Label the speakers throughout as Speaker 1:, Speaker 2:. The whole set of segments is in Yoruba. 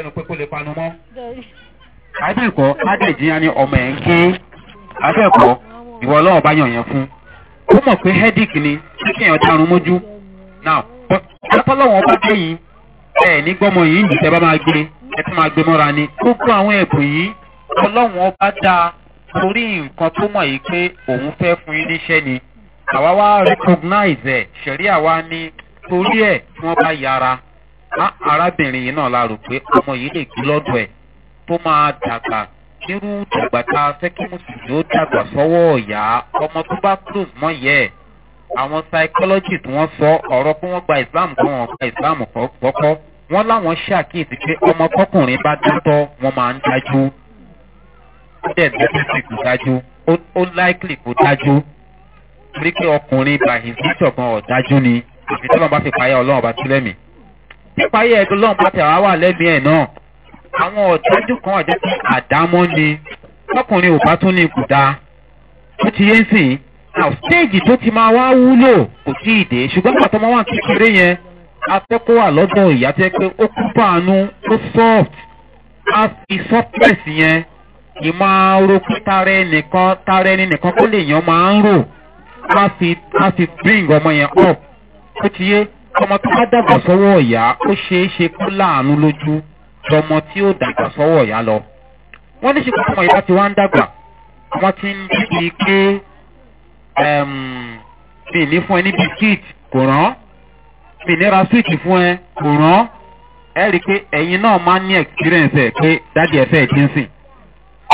Speaker 1: ẹnu pé kó lè panu mọ́. ni ọmọ ẹ̀ ń ké adẹ́kọ̀ọ́ ìwọ ọlọ́wọ́ bá yàn yẹn fún ó mọ̀ pé ni kí kéèyàn darun mójú now ọpọlọ́wọ́n bá dé yìí ẹ ní gbọ́mọ yìí bá máa gbé ẹ tún máa mọ́ra ni gbogbo àwọn ẹ̀bùn yìí ọlọ́wọ́n bá dáa torí nǹkan tó mọ̀ pé òun fẹ́ fún yín níṣẹ́ ni àwa wá recognize ẹ̀ àwa ni torí ẹ̀ tí wọ́n bá yára arábìnrin yìí náà la rò pé ọmọ yìí lè gbé lọ́dọ̀ ẹ̀ tó máa dàgbà nírú dàgbà tá a fẹ́ kí mùsùlùmí ó dàgbà sọ́wọ́ ọ̀yà ọmọ tó bá close mọ́ yẹ ẹ̀ àwọn psychology tí wọ́n sọ ọ̀rọ̀ pé wọ́n gba islam kan wọ́n gba islam kọ́kọ́ wọ́n láwọn ṣàkíyèsí pé ọmọ tọkùnrin bá dátọ́ wọ́n máa ń dájú ó dẹ̀ lẹ́sìn kò dájú ó likely kò dájú torí pé ọkùnrin by his nature gan ọ̀dájú ni àfi tí wọ́n bá fi payá ọlọ́run bá sílẹ̀ mi nípa ayé ẹ̀dùn lọ́n pàtẹ àwa wà lẹ́mìí ẹ̀ náà àwọn ọ̀dájú kan ọ̀dẹ́ tí àdámọ́ ni lọ́kùnrin ò bá tún ní kù dáa ó ti yé sìn náà stéèjì tó ti máa wá wúlò kò tí ì dé ṣùgbọ́n pàtó máa wà kékeré yẹn atẹ́kọ̀ọ́ wà lọ́dọ̀ ìyá tẹ́ pé ó kú bàánú ó soft á fi softness yẹn ìmọ̀ orokún tààrẹ nìkan tààrẹ nìkan kó lè yàn máa ń rò á fi bring ọmọ yẹn up ó ti yé ọmọ tó bá dàgbà sọ́wọ́ ọ̀yá ó ṣeé ṣe kó láàánú lójú lọmọ tí ó dàgbà sọ́wọ́ ọ̀yá lọ. wọ́n ní ṣùgbọ́n ọmọ ìyá ti wá ń dàgbà wọ́n ti ń bíbi pé mi ní fún ẹ ní bisikíìtì kò rán mi ní ra swíìtì fún ẹ kò rán ẹ rí i pé ẹ̀yin náà máa ń ní experience ẹ̀ pé dáàdi ẹ̀fẹ́ ẹ̀ ti ń sìn.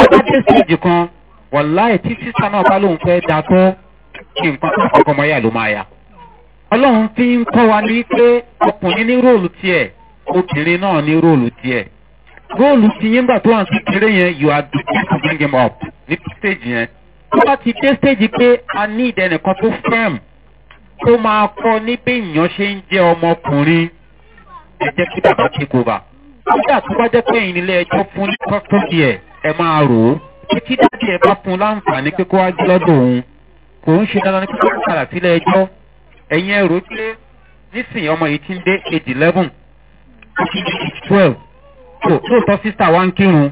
Speaker 1: ọjọ́ tí stage kan wàláì tí sísá náà bá lóun fẹ́ da tó kí nǹkan tó kọ́kọ́ mọ́ yà ló máa yà ọlọ́run fi ń kọ́ wa ní pé ọkùnrin ní róòlù tiẹ̀ obìnrin náà ní róòlù tiẹ̀ róòlù ti yín gbà tó wà sí kéré yẹn you are the best to bring him up ní stage yẹn tó bá ti dé stage pé a ní ìdẹnìkan tó firm tó máa kọ́ ní bí èèyàn ṣe ń jẹ́ ọmọkùnrin ẹ jẹ́ kí bàbá take over nígbà tó bá jẹ́ pé ẹ̀yin nílé ẹjọ́ fún ní kọ́kọ́dì ẹ̀ ẹ máa rò ó títí dájú ẹ bá fún láǹfààní pé kó wá gbé lọ́dọ̀ òun kò ń ṣe dandan ní kókó kàrà sílé ẹjọ́ ẹ̀yin ẹ̀rọ pé nísìnyí ọmọ yìí ti ń dé age eleven twelve tó lóòótọ́ sísá wa ń kírun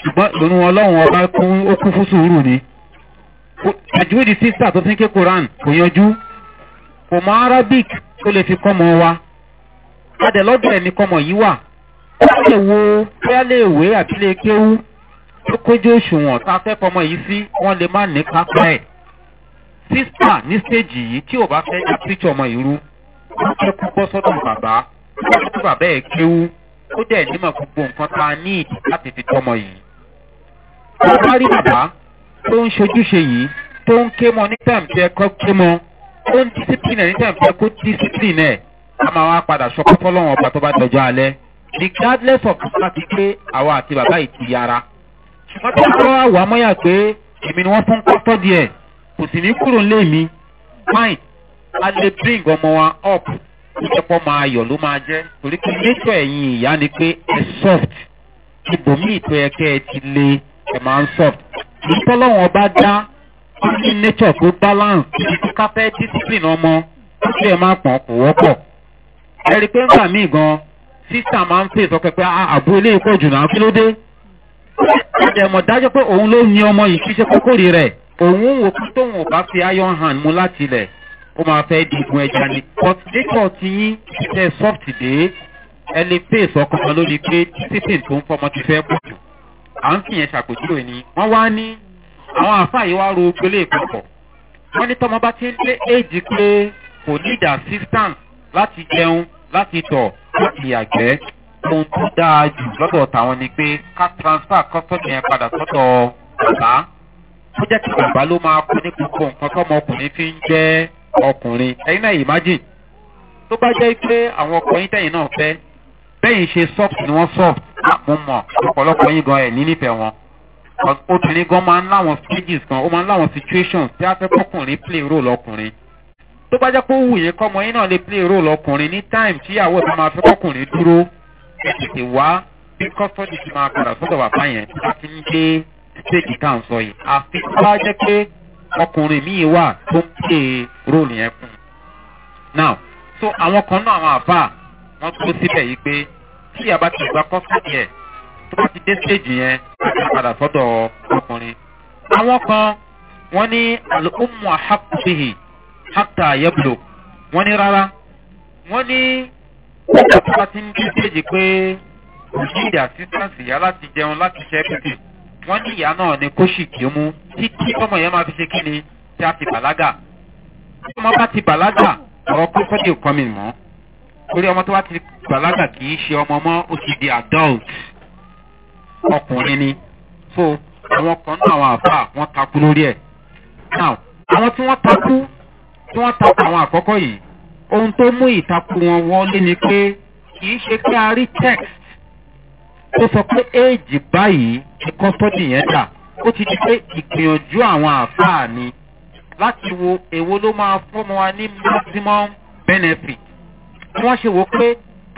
Speaker 1: ṣùgbọ́n ìrún ọlọ́run ọba kún ó kún fún sùúrù ni àjúwèdì sísá tó ti ń ké koran kò yanjú kò mọ arabic tó lè fi kọ́mọ wa padà lọ́dọ̀ ẹ̀ ní kọ́mọ yìí wà ó lè wo bóyá lè wé àbí lè kéwú tó kójú òṣùwọ̀n tá a fẹ́ kọ́mọ yìí sí wọ́n lè má ní kápá ẹ̀. Sista ní stéèjì yìí tí ò bá fẹ́ ya píṣọ ọmọ ìlú wọ́n fẹ́ kú bọ́ sọ́dọ̀ bàbá wọ́n fẹ́ bàbá ẹ̀ kéwú ó dẹ̀ nímọ̀ gbogbo nǹkan tá a ní ìdí láti fi tọmọ yìí. bàbá rí bàbá tó ń ṣojúṣe yìí tó ń ké mọ ní tẹ̀m tí ń disipline ẹ̀ ní tẹ̀m ẹ̀ a máa wá padà ṣọkọ́ fọlọ́wọ́n ọba tó bá dọjọ́ alẹ́ regardless of the fact pé àwa àti bàbá yìí ti yára. ṣùgbọ́n tí wọ́n wá wà á pé èmi ni wọ́n fún kọ́tọ́ díẹ̀ kò sì ní kúrò lé mi fine a lè bring ọmọ wa up ìjọpọ̀ máa yọ̀ ló máa jẹ́ torí pé nature ẹ̀yìn ìyá ni pé ẹ soft ibòmíì tó yẹ kẹ́ ẹ ti le ẹ máa ń soft ìtọ́lọ́wọ́n bá dá ní nature tó balance ká fẹ́ discipline ọmọ ó sì ẹ máa pọ̀n kò wọ́pọ̀ ẹ rí i pé ńgbà míì gan sísà máa ń fèsì ọkọ̀ pé ah, ah, àbú eléyìí pọ̀ jù náà kí ló dé ó dẹ̀ mọ̀ dájọ́ pé òun ló ní ọmọ yìí kí ṣe kókórì rẹ̀ òun wò kó tóun ò bá fi iron hand mu láti ilẹ̀ ó máa fẹ́ di igun ẹja ni but dípò tí yín iṣẹ́ soft dé ẹ lè pè sọ́kàn kan lórí pé títí tó ń fọmọ ti fẹ́ pọ̀ jù à ń fìyẹn ṣàpèjúwe ni wọ́n wá ní àwọn àáfàá yìí wá ro gbélé ìpapọ̀ wọ́n ní tọmọ bá ti ń lé èjì pé kò ní ìdá assistance láti jẹun láti tọ̀ láti yàgbẹ́ ohun tó dáa jù lọ́dọ̀ tàwọn ni pé ká transfer custody yẹn padà sọ́dọ̀ bàbá tó jẹ́ kí bàbá ló máa kú ní gbogbo nǹkan tọmọkùnrin fi ń jẹ́ ọkùnrin ẹ̀yin náà imagine tó bá jẹ́ pé àwọn ọkùnrin tẹ̀yìn náà fẹ́ bẹ́yìn ṣe soft ni wọ́n soft ah, mo mọ̀ ọ̀pọ̀lọpọ̀ yín gan ẹ̀ ní nífẹ̀ẹ́ wọn obìnrin gan máa ń láwọn stages kan ó máa ń láwọn situations tí a fẹ́ kọkùnrin play role ọkùnrin tó bá jẹ́ pé ó wù yín kọ́mọ yín náà lè play role ọkùnrin ní time tí ìyàwó ẹ̀ máa fẹ́ kọkùnrin dúró ẹ̀ tètè wá bí custody ti máa padà sọ́dọ̀ bàbá yẹn tí a ti ń gbé stéèkì tá à ń sọ yìí àfi tó bá jẹ́ pé ọkùnrin míì wà tó ń pè é róòlù yẹn kù. now so àwọn kan náà àwọn àbá wọn tó síbẹ̀ yìí pé tí ìyàbá ti gba kọ́sìtì yẹn tó bá ti dé stéèjì yẹn láti padà sọ́dọ̀ ọkùnrin. àwọn kan wọ́n ní alùpùpù àhàkùbìhì hàtà yẹ́bùlò wọ́n ní rárá wọ́n ní wọ́n ti ń dé stéèjì pé kò ní ìdí àsítáǹsì yá láti jẹun láti ṣe é pèsè wọ́n ní ìyá náà ni kó sì kí ó mú títí ọmọ yẹn máa fi ṣe kíni tí a ti bàlágà tí ọmọ bá ti bàlágà ọ̀rọ̀ pé fọ́dí ò kọ́mi mọ́ torí ọmọ tó bá ti bàlágà kì í ṣe ọmọ mọ́ ó ti di adult ọkùnrin ni so àwọn kan náà àwọn àfa wọn takú lórí ẹ̀ now àwọn tí wọ́n takú tí wọ́n takú àwọn àkọ́kọ́ yìí ohun tó mú ìtakú wọn wọlé ni pé kì í ṣe pé a rí text ó sọ pé éèjì báyìí ni kọ́sọ́dì yẹn dà ó ti di pé ìgbìyànjú àwọn àfáà ni láti wo èwo ló máa fọ́mọ wa ní maximum benefit bí wọ́n ṣe wò pé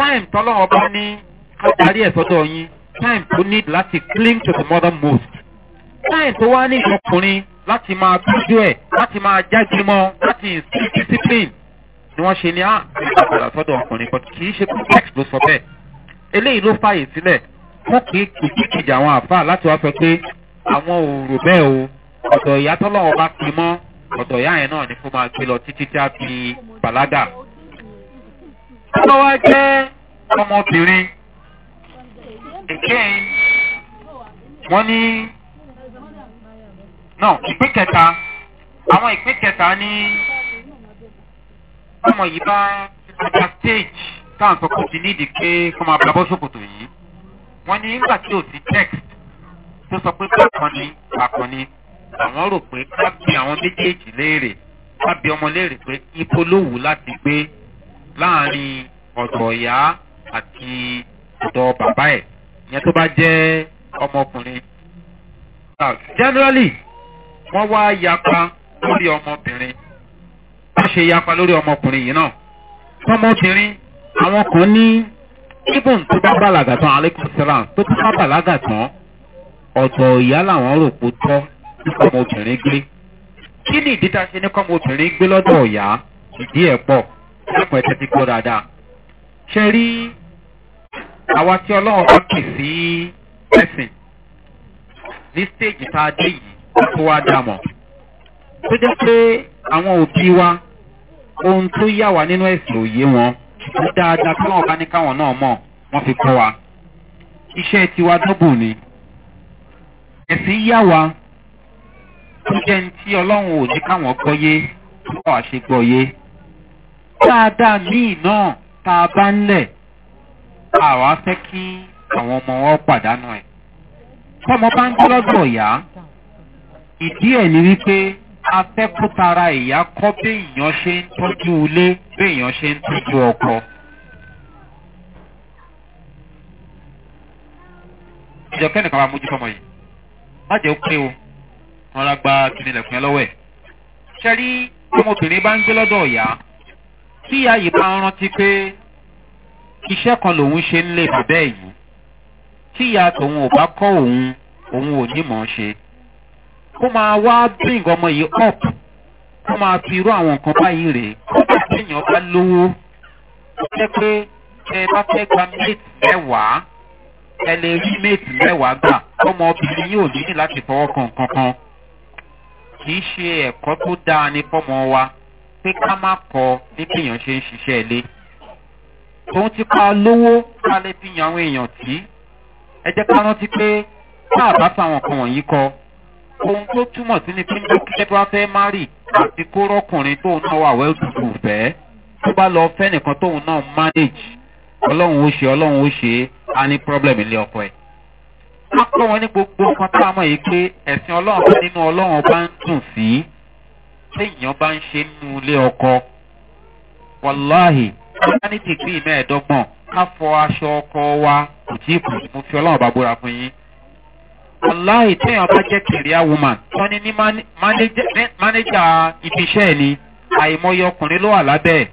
Speaker 1: time tọ́lọ́wọ́ bá ní ká darí ẹ̀ sọ́dọ̀ yín time tó need láti cling to the mother most time tó wá ní ọkùnrin láti máa tọ́jú ẹ̀ láti máa jáde mọ́ láti insist discipline ni wọ́n ṣe ní ah, àgbàdo àtọ́dọ̀ ọkùnrin but kì í ṣe context ló sọ bẹ́ẹ̀ eléyìí ló fààyè sílẹ̀ wọ́n kì í kìkìkìjà àwọn àfa láti wá sọ pé àwọn ò rò bẹ́ẹ̀ o ọ̀dọ̀ ìyá tọ́lọ́wọ́ bá pin mọ́ ọ̀dọ̀ ìyá yẹn náà ni kó máa gbé lọ títí tí a fi bàlágà. tọ́lọ́wọ́ jẹ́ ọmọbìnrin ìkéyìn wọ́n ní náà ìpín kẹta àwọn ìpín kẹta ní ọmọ yìí bá ọjà stage táwọn sọ pé ti ní ìdí pé kó máa bá bọ́ sókòtò yìí wọ́n ní nígbà tí ò sí text tó sọ pé bákan ni bákan ni àwọn rò pé ká bí àwọn méjèèjì léèrè ká bí ọmọ léèrè pé ibo ló wù láti gbé láàrin ọ̀dọ̀ ìyá àti ọ̀dọ̀ bàbá ẹ̀ ìyẹn tó bá jẹ́ ọmọkùnrin. generally wọ́n wá yapa lórí ọmọbìnrin wọ́n ṣe yapa lórí ọmọkùnrin yìí náà ọmọbìnrin àwọn kan ní even tó bá bàlágà tán alaikum salam tó tó bá bàlágà tán ọ̀dọ̀ ìyá làwọn rò pé tọ́ nípa ọmọbìnrin gbé kí ni ìdí tá a ṣe ní kọ́mọbìnrin gbé lọ́dọ̀ ọ̀yá ìdí ẹ̀ pọ̀ lẹ́kùn ẹ̀tẹ́ ti gbọ́ dáadáa ṣe rí àwa tí ọlọ́run bá kì sí ẹ̀sìn ní stéèjì tá a dé yìí tó wá dà mọ̀ tó jẹ́ pé àwọn òbí wa ohun tó yà wá nínú ẹ̀sìn òye wọn ṣùgbọ́n dáadáa tí wọ́n bá ní káwọn náà mọ̀ wọ́n fi kọ́ wa. iṣẹ́ tiwa dọ́bù ni. ẹ̀sìn yá wa tó jẹ́ ní tí ọlọ́run ò ní káwọn gbọ́yé tó wà ṣe gbọ́yé. dáadáa míì náà tá a bá ń lẹ̀ àwa fẹ́ kí àwọn ọmọ wọn pàdánù ẹ̀. tọ́mọ bá ń gbọ́dọ̀ yá ìdí ẹ̀ ni wípé afẹ́kútara ìyá kọ́ bí èèyàn ṣe ń tọ́jú ilé béèyàn ṣe ń tọ́jú ọkọ. ìjọ kẹ́nìkan máa mójú fọmọ yìí má jẹ́ pé o wọn la gba kìnìlẹ̀kùn yẹn lọ́wọ́ ẹ̀. ṣẹ́rí ọmọbìnrin bá ń gbé lọ́dọ̀ ọ̀yá tí ààyè bá ń rántí pé iṣẹ́ kan lòun ṣe ń lè bàbá ẹ̀ yìí tí ìyá tòun ò bá kọ́ òun òun ò ní mọ̀ ọ́n ṣe kó máa wá bring ọmọ yìí up wọ́n máa fi irú àwọn nǹkan báyìí rèé kọ́ńtà téèyàn bá lówó jẹ́ pé tẹ bá fẹ́ gba méètì mẹ́wàá ẹ lè rí méètì mẹ́wàá gbà ọmọbìnrin yóò ní ní láti fọwọ́ kan kankan kì í ṣe ẹ̀kọ́ tó dáa ní fọ́mọ wa pé ká má kọ bí kéèyàn ṣe ń ṣiṣẹ́ ilé tòun ti pa lówó ká lè fi yan àwọn èèyàn tí ẹ jẹ́ ká rántí pé tá a bá kan wọ̀nyí kọ ohun tó túmọ̀ sí ni pé nígbà tí bá fẹ́ má rì àti kó rọ́kùnrin tóun náà wà well to do fẹ́ tó bá lọ fẹ́ nìkan tóun náà manage ọlọ́run ó ṣe ọlọ́run ó ṣe á ní problem ilé ọkọ ẹ̀. wọ́n kọ́ wọn ní gbogbo nǹkan tá a mọ̀ yìí pé ẹ̀sìn ọlọ́run bá nínú ọlọ́run bá ń dùn sí téèyàn bá ń ṣe nínú ilé ọkọ wàláhì wọ́n ní dìgbì mẹ́ẹ̀ẹ́dọ́gbọ̀n ká fọ aṣọ ọkọ wa kò tí ì kù mo fi ọlọ́run bá bóra fún yín aláì téèyàn bá jẹ́ kẹ̀ríà woman wọ́n ní ní mánéjà ibiṣẹ́ ẹ̀ ni àìmọye ọkùnrin ló wà lábẹ́ ẹ̀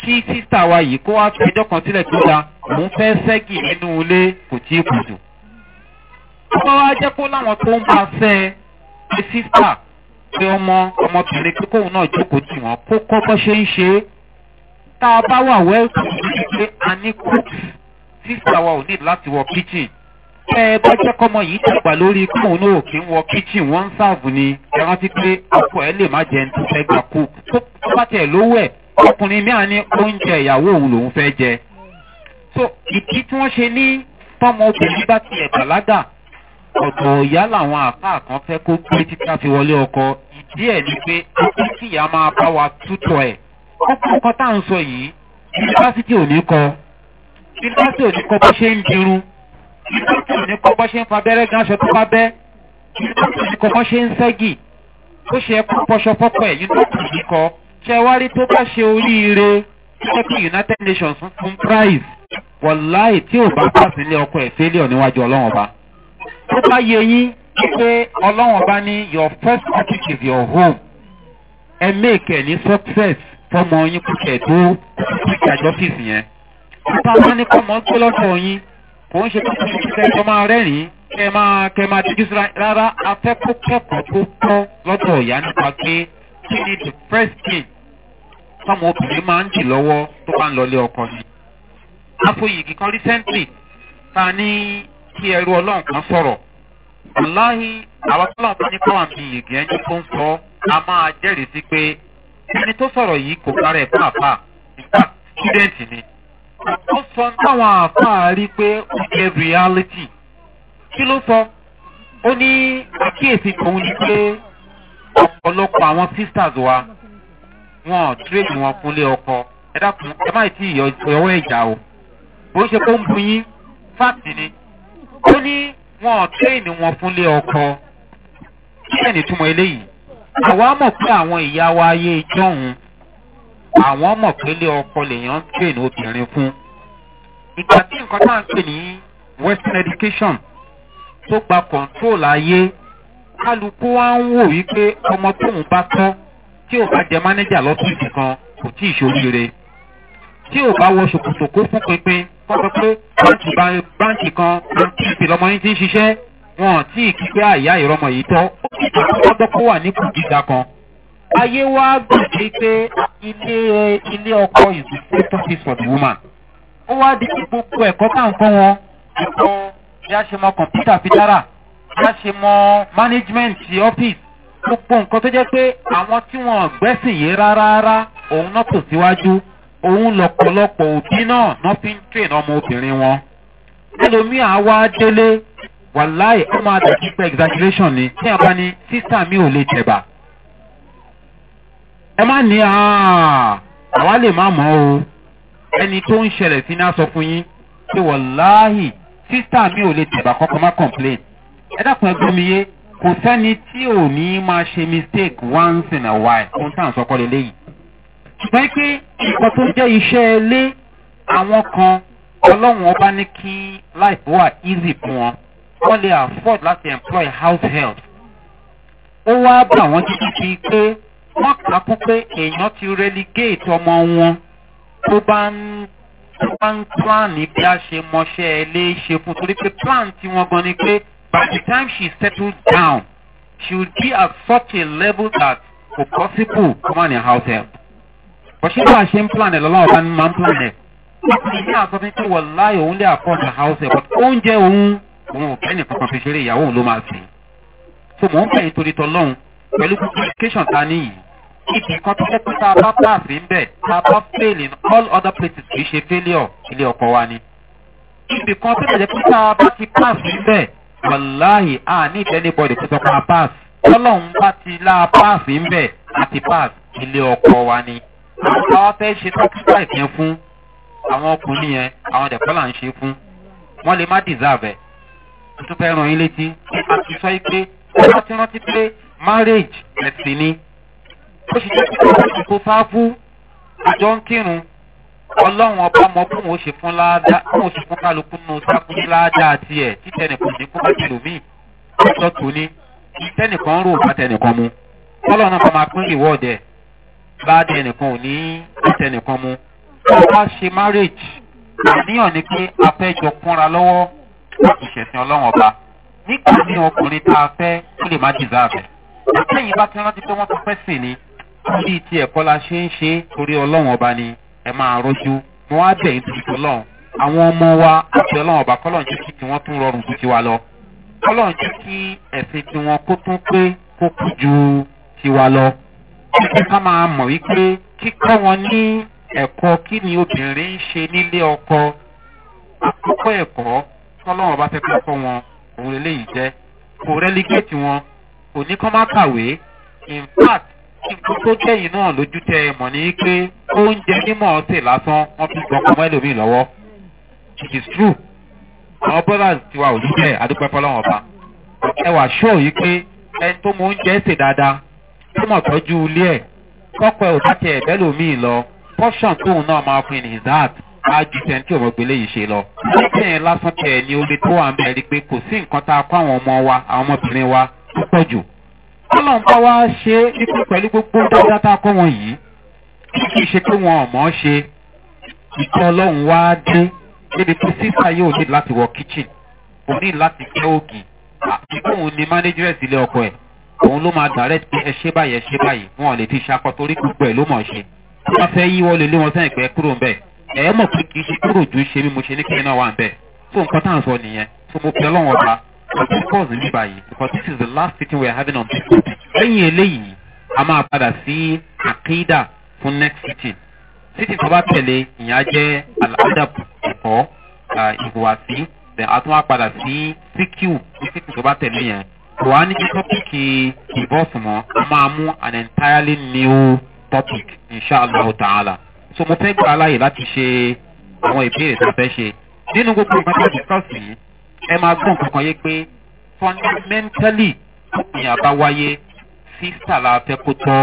Speaker 1: kí sísà wa yìí kó wá fi ẹjọ́ kan sílẹ̀ tó da òun fẹ́ sẹ́gì nínú ilé kò tí ì kùdù. wọ́n wá jẹ́ kó láwọn tó ń bá a fẹ́ ẹ pé sísà pé ọmọ ọmọbìnrin pé kóun náà jókòó tì wọ́n kó kọ́kọ́ ṣe ń ṣe é tá a bá wà wẹ́ẹ̀kì pé a ní kúùtù sísà wa ò ní láti wọ kíchìn tẹ́ ẹ bá jẹ́ kọ́mọ yìí dàgbà lórí kí òun náà kí ń wọ kíchìn wọ́n ń sáàbù ni ẹ rántí pé ọkọ ẹ lè má jẹ ní tó fẹ́ gbà kú tó bá tiẹ̀ lówó ẹ̀ ọkùnrin mìíràn ní oúnjẹ ìyàwó òun lòún fẹ́ jẹ. so ìdí tí wọ́n ṣe ní tọ́mọ obìnrin bá tiẹ̀ bàlágà ọ̀dọ̀ ìyá làwọn àpá kan fẹ́ kó gbé títà fi wọlé ọkọ ìdí ẹ̀ ni pé ó kí ìyá máa bá wa ìdókòwò ní kọ́kọ́ ṣe ń fa abẹ́rẹ́ gan aṣọ tó bá bẹ́ ìdókòwò ní kọ́kọ́ ṣe ń ṣẹ́gì ó ṣe ẹkú pọṣọ pọ́pọ́ ẹ̀ ìdókòwò ní kọ́ ṣe wá tó bá ṣe oríire ṣẹ́kì united nations fún prize wọ̀láì tí ò bá pàṣẹ ilé ọkọ̀ ẹ̀ failure níwájú ọlọ́run ọba tó bá yẹ yín wípé ọlọ́run ọba ní your first topic is your home ẹ make any success fọmọ yín kúkẹ̀ tó kúkẹ̀ àjọ fíìsì yẹn. Ìta wọn ní kọ́mọ gbé lọ́dọ̀ yín kò ń ṣe kókò ní kíkẹ́ ẹjọ́ máa kẹ́ máa kẹ́ máa rárá afẹ́kọ́ kẹ́kọ̀ọ́ tó pọ́ lọ́dọ̀ ọ̀yá nípa pé kí ni the first thing táwọn obìnrin máa ń jì lọ́wọ́ tó bá ń ọkọ ni. afọyìgì kan recently ta ní kí ẹrú ọlọ́run kan sọ̀rọ̀ ní káwọn ẹni sọ̀rọ̀ yìí kò ó sọ táwọn àfáà rí pé ó jẹ reality kí ló sọ ó ní àkíyèsí tòun ni pé ọ̀pọ̀lọpọ̀ àwọn sisters wa wọn tírèdì wọn kúnlé ọkọ ẹ dákun ẹ má tí ì yọwọ́ ẹ̀jà o bó ṣe kó ń bu yín fáàtì ni ó ní wọn tírèdì wọn kúnlé ọkọ kí ẹ̀ nìtumọ̀ eléyìí àwa mọ̀ pé àwọn ìyá wa ayé ìjọ́hun àwọn mọ̀ pé lé ọkọ lèèyàn ń pè ní obìnrin fún. ìgbà tí nǹkan tá à ń pè ní western education tó gba control ayé kálukú wa ń wò wípé ọmọ tóun bá tọ́ tí ò bá jẹ mánéjà lọ́tún ìdì kan kò tí ì ṣoríire tí ò bá wọ ṣòkòtò kó fún pinpin wọ́n sọ pé báńkì báńkì kan báńkì ìpìlọ́mọ yín ti ń ṣiṣẹ́ wọn ò tí ì kí pé àyà ìrọmọ yìí tọ́ ó ti gbàgbọ́ wà ní kùdìdà kan ayé wa gbàgbé pé ilé ilé ọkọ is the first office for the woman. ó wá di pé gbogbo ẹ̀kọ́ tá à ń kọ́ wọn ẹ̀kọ́ bí a ṣe mọ kọ̀mpútà fi dára bí a ṣe mọ management office gbogbo nǹkan tó jẹ́ pé àwọn tí wọ́n gbẹ́sìn yé rárá òun náà tò síwájú òun lọ̀pọ̀lọpọ̀ òbí náà náà fi ń train ọmọ obìnrin wọn. ẹlòmíà wá délé wàláì ó máa pé exaggeration ni tí a bá ní sísà mi ò lè jẹ̀bà ẹ má ní ah, àwa lè má mọ́ o ẹni tó ń ṣẹlẹ̀ sí náà sọ fún yín pé wàláhì sísá mi ò lè tìgbà kọ́kọ́ má complain ẹ dákun ẹ gbọ́ mi yé kò sẹ́ni tí ò ní máa ṣe mistake once in a while ohun tá à ń sọkọ́ lélẹ́yìí. ṣùgbọ́n pé nǹkan tó jẹ́ iṣẹ́ ilé àwọn kan ọlọ́run ọba ní kí life wà easy fún wọn wọ́n lè afford láti employ house help. ó wá bà wọ́n títí pé wọ́n kà á kú pé èèyàn ti relegate ọmọ wọn tó bá ń bá ń plan bí a ṣe mọṣẹ́ ẹ lé ṣe fún torí pé plan tiwọn gan ni pé by the time she settles down she will be at such a level that for possible come on your house help. bọ́sẹ̀ She a ṣe ń plan ẹ̀ lọ́wọ́ ọba ni máa ń plan ẹ̀. wọ́n ti ní àsọ fún pé wọ́n láì òun lè afford the house help but oúnjẹ òun òun ò fẹ́ nìkan kan fi ṣeré ìyàwó òun ló máa sìn. so mò ń bẹ̀yìn torí tọ́ lọ́hùn pẹ̀lú gbogbo education ta níyì
Speaker 2: ibi kan tó kẹ́kọ̀ọ́ tá a bá pààfin
Speaker 1: ń bẹ̀ tá a bá fail in all other places kì í ṣe failure ilé ọkọ̀ wa ni. ibi kan tó tẹ̀lé pé tá a bá ti pààfin ń bẹ̀ wàláhì a ní ìtẹ́nibọ̀dì tó sọ pé a pass tọ́lọ́hún bá ti la pààfin ń bẹ̀ àti pass ilé ọkọ̀ wa ni. àwọn táwa fẹ́ ṣe tọ́kítà ìpín fún àwọn ọkùnrin yẹn àwọn dẹ̀kọ́là ń ṣe fún wọ́n lè má deserve ẹ̀ tuntun fẹ́ ràn yín létí a ti sọ pé ó bá ti rántí pé marriage ẹ̀sìn ni ó sì jẹ́ pípọ́ láti kó sáfù àjọ ń kírun ọlọ́run ọba ọmọ fún òun ṣe fún láàdá fún òun ṣe fún kálukú nù sáfù ní láàdá àti ẹ̀ títẹ̀ nìkan ní kó bá ti lò míì ọjọ́ tó ní tẹ́nìkan rò bá tẹnìkan mu kọ́lọ́ náà kọ́ máa pín reward ẹ̀ bá tẹnìkan ò ní tẹnìkan mu tó bá ṣe marriage àníyàn ni pé afẹ́jọ kúnra lọ́wọ́ láti ṣẹ̀sìn ọlọ́run ọba nígbà tí ọkùnrin tá a fẹ́ ó lè má dìsáàfẹ́ lẹ́yìn bá ti rántí pé wọ́n ti pẹ́ sí ni bí ti ẹ̀kọ́ la ṣe ń ṣe torí ọlọ́run ọba ni ẹ máa rọ́jú mo wá bẹ̀ yín tuntun lọ́hùn àwọn ọmọ wa àti ọlọ́run ọba kọ́lọ́n jẹ́ kí tiwọn tún rọrùn ju tiwa lọ kọ́lọ́n jẹ́ kí ẹ̀sìn tiwọn kó tún pé kó kú ju tiwa lọ. ẹ̀sìn ká máa mọ̀ wípé kíkọ́ wọn ní ẹ̀kọ́ kí ni obìnrin ń ṣe nílé ọkọ àkọ́kọ́ ẹ̀kọ́ tọ́lọ́run ọba fẹ́ kọ́kọ́ wọn òun eléyìí jẹ́ kò rẹ́lígẹ́tì wọn òní kọ́ má kàwé in fact nǹkan tó jẹ́yìn náà lójú tẹ ẹ mọ̀ ní pé oúnjẹ mímọ̀ ọ̀sẹ̀ lásán wọ́n fi gbọ́n ọmọ ẹlòmíì lọ́wọ́ it is true àwọn brothers tiwa ò ní bẹ́ẹ̀ adúpẹ́ fọlọ́wọ́n ọba ẹ wà ṣọ́ yìí pé ẹni tó mọ oúnjẹ ṣe dáadáa tó mọ̀ tọ́jú ilé ẹ̀ tọ́pẹ́ ò bá tiẹ̀ bẹ́ẹ̀ lòmíì lọ portion tóun náà máa fún ní that á ju tẹ̀ǹtì ọ̀mọ̀gbélé yìí ṣe lọ. lókè yẹn lásán tẹ̀ ni ó lè tó à ń bẹ̀rẹ̀ pé kò sí nǹkan tá a kọ́ àwọn ọmọ wa àwọn ọmọbìnrin wa tó pọ̀ jù ọlọ́run bá wá ṣe ikú pẹ̀lú gbogbo dáadáa tá a kọ́ wọn yìí kí kì í ṣe pé wọn ò mọ̀ ọ́ ṣe ìtọ́ ọlọ́run wá dé níbi pé sísá yóò ní láti wọ kíchìn kò ní láti kẹ́ ògì àti kóun ni mánéjírẹ̀sì ilé ọkọ ẹ̀ òun ló máa direct pé ẹ ṣe báyìí ẹ ṣe báyìí wọn ò lè fi ṣakọ torí gbogbo ẹ̀ ló mọ̀ ṣe wọn fẹ́ yí wọlé lé wọn sẹ́yìn pé kúrò ń bẹ̀ ẹ̀ mọ̀ pé kì í ṣe kúrò ju ṣe bí mo ṣe ní kí náà wà ọ̀sẹ̀ pause ní báyìí because this is the last meeting we are having on this topic. lẹ́yìn eléyìí a máa padà sí àkéédà fún next meeting. títí tó bá tẹ̀lé ìyẹn á jẹ́ àlàáda ẹ̀kọ́ ìhùwàsí then a tún wá padà sí pq títí tó bá tẹ̀lé yẹn. wà á ní kí tọ́pìkì divorce mọ́ a máa mú an entirely new topic inshallah ta'ala. so mo fẹ́ gbà láàyè láti ṣe àwọn ìbéèrè tó fẹ́ ṣe nínú gbogbo nǹkan tó ti kọ́ sí yìí ẹ máa gbọ́n kankan yé pé fundamentally ìyàn bá wáyé sísà la fẹ́ kó tọ́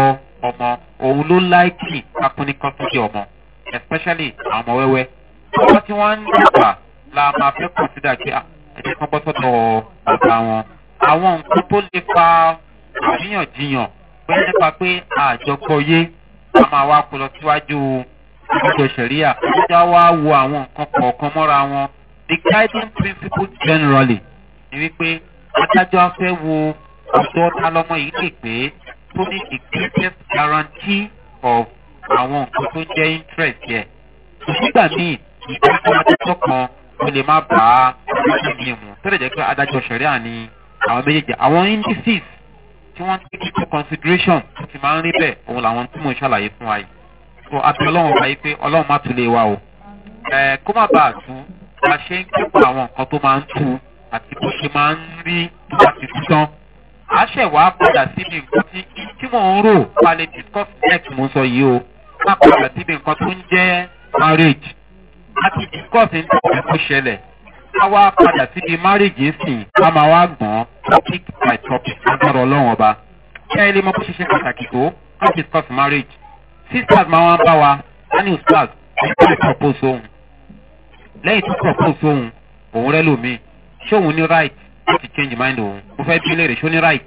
Speaker 1: ọmọ òun ló láìkì akúni kọ́sọ́jì ọmọ especially àwọn ọmọ wẹ́wẹ́ ọmọ tí wọ́n ń dàgbà la máa fẹ́ consider pé ah, ẹni kan bọ́ sọ́dọ̀ ọ̀gá wọn àwọn nǹkan tó lè fa àríyànjiyàn bẹ́ẹ̀ nípa pé àjọgbọ́yé a máa wá kó lọ síwájú ìgbésẹ̀ sẹ̀ríà ó já wá wo àwọn nǹkan kọ̀ọ̀kan mọ́ra wọn the guiding principle generally ni wípé adájọ́ fẹ́ wo ọ̀dọ́ talọ́mọ yìí lè pé tó ní the greatest guarantee of àwọn nǹkan tó ń jẹ́ interest yẹ. nígbà míì ìdájọ́ adájọ́ kan ó lè má bà á adájọ́ mi mu tó lè jẹ́ pé adájọ́ sẹ̀ríà ni àwọn méjèèjì àwọn indices tí wọ́n ti kíkọ́ consideration ti máa ń rí bẹ́ẹ̀ òun làwọn tí mò ń ṣàlàyé fún wa yìí. so àti ọlọ́run wáyé pé ọlọ́run má tún lè wa o. ẹ kó má bàa tún bá ṣe ń kíkọ́ àwọn nǹkan tó máa ń tu àti bó ṣe máa ń rí láti tú a ṣẹ̀ wá padà síbi nǹkan tí tí mò ń rò palẹ̀ discuss next mo sọ yìí o má padà síbi nǹkan tó ń jẹ́ marriage láti discuss ní tòun kó ṣẹlẹ̀ ká wá padà síbi marriage ìsìn ká máa wá gbọ́n topic by topic lágbára ọlọ́run ọba ṣé ilé mọ́ bó ṣe ṣe pàtàkì tó láti discuss marriage sisters máa wá ń bá wa daniel stars ẹgbẹ́ ìpropose ohun lẹ́yìn tó kọ̀ kó fóun òun rẹ́ lòmíì ṣé òun ní right láti change mind òun mo fẹ́ bí léèrè ṣó ní right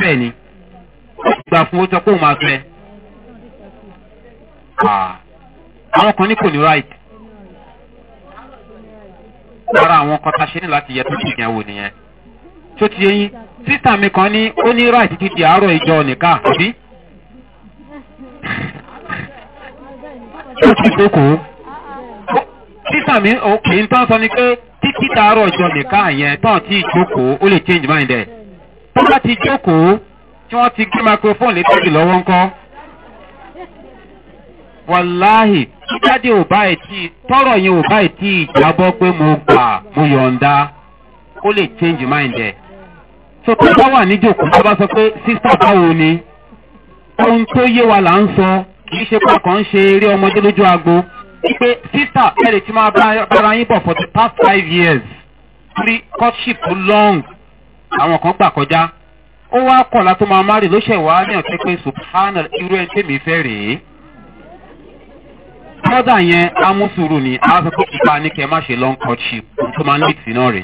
Speaker 1: bẹ́ẹ̀ ni ó gbà fún oṣù kó máa fẹ́ àwọn kan ní kò ní right lára àwọn kan tá a ṣe ní láti yẹ tó ti yẹn wò nìyẹn tó ti yẹ yín sísà mi kan ní ó ní right ti di àárọ̀ ìjọ nìkan àbí
Speaker 3: ó ti dókòó
Speaker 1: títà mi òkè ń tán sọ ni pé títí taarọ̀ ọjọ́ nìkan yẹn tán ti jókòó ó lè change mind ẹ̀ tó bá ti jókòó tí wọ́n ti gbé microphone lé tẹ́lẹ̀ lọ́wọ́ ńkọ́ wàláhì jíjáde ò bá ètí tọrọ yẹn ò bá ètí ìjábọ pé mo gbà mo yọ̀ǹda ó lè change mind ẹ̀ so tó bá wà níjòkó tó bá sọ pé sísá báwo ni ohun tó yé wa là ń sọ kì í ṣe pàkàn ń ṣe eré ọmọdé lójú agbo pé sísà ẹ̀rẹ̀ tí máa bára yín bọ̀ for the past five years torí courtship tó long àwọn kan gbà kọjá ó wá kọ̀ọ̀la tó máa márì ló ṣẹ̀wá ní ọ̀tẹ́ pé subhana irú ẹni tèmi fẹ́ rèé. mọ́dà yẹn amúsùrù ni a sọ pé ìpa ní kẹ́ má ṣe long courtship tó máa ń lè tì náà rè.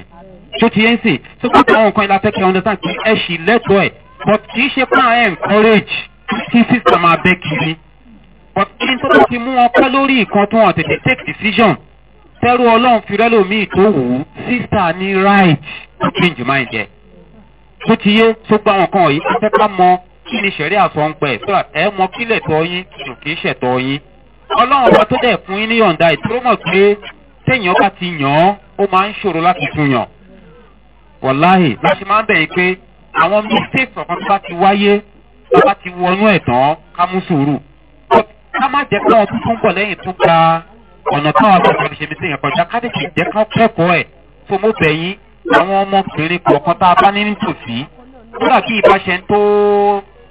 Speaker 1: tó ti yẹn sìn tó kọ́ àwọn nǹkan ilá tẹ́kẹ́ understand pé ẹ ṣì lẹ́tọ̀ọ́ ẹ̀ but kì í ṣe pé à ń encourage kí sísà máa bẹ́ kiri but kí tó bá ti mú wọn pẹ́ lórí ìkan tó hàn tètè take decision tẹ́rù ọlọ́run fi rẹ́lòmíì tó wù ú sísà ní right to change mind yẹ tó ti yé tó gbá wọn kan yìí ẹ fẹ́ ká mọ kí ni sẹ̀rí àsọ̀ǹpẹ̀ sọ́ra ẹ mọ kílẹ̀ tọ́ yín kì í ṣẹ̀tọ́ yín ọlọ́run ọba tó dẹ̀ fún yín ní yọ̀ǹda ìdúró mọ̀ pé téèyàn bá ti yàn án ó máa ń ṣòro láti tún yàn wàláhì láti máa ń bẹ̀yìn pé àwọn mistakes ọ̀kan tó bá ti wáyé tó bá ti wọnú ẹ̀ ká mú sùúrù ká má jẹ́ pé ọdún tó ń bọ̀ lẹ́yìn tó gba ọ̀nà táwọn akẹ́kọ̀ọ́ ti ṣe mí sí yẹn kọjá ká lè ṣe jẹ́ ká kẹ́kọ̀ọ́ ẹ̀ tó mú bẹ̀ yín àwọn ọmọkùnrin kọ̀ọ̀kan tá a bá ní nítòsí kódà kí ìbáṣẹ tó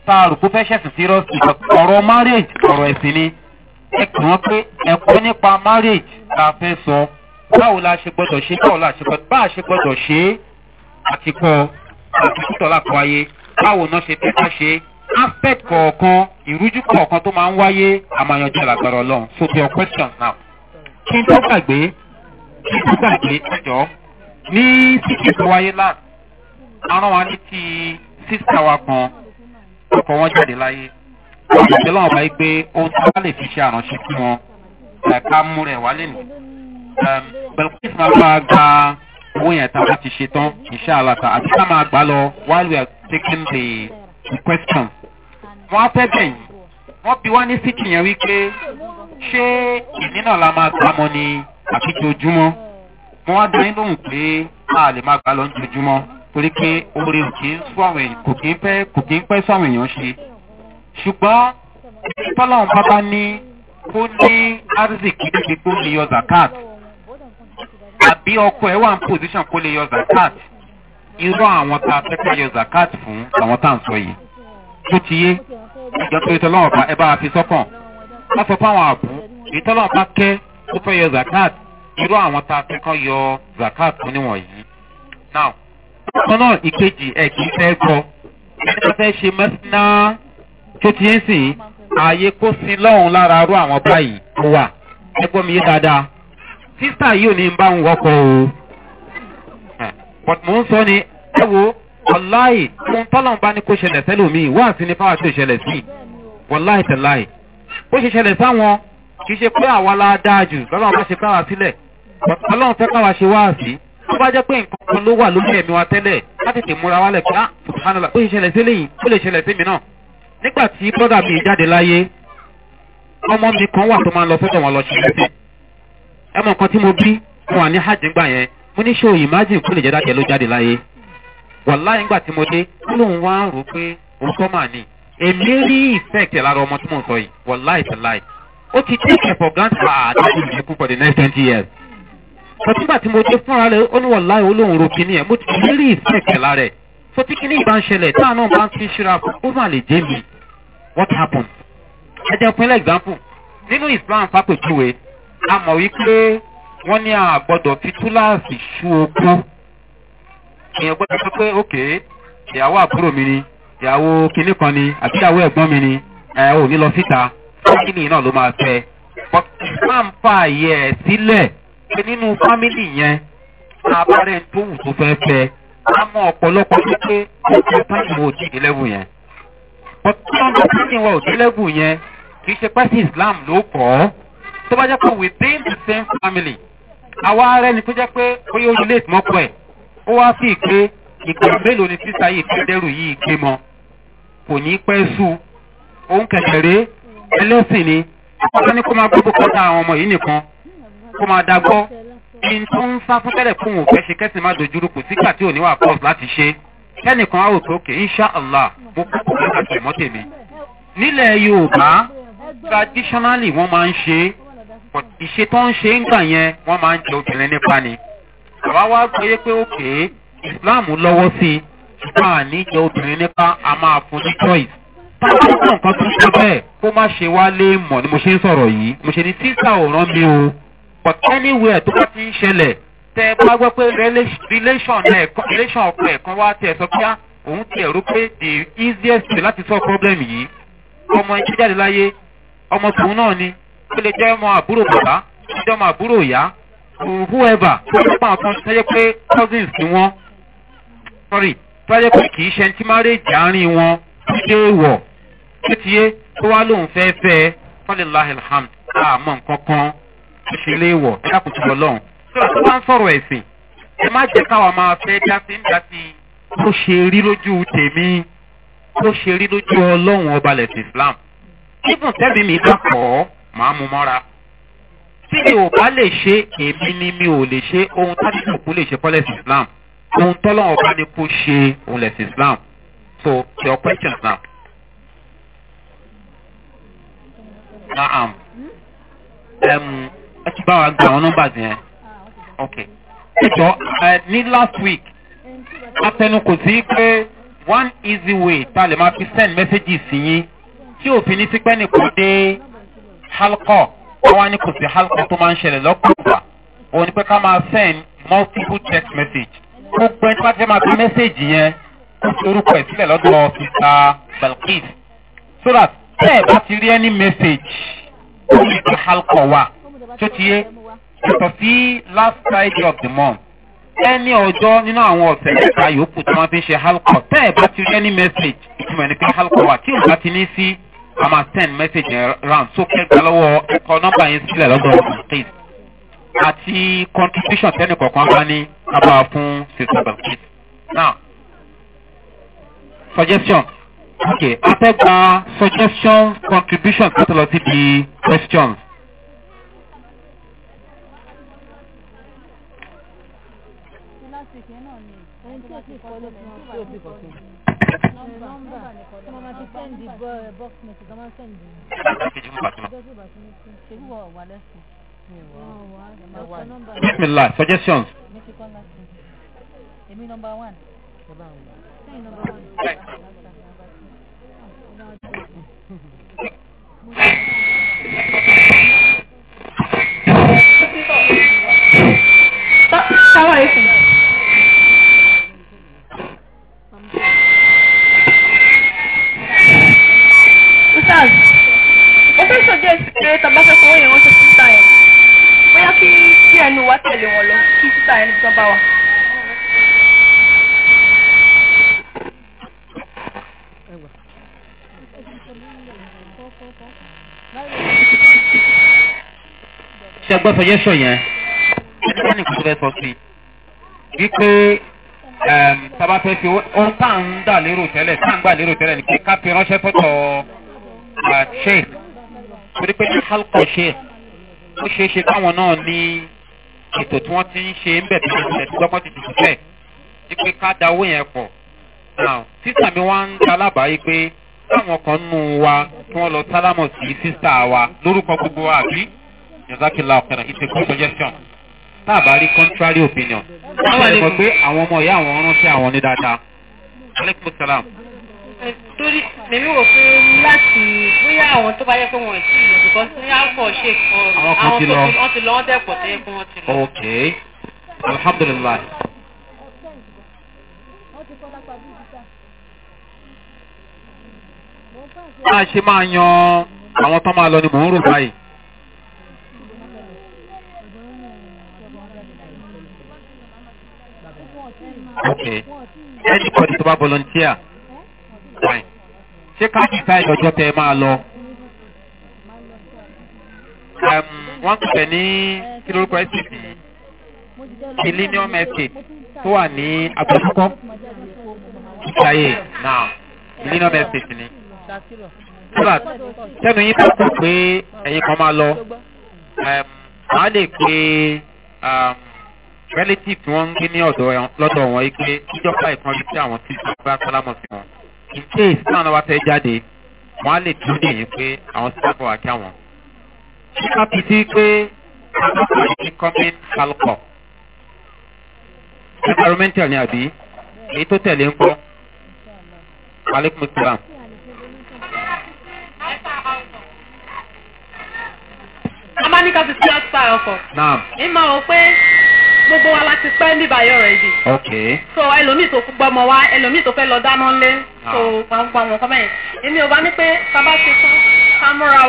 Speaker 1: tá a rò pé fẹ́ ṣẹ̀sìn sí rọ́ọ̀sì ọ̀rọ̀ marriage ọ̀rọ̀ ẹ̀sìn ni ẹ kì wọ́n pé ẹ̀kọ́ nípa marriage la fẹ́ sọ báwo la ṣe gbọ́dọ̀ ṣe báwo la ṣe gbọ́dọ̀ bá a ṣe gbọ́dọ̀ ṣe àtikọ́ àtikútọ̀ lápò ayé báwo náà ṣe fẹ́ ká ṣe é aspect kọ̀ọ̀kan ìrújú kọ̀ọ̀kan tó máa ń wáyé àmàyànjú àlàgbàrọ̀ ọlọ́run so to your question now kí n tó gbàgbé kí n tó gbàgbé ẹjọ́ ní síkì tó wáyé lánàá arán wa ní ti sísá wa kan ọkọ̀ wọn jáde láyé ìgbẹ́ lọ́wọ́ báyìí pé ohun tí wọ́n lè fi ṣe àránṣe fún wọn ẹ̀ka mú rẹ̀ wálé nù belkis máa bá a gba owó yẹn tá a ti ṣe tán ìṣe àlàtà àti ká máa gbà lọ while we are taking the the question wọ́n á fẹ́ bẹ̀yìn wọ́n bí wá ní síkì yẹn wípé ṣé ìní náà la máa gbà mọ́ ni àti jojúmọ́ wọ́n á dání lóhùn pé a lè máa gbà lọ jojúmọ́ torí pé oore ò kí ń sún àwọn èèyàn kò kí ń pẹ́ kò kí ń pẹ́ sún àwọn èèyàn ṣe ṣùgbọ́n tọ́lọ́run bábá ní kó ní arzikì níbi tó lè yọ zakat àbí ọkọ ẹ̀ wà ní pòsíṣàn kó lè yọ zakat irú àwọn tá a fẹ́ ká yọ zakat fún àwọn tá à ń sọ yìí tó ti yé ìjọ tó ìtọ́ lọ́wọ́ bá ẹ bá a fi sọ́kàn lọ́sọ̀ fáwọn àbú ìtọ́ lọ́wọ́ bá kẹ́ tó fẹ́ yọ zakat irú àwọn tá a fẹ́ kán yọ zakat fún níwọ̀nyí. now ọ̀kan náà ìkejì ẹ̀ kì í fẹ́ gbọ́ ẹ fẹ́ ṣe mẹ́sínà tó ti yé sìn ààyè kó sin lọ́hùn lára arú àwọn báyìí tó wà ẹ gbọ́ mi yé dáadáa sísà yìí ò ní bá ń wọ́kọ̀ o but mò ń sọ ni ẹ wo wàláì ohun tọ́lọ́n bá ní kó ṣẹlẹ̀ sẹ́lómi wá sí ni fáwọn tó ṣẹlẹ̀ sí wàláì tẹ̀láì bó ṣe ṣẹlẹ̀ sáwọn kì í ṣe pé àwa la dáa jù lọ́nà bá ṣe káwa sílẹ̀ ọlọ́run fẹ́ káwa ṣe wá sí tó bá jẹ́ pé nǹkan kan ló wà lórí ẹ̀mí wa tẹ́lẹ̀ láti tè múra wálẹ̀ pé ah subhanallah bó ṣe ṣẹlẹ̀ sí lẹ́yìn ó lè ṣẹlẹ̀ sí mi náà nígbà tí bọ́dà mi jáde láyé ọmọ mi kan wà tó máa ń lọ sọ́dọ̀ wọn lọ ṣe lẹ́sìn ẹmọ kan tí mo bí wọn wà ní hajj gbà yẹn mo ní ṣe òyìn májì kó lè jẹ́ dájẹ́ ló jáde láyé wàláyé ńgbà tí mo dé ó lóun wá ń rò pé òótọ́ mà ní èmi rí ìfẹ́ẹ̀tì lára ọmọ tí mò sọ yìí wàláyé tẹ̀ láì ó ti take it for granted àti ah, ìdíkù for the next twenty years fọtígbà tí mo dé fúnra rẹ ó ní wàláyé ó lóun rò ni ẹ mo ti èmi rí ìfẹ́ẹ̀tì lára ẹ fọtí kíní ìbá ń ṣẹlẹ̀ táà náà bá ń fi ṣíra ó mà lè jẹ́ mi what happened ẹ jẹ́ fún example nínú islam fápẹ̀túwe a mọ̀ wípé wọ́n ní àgbọ̀dọ̀ fi túláàsì ṣú okú èèyàn gbọ́dọ̀ sọ pé òkè ìyàwó àbúrò mi ni ìyàwó kinní kan ni àbí ìyàwó ẹ̀gbọ́n mi ni ẹ ò ní lọ síta fámìlì náà ló máa fẹ́ but islam fààyè ẹ̀ sílẹ̀ pé nínú fámìlì yẹn abárẹ́ tó wù tó fẹ́ fẹ́ á mọ ọ̀pọ̀lọpọ̀ tó pé ọjọ́ táyìmù òjìdí lẹ́wù yẹn but tí wọ́n bá táyìmù òjìdí lẹ́wù yẹn kì í ṣe pẹ́sì islam ló kọ́ tó bá jẹ́ pé within the same family àwa ara ẹni tó jẹ́ pé ó yóò relé mọ́kọ ẹ̀ ó wá fi ìpè ìpè mélòó ni sísá yìí fi dẹ́rù yìí gbé mọ́ kò ní pẹ́ sú òun kẹ̀kẹ̀rẹ́ ẹlẹ́sìn ni wọ́n ní kó máa gbọ́ bùkátà àwọn ọmọ yìí nìkan kó máa dá gbọ́ kí n tó ń sá fún tẹ́lẹ̀ fún òun fẹ́ ṣe kẹ́sìn má dojúrú kò sígbà tí ò ní wà pọ́s láti ṣe kẹ́nìkan á ò tó kè insha allah mo kú kò ní àtẹ̀mọ́tẹ̀mí nílẹ̀ yorùbá traditionally wọ́n máa ń ṣe é ìṣe tó ń ṣe ń gbà yẹn wọ́n máa ń jẹ obìnrin nípa ni àwa wá gbọ́yé pé òkè islam lọ́wọ́ sí i ṣùgbọ́n àní jẹ obìnrin nípa a máa fún ní choice táwọn tó nǹkan tó ṣe bẹ́ẹ̀ kó má ṣe wá lé mọ̀ ni mo ṣe ń sọ̀rọ̀ yìí mo ṣe ní sísà ò rán mi o but anywhere tó bá ti ń ṣẹlẹ̀ tẹ ẹ bá gbọ́ pé relation ọkọ ẹ̀kan wá tẹ ẹ sọ pé ah, òun ti ẹ̀rú pé the easiest way láti solve problem yìí ọmọ ẹ̀jẹ̀ jáde láyé ọmọ tòun náà ni ó lè jẹ́ ọmọ àbúrò bàbá ó lè jẹ́ ọmọ àbúrò ìyá whoever tó ń pa ọ̀kan tó yẹ pé cousins ni wọ́n sorry tó yẹ pé kì í ṣe ti márèèjì àárín wọn dé wọ̀ tó ti yé tó wá lóun fẹ́ fẹ́ ẹ fọ́lẹ̀ lahilham àmọ́ nǹkan kan tó ṣe lé wọ̀ ẹ dákun tó lọ lọ́hùn. sọ̀rọ̀ tó bá ń sọ̀rọ̀ ẹ̀sìn ẹ má jẹ́ káwa máa fẹ́ dásí ń dásí bó ṣe rí lójú tèmi bó ṣe rí lójú ọlọ́run ọba lẹ̀sìn islam. ibùn tẹ́bi mi bá kọ́ ọ́ màá mú mọ́ra tí mi ò bá lè ṣe èmi ni mi ò lè ṣe ohun tábí òkú lè ṣe pọ́lẹ́sì islam ohun tọ́lọ́wọ́n bá ní kó ṣe òun lẹ̀sìn islam so your questions now. naam ẹ ti bá wa gba àwọn nọmba yẹn ah, ok ẹjọ ẹ ní last week atẹnukò sí pé one easy way tá a lè máa fi send messages sí yín tí òfin ní sípẹ́ nìkan dé halkọ àwọn ni kò sí halkọ tó máa ń ṣẹlẹ̀ lọ́kùnrin òun pé ká máa send multiple text message gbogbo ẹni tó bá fẹ́ máa fi mẹ́sẹ̀gì yẹn kó fi orúkọ ẹ̀ sílẹ̀ lọ́dọ̀ sista belkis so that tẹ́ bá ti rí any message ó lè fi halkọ wà tó ti yé yàtọ̀ sí last friday of the month ẹni ọjọ́ nínú àwọn ọ̀sẹ̀ mẹ́ta yòókù tí wọ́n fi ń ṣe halkọ tẹ́ bá ti rí any message ìtumọ̀ ẹni pé halkọ wà tí òun bá ti ní sí a máa send message yẹn round so kẹgbẹ́ lọ́wọ́ ẹ̀kọ́ nọ́mbà yẹn sílẹ̀ lọ́dọ̀ Balkis àti contribution tẹ́nì kọ̀ọ̀kan bá ní abá fún sister Balkis. now suggestion ok atẹ́gba suggestion contribution kátó lọ síbi questions.
Speaker 2: Thank you sẹ́ndì
Speaker 3: bọ́ọ̀sì mi kò máa sẹ́ndì. ṣèlú wọ wà lẹ́sìn. bisimilah suggestions. èmi nọmba one. sẹ́yìn nọmba one.
Speaker 2: Assalamualaikum. Charles ẹ fẹ́ suggest pé tàbá fẹ́ fọwọ́ yẹn ránṣẹ́ síta yẹn bóyá kí kí ẹnu wa tẹ̀lé wọn lọ kí síta yẹn níbi tó bá wà.
Speaker 1: ṣe gbọ́ suggestion yẹn ẹni wọ́n ní kò fẹ́ sọ sí i wípé tàbá fẹ́ fi ohun tá à ń sheikh torí pé ní halkọ sheikh ó ṣeé ṣe káwọn náà ní ètò tí wọ́n ti ń ṣe ń bẹ̀ tó ti tẹ̀sí lọ́gbọ́n ti dùn sílẹ̀ ní pé ká da owó yẹn pọ̀ sísà mi wá ń ta lábàáyé pé táwọn kan nù wa kí wọ́n lọ sálámọ̀ sí sísà wa lórúkọ gbogbo wa àbí yọ̀sákìlá ọ̀kẹ́rẹ́ it's a good suggestion tá a bá rí contrary opinion wọ́n é? mọ̀ pé àwọn ọmọ ìyá àwọn ránṣẹ́ àwọn ní dáadáa. aleykum salaam
Speaker 2: torí lèmi wò pé láti bóyá àwọn tó bá yẹ pé wọn ti lọ because ní àpò ṣe kan àwọn tó ti wọn ti lọ wọn dẹpọ tó yẹ pé wọn
Speaker 1: ti lọ. ok alhamdulilayi.
Speaker 3: bá a ṣe máa
Speaker 1: yan àwọn tó máa lọ ni mò báyìí. ok anybody tó bá volunteer time ṣé káàdì táyì ọjọ́ tẹ máa lọ. wọ́n pè ní kí lórúkọ ẹ̀ sì sí millennium estate tó wà ní àgbẹ̀kọ́ ìtayé náà millennium estate ni. sọ́dà tẹ́nu yín bá kọ̀ pé ẹ̀yin kan máa lọ
Speaker 3: màá
Speaker 1: lè pe relative tí wọ́n ń gbé ní ọ̀dọ̀ lọ́dọ̀ wọn yìí pé ìjọba ìkan rí sí àwọn tí ìjọba sálámọ̀ sí wọn ìké ìsìláwọn náà wá fẹ́ jáde wọ́n á lè tún lè yín pé àwọn sábà wà kí àwọn. ṣíkà pìtì pé àwọn incoming falcon environmental ni àbí èyí tó tẹ̀lé ń gbọ́ alaikum salam.
Speaker 2: a máa ní ká fi sí ọ́sítà ọkọ̀. ní máa wọ pé. gbogbo wa la ti pẹ́ ní báyọ̀ ok so ẹlòmíì tó gbọ́ ọmọ wa ẹlòmíì tó fẹ́ lọ dáná lé ah. so gbàngbà wọn kọ́ bẹ́yẹn èmi ò bá ní pé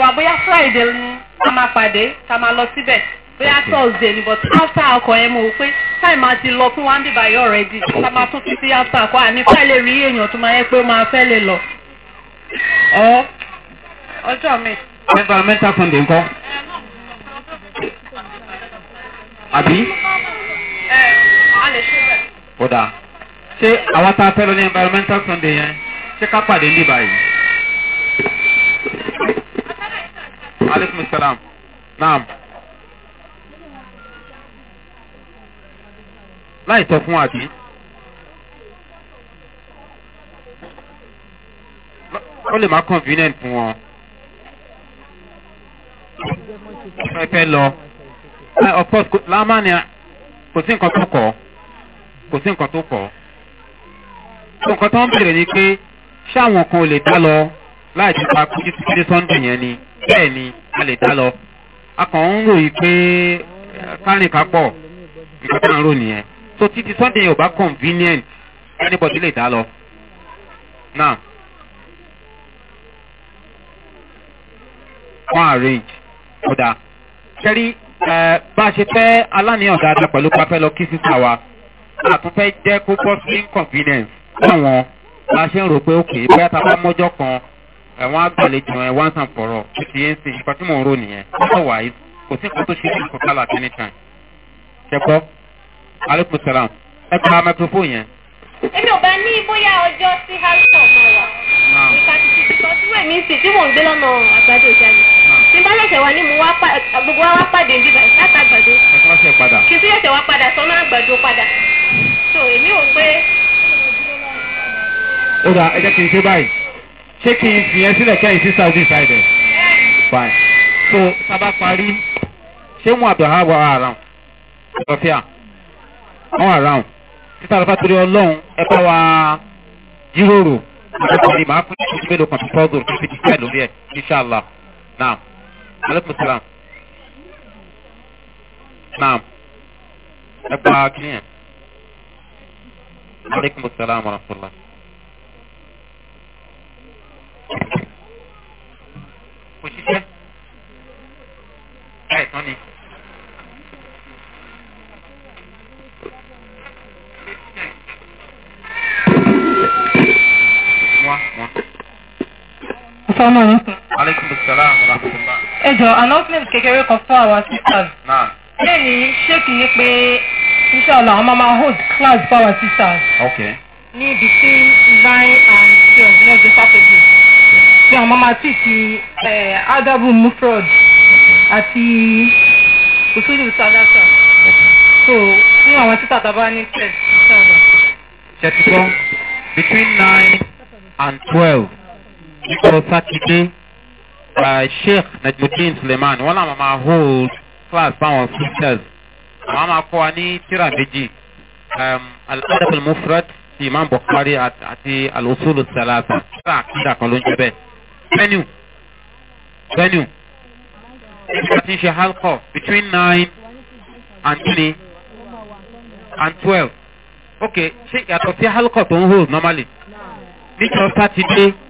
Speaker 2: wa bóyá friday ni ká máa pàdé ká máa lọ síbẹ̀ bóyá thursday ni but after ọkọ̀ yẹn mo pé máa ti lọ fún wa ní báyọ̀ rẹ̀ di ká máa tún títí after ọkọ̀ àní fẹ́ rí èèyàn tó máa yẹ pé ó máa fẹ́ lè lọ. ọjọ́ mi. àbí. ẹ a lè ṣe bẹ́ẹ̀.
Speaker 1: ó dáa ṣé àwọn tá a fẹ́ lọ ní environmental sunday yẹn ṣé ká pàdé ní báyìí. aleykum salaam naam. láì sọ fún àbí. ó lè má convenient fún wọn. ẹ fẹ́ lọ. Eh, of course lamania kò sí nǹkan tó kọ̀ kò sí nǹkan tó kọ̀ tó nǹkan tó ń bèrè ni pé ṣé àwọn kan ò lè dá lọ láì ti pa kújú títí sunday yẹn ni bẹ́ẹ̀ ni a lè dá lọ a kàn ń ròyìn pé eh, kárìn ká pọ̀ nǹkan tó ń rò nìyẹn so títí sunday yẹn ò bá convenient anybody lè dá lọ now wọ́n arrange kódà ṣẹ́rí ẹ bá a ṣe fẹ́ aláníyàn dáadáa pẹ̀lú pápẹ́ lọ kí sísá wa àtúnfẹ́ jẹ́ kó bọ́ sí inconvenience láwọn bá a ṣe ń rò pé òkè bẹ́ẹ̀ tá a bá mọ́jọ́ kan ẹ̀wọ̀n àgbàlejò ẹ̀ wá ń sàn fọ̀rọ̀ ti ń sìn ìfọ̀ tí mò ń rò nìyẹn otherwise kò sí nǹkan tó ṣe fún kọ́kálà at any time. ṣẹ́kọ́ aleykum salaam ẹ gba microphone yẹn.
Speaker 2: èmi ò bá ní bóyá ọjọ́ sí harrison mọ̀ wá. ìkàtúntì ti sọ síwẹ̀ ní ìsìn tí mò ń gbé lọ́nà àgbájọ ìjálè tí bá ṣẹ̀ṣẹ̀ wá ní mo wá gbogbo wa wá pàdé níbà
Speaker 1: láti àgbàdo. kí n
Speaker 2: tún ṣẹ̀ṣẹ̀ wá padà sọ́nà àgbàdo padà. so èmi ò pé.
Speaker 1: ó dà ẹ jẹ́ kí n ṣe báyìí ṣé kí n fi yẹn sílẹ̀ kẹ́yìn sí saudi side ẹ̀. báyìí so sábà parí ṣé wọn àbúrò wa àràn ọ̀fíà wọn àràn títà lọ́pàá torí ọlọ́run ẹ bá wa jíròrò ọ̀rọ̀ ìmọ̀ àpò ìṣèjúmẹ́lò kan tó tọ́jú òkú fìdí sẹ́ẹ̀ lórí ẹ̀ inṣàlá náà. عليكم السلام نعم ابقى عاكلين عليكم السلام ورحمة الله وشيشة ايه ثاني السلام عليكم عليكم السلام ورحمة الله
Speaker 2: ẹ jọ announcement kékeré kan fún àwọn sisters. bẹ́ẹ̀ ni ṣé kì í pé inshallah àwọn máa hold class for our sisters. okay. ní between nine and twelve ní ọjọ́ saturday. bí àwọn máa tí ti adabu mufrod àti usulu sadaka. so fún àwọn títà tàbá ní test inshallah.
Speaker 1: ṣètìkọ́ between nine and twelve ní ọjọ́ saturday sheikh najudeen suleiman wọn làwọn máa hold class fáwọn sisters àwọn máa kọ́ wa ní tíra méjì al-adab al-mufrat ti imam bukhari àti al-usul salasa tíra àkídà kan ló ń jẹ bẹ́ẹ̀ venue venue nígbà tí ń ṣe halkọ between nine and three and twelve ok ṣé yàtọ̀ sí halkọ tó ń hold normally níjọ sátidé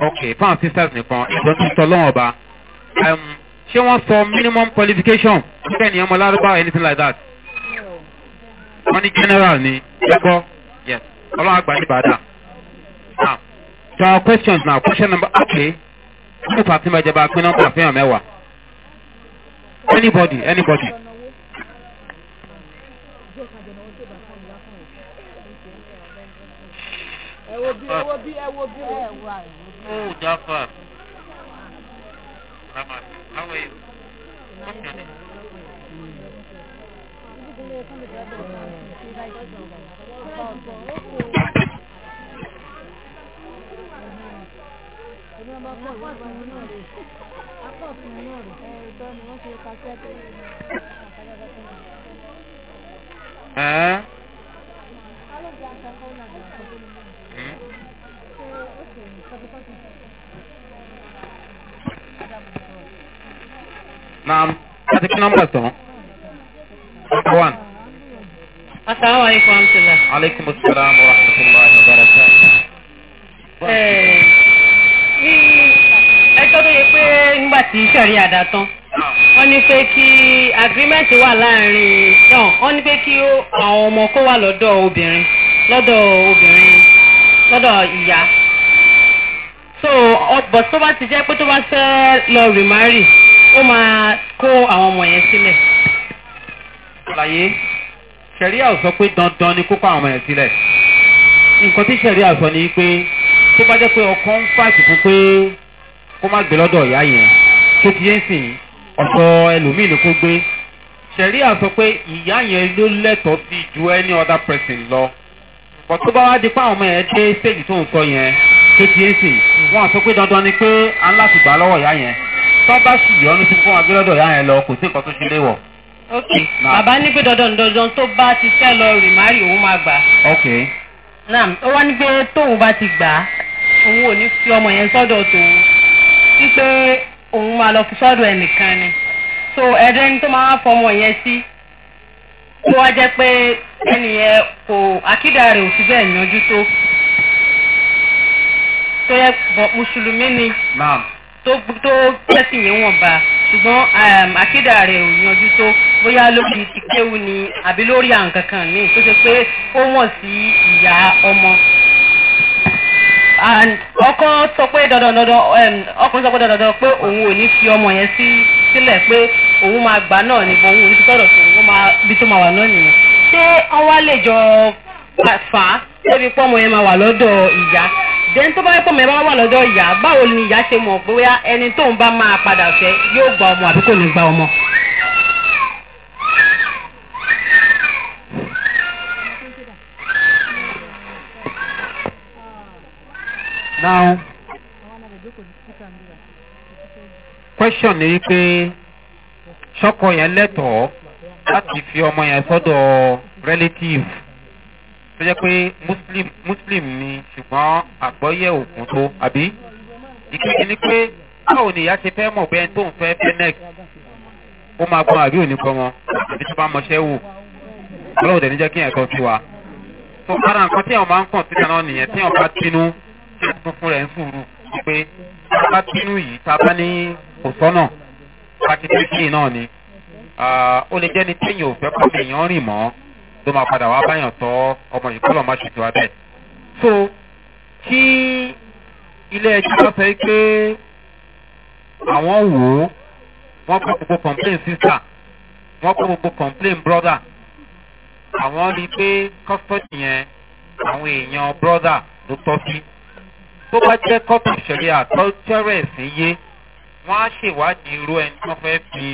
Speaker 1: ok fáwọn sisters nìkan ìgbọ́n tó tọ́ lọ́wọ́ ọba ṣé wọ́n sọ minimum qualification bẹ́ẹ̀ ni ọmọ lárúbá or anything like that wọ́n ní general ni ẹ̀kọ́ yes ọlọ́run àgbà ní bàdà now to our questions now question number okay wọ́n ní pàtí bàjẹ́ bá pín nọ́mbà fẹ́ràn mẹ́wàá anybody anybody.
Speaker 3: ẹ wo bí ẹ wo bí ẹ wo bí Oh,
Speaker 1: Jafar. Rahman, how are you? Okay.
Speaker 3: Huh? Hmm?
Speaker 1: Naam, láti kí nọ́mbà tán. Number one.
Speaker 2: Asalaamualeykum wa rahmatulah.
Speaker 1: Aleykum salaam wa rahmatulah wa barakatuh.
Speaker 2: Ní eh, ẹjọ́ tó yẹ pé nígbà tí sẹ̀rí àdá tán, wọ́n ní pé kí agreement wà láàrin náà, wọ́n ní pé kí àwọn ọmọ kó wà lọ́dọ̀ obìnrin lọ́dọ̀ obìnrin lọ́dọ̀ ìyá. So, but tó bá ti jẹ́ pé tó bá fẹ́ lọ remarry ó máa kó àwọn ọmọ yẹn
Speaker 1: sílẹ̀. àlàyé sẹ̀ríà ò sọ pé dandan ni kókó àwọn ọmọ yẹn sílẹ̀. nǹkan tí sẹ̀ríà sọ ni pé tó bá jẹ́ pé ọkọ ń fàṣì fún pé kó má gbé lọ́dọ̀ ìyá yẹn tó ti yẹn sìn ọ̀sọ̀ ẹlòmíì ni kó gbé. sẹ̀ríà sọ pé ìyá yẹn ló lẹ́tọ̀ọ́ sí ju any other person lọ. bọ̀ tó bá wá di pé àwọn ọmọ yẹn dé stage tó ń sọ yẹn tó ti yẹn sìn wọ́n sọ pé dandan ni pé à ń láti gbà lọ́wọ́ ìyá yẹn tọ́ba sì yọnu sí fún agbélọ́dọ̀ yá yẹn lọ kò sí nǹkan tó ṣe léwọ̀.
Speaker 2: ok bàbá ní pé dandan dandan tó bá ti fẹ́ lọ rìmárì òun máa gbà. ok. naam ó wá ní pé tóun bá ti gbà òun ò ní fi ọmọ yẹn sọ́dọ̀ tòun wípé òun máa lọ fi sọ́dọ̀ ẹnìkan ni so ẹ̀dẹ́ni tó máa fọmọ yẹn sí kó wá jẹ́ pé ẹnìyẹn kò àkídà rẹ̀ ò fi bẹ́ẹ̀ yanjú tó tó yẹ bọ̀ mùsùlùmí ni. naam tó tó pẹ́sì yẹn wọ̀n ba ṣùgbọ́n um, àkídà rẹ̀ ò yanjú tó bóyá lórí ti kéwu ni àbí lórí àǹkankan ní tó ṣe pé ó wọ̀n sí ìyá ọmọ ọkọ sọ pé dandan dandan um, ọkùnrin sọ pé dandan dandan pé òun ò ní fi ọmọ yẹn sí sílẹ̀ pé òun máa gbà náà ni bọ̀ òun ò ní fi sọ̀rọ̀ sọ̀rọ̀ òun máa bí tó máa wà náà nìyẹn. ṣé ọwọ́ lè jọ fà á débi pé ọmọ yẹn máa wà lọ́dọ̀ ìyá then tó bá yẹ kó mẹ bá wà lọ́jọ́ ìyá báwo ni ìyá ṣe mọ̀ pé ẹni tó ń bá máa padà fẹ́ yóò gba ọmọ àbí kò ní gba ọmọ.
Speaker 1: now question ni wípé sọ́kọ yẹn lẹ́tọ̀ọ́ láti fi ọmọ yẹn sọ́dọ̀ relative tó jẹ́ pé muslim muslim ni ṣùgbọ́n àgbọ́yẹ̀ òkun tó àbí. ìkejì ni pé báwo ni ìyá ṣe fẹ́ mọ̀ bẹ́ẹ̀ tó ń fẹ́ fẹ́nẹ́k ó máa gbọ́n àbí òní gbọ́n wọn àbí tó bá mọṣẹ́ wò ọlọ́wọ́ dẹ̀ ní jẹ́ kí ẹ̀kọ́ sí wa. tó ara nǹkan tí àwọn máa ń kàn sí kaná nìyẹn tí àwọn bá tinú tí wọ́n fún rẹ̀ ń sùúrù pé bá tinú yìí tá bá ní kò sọ́nà bá ti tẹ́sí náà ni ó lè jẹ́ni téèyàn ò fẹ́ kọ́ ló máa padà wá báyàn tọ́ ọmọ yìí kọ́lọ̀ má ṣètò abẹ́. so tí ilé ẹjọ́ bá sọ pé àwọn wò ó wọ́n kọ́ gbogbo complain sister wọ́n kọ́ gbogbo complain brother àwọn rí i pé custody yẹn àwọn èèyàn brother ló tọ́ sí tó bá jẹ́ kọ́pù ìṣẹ̀lẹ̀ àtọ́jọ́rẹ̀ ẹ̀sìn yé wọ́n á ṣèwádìí irú ẹni tó fẹ́ fi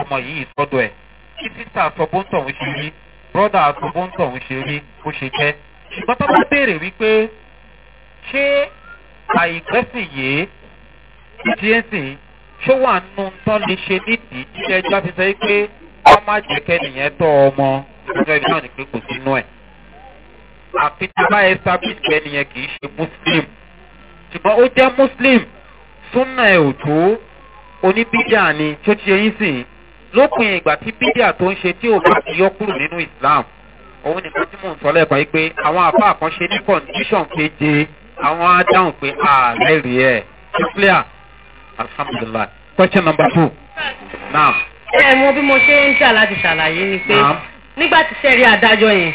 Speaker 1: ọmọ yìí tọ́dọ̀ ẹ̀ kí títà sọ bóńtọ̀ ń ṣe yìí. Brother àtúbọ̀ntàn ń ṣe rí bó ṣe jẹ́ ṣùgbọ́n tó bá béèrè wípé ṣé àìgbẹ́sìn yìí ìdíyẹ́sìn ṣó wà nù tán lè ṣe nídìí jíjẹ́ ẹjọ́ ti sọ pé wọ́n má jẹ́ kẹ́nìyẹn tọ́ ọmọ ọjọ́ ibi náà ni pé kò sínú ẹ̀. àfi tí bá ẹ sábìsì ẹnìyẹn kì í ṣe muslim ṣùgbọ́n ó jẹ́ muslim súnà ẹ̀ òjò oníbíjà ni tó ti ṣe sìn lópin ìgbà tí bídíà tó ń ṣe tí ò bá ti yọ kúrò nínú islam òun nìkan tí mò ń sọ lẹ́ẹ̀kan yìí pé àwọn àbá àkànṣe ní condition keje àwọn á dáhùn pé ààrẹ rí ẹ ṣe clear alhamdulilah question number two now. ẹ mo bí
Speaker 2: mo ṣe ń jà láti ṣàlàyé ni pé nígbà tí sẹ́ẹ̀rí adájọ́ yẹn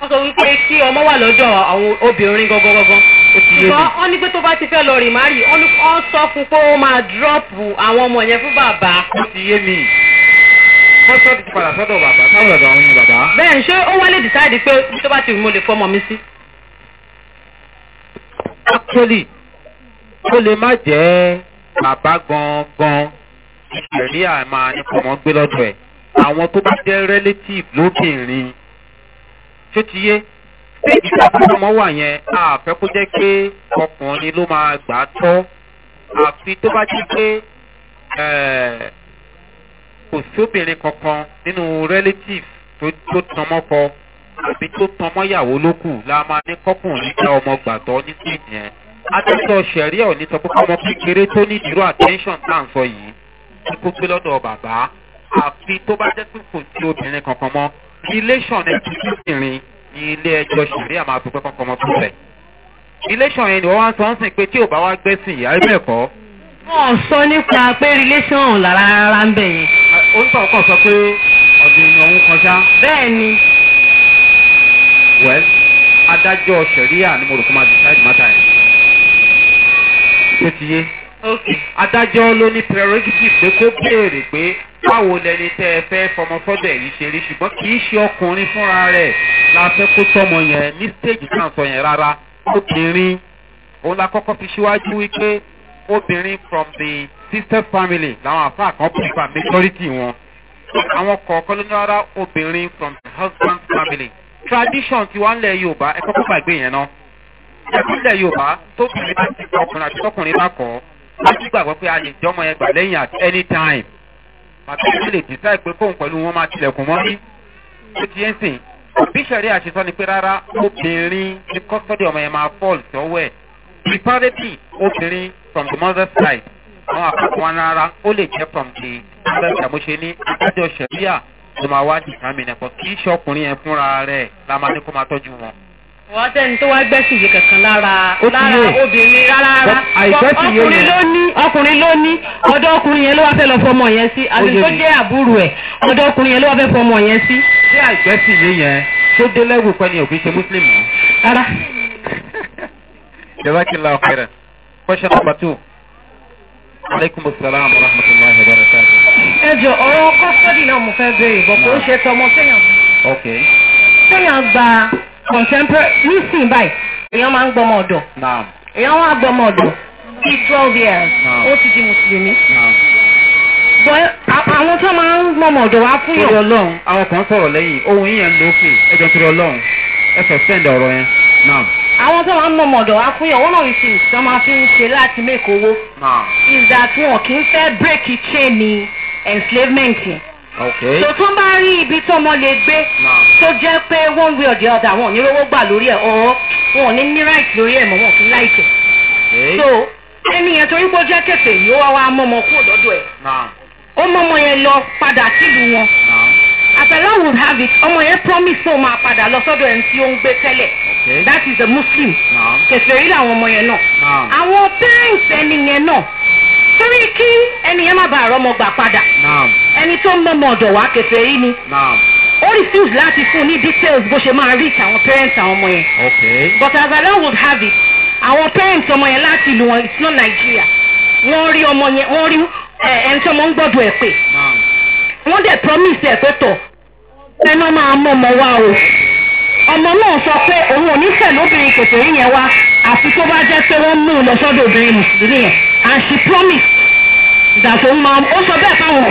Speaker 2: wọ́n sọ wípé kí ọmọ wà lọ́dọ̀ àwọn obìnrin gangan gangan ṣùgbọ́n wọ́n ní pé tó bá ti fẹ́ lọ rìn márì wọ́n sọ fún pé ó máa dírọ́pù àwọn ọmọ yẹn fún bàbá. ó ti yé mi
Speaker 1: kọ́sọ́ọ̀bù padà sọ́dọ̀ bàbá táwọn ọ̀dọ̀ àwọn yẹn bàbá.
Speaker 2: bẹ́ẹ̀ ṣé ó wálé dìtáàdì pé tó bá ti wù lè fọmọ
Speaker 1: mi sí. actually ó lè má jẹ́ bàbá gangan ìṣẹ̀lẹ̀ máa ní kọ́mọ gbé lọ́dọ̀ ẹ̀ àwọn tó bá jẹ́ relative lóbìnrin ṣé ti yé stage ìtàkùnmọ́ wà yẹn àfẹ́ kó jẹ́ pé ọkùnrin ló máa gbà á tọ́ àfi tó bá jẹ́ pé kò sóbìnrin kankan nínú relative tó tọmọkọ àbí tó tọmọyàwó lókù la máa ní kọkùnrin dá ọmọ gbàtọ ní stage yẹn adájọ sẹríà òní sọ pé ọmọ kékeré tó ní ìdúró attention tá à ń sọ yìí ní kó gbé lọdọ bàbá àfi tó bá jẹ pé kò sí obìnrin kankan mọ relation ẹ ti lóbìnrin ní ilé ẹjọ sẹríà máa fi pẹ kankan mọ fún rẹ relation yẹn ni wọn wá sọ ń sìn pé tí ò bá wá gbẹ́sìn yàrá
Speaker 2: wọn sọ nípa pé relation ọ̀hún lára rárá ń bẹ̀ yẹn.
Speaker 1: orúkọ ọkọ sọ pé ọ̀dọ̀ èèyàn òun kan ṣá. bẹ́ẹ̀ ni. well adájọ́ sẹ̀ríà ni mo rò kó máa decide matter yẹn. ṣé ti yé. ok adájọ́ ló ní prerogative pé kó béèrè pé báwo lẹni tẹ́ ẹ fẹ́ fọmọ fọ́dọ̀ yìí ṣe rí ṣùgbọ́n kì í ṣe ọkùnrin fúnra rẹ̀ la fẹ́ kó tọmọ yẹn ní stage náà sọ yẹn rárá obìnrin òun la kọ́kọ́ fi síwájú wípé obìnrin from the sister family làwọn àfa kan pípa majority wọn àwọn kọ̀ọ̀kan ló ní rárá obìnrin from the husband family tradition tiwa ńlẹ̀ yorùbá ẹ̀kọ́ kó gbàgbé yẹn náà ẹ̀kúnlẹ̀ yorùbá tóbìnrin bá ti ọkùnrin àti tọkùnrin bá kọ́ láti gbàgbọ́ pé a lè jọmọ yẹn gbà lẹ́yìn at any time bàbá yìí lè dìtà pé kóun pẹ̀lú wọn máa tilẹ̀kùn mọ́ bí ó ti ń sìn bí sẹ̀rí àṣetọ́ ni pé rárá obìnrin ní kọ́sọ́dì ọmọ yẹn máa fọ́ọ̀lù sọ́wọ́ ẹ̀ tea, obìnrin from the mother side àwọn àkọ́kọ́ rárá ó lè jẹ́ from the mother side mo ṣe ní adájọ́ sẹ̀ríà ló máa wá dìtàmì nìkan kì í ṣọkùnrin yẹn fúnra rẹ̀ la máa ní kó máa tọ́jú wọn.
Speaker 2: wọ́n tẹ́ni tó wá gbẹ́sìn yìí kankan lára lára obìnrin rárá ọkùnrin ló ní ọkùnrin ló ní ọdọ ọkùnrin yẹn ló wá fẹ́ lọ fọmọ yẹn sí àti tó jẹ́ àbúrò ẹ̀
Speaker 1: ọdọ ọkùnrin yẹn ló wá fẹ́ fọmọ yẹn sí. ṣé àìgbẹ́sìn yìí yẹn tó dé lẹ́wù pẹ́ ni òbí ṣe mùsùlùmí. rárá. Jazakallahu الله Question number two. عليكم السلام ورحمة الله وبركاته. barakatuh.
Speaker 2: Ẹ jọ ọ̀rọ̀ kọ́sítọ́dì náà mo fẹ́ béèrè bọ̀ kò ń ṣe tọmọ téèyàn. Ok. Téèyàn gba contemporary reason báyìí èèyàn máa ń gbọmọ ọ̀dọ̀. Èèyàn wá gbọmọ ọ̀dọ̀ bíi twelve years ó ti di mùsùlùmí àwọn tó máa ń mọ̀mọ̀ ọ̀dọ̀ wá fún yàn. torí ọlọ́run
Speaker 1: àwọn kan sọ̀rọ̀ lẹ́yìn ohun yíyan lókè ẹjọ́ torí ọlọ́run ẹ sọ̀sẹ́ǹdì ọ̀rọ̀ yẹn
Speaker 2: àwọn tó máa ń mọ mọ̀dọ̀ wá fún yàn wọ́n náà ṣe ìṣàn máa fi ń ṣe láti make owó is that wọn kì í fẹ́ break chain enslavement yẹn tó tó bá rí ibi tọ́mọ lè gbé tó jẹ́ pé one way or the other wọn ò ní rówó gbà lórí ẹ̀ ọ́ wọn ò ní ní right lórí ẹ̀ mọ́ wọn fún láìkẹ́ so ẹni yẹn torí pé ó jẹ́ kẹfẹ́ yìí ó wá wá mọ́mọ́ kúrò lọ́dọ̀ ẹ̀ ó mọ́mọ́ yẹn lọ padà sílùú wọn have ọmọ yẹn promise náà máa padà lọ sọ́dọ̀ ẹni tí ó ń gbé tẹ́lẹ̀ that is a muslim kẹfẹ́rí làwọn ọmọ yẹn náà àwọn parents ẹni yẹn náà torí kí ẹni yẹn má bàa rọmọ gbà padà ẹni tó ń mọ̀mọ́ ọ̀dọ̀ wá kẹfẹ́rí ni ó refuse láti fún ní details bó ṣe máa reach àwọn parents àwọn ọmọ
Speaker 3: yẹn
Speaker 2: but as Allah would have it àwọn parents ọmọ yẹn láti ìlú wọn it's not Nigeria wọ́n rí ọmọ yẹn wọ́n rí eh, ẹni tí ọmọ ń gbọ́dọ̀ ẹ̀ pé wọ́n dẹ̀ promise ẹ̀ pé tọ̀ ẹnu máa mú ọmọ wa o ọmọ náà sọ pé òun ò ní fẹ́ lóbìnrin kòtò yìí yẹn wá àfi tó bá jẹ́ pé wọ́n mú un obìnrin mùsùlùmí and she promise that òun máa ó sọ bẹ́ẹ̀ tí dẹ́kọ̀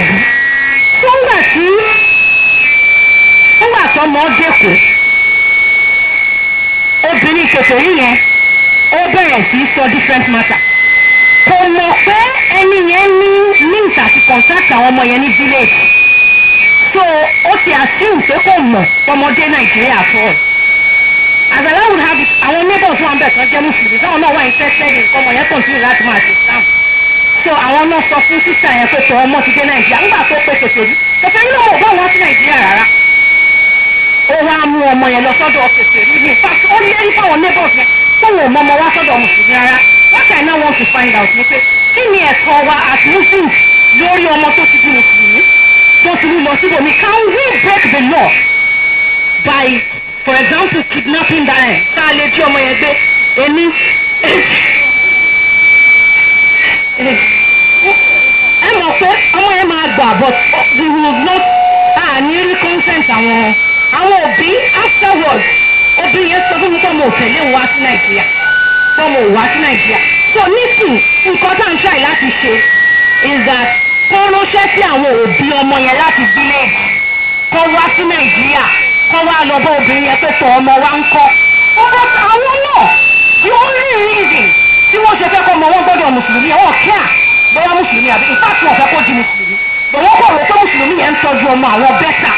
Speaker 2: obìnrin kòtò yẹn ó sọ different matter kò mọ̀ pé ẹni yẹn ní àwọn so ó ti assume pé kò mọ̀ ọmọdé nàìjíríà fọ́ ọ. àgbàlá would have it àwọn neighbors wọn bẹ̀ tán jẹ́ mùsùlùmí táwọn náà wà interested in kọ́mọ yẹn continue láti máa ṣe sáà so àwọn náà sọ fún sísà yẹn pé tọ ọmọ ti dé nàìjíríà nígbà tó pé tòṣì òdu tòṣì òdu náà ò bá wọn sí nàìjíríà rárá ó wá mú ọmọ yẹn lọ sọ́dọ̀ tòṣì òdu ní fact ó lérí fáwọn neighbors yẹn tó wọn mọ ọmọ wá sọ́dọ̀ mùsùlùmí what i now want to find out ni pé kí ni ẹ̀kọ́ wa as muslims lórí ọmọ tó ti di mùsùlùmí wọ́n ti mú lọ síbòmí can we break the law by for example kidnapping that ẹ̀ tá a lè jí ọmọ yẹn gbé ẹni. ẹ mọ̀ pé ọmọ yẹn máa gbà but we will not ah ní rí consent àwọn àwọn òbí afterwards òbí yẹn sọ fún mi pé ọmọ òtẹ̀lé òun wá sí nàìjíríà ọmọ òun sí nàìjíríà so nísìn nǹkan tá à ń try láti ṣe is that kó ránṣẹ́ sí àwọn òbí ọmọ yẹn láti village kó wá sí nàìjíríà kó wá lọ bá obìnrin yẹn pé tọ ọmọ wa ń kọ́. ọ̀rọ̀ àwọn náà the only reason tí wọ́n ṣe fẹ́ kọ́ ọmọ wọn gbọ́dọ̀ mùsùlùmí ẹ̀ kíá bóyá mùsùlùmí àbí ìpàtì ọ̀fẹ́ kó di mùsùlùmí bọ̀wọ́ kọ̀ rò pé mùsùlùmí yẹn ń tọ́jú ọmọ àwọn bẹ́tà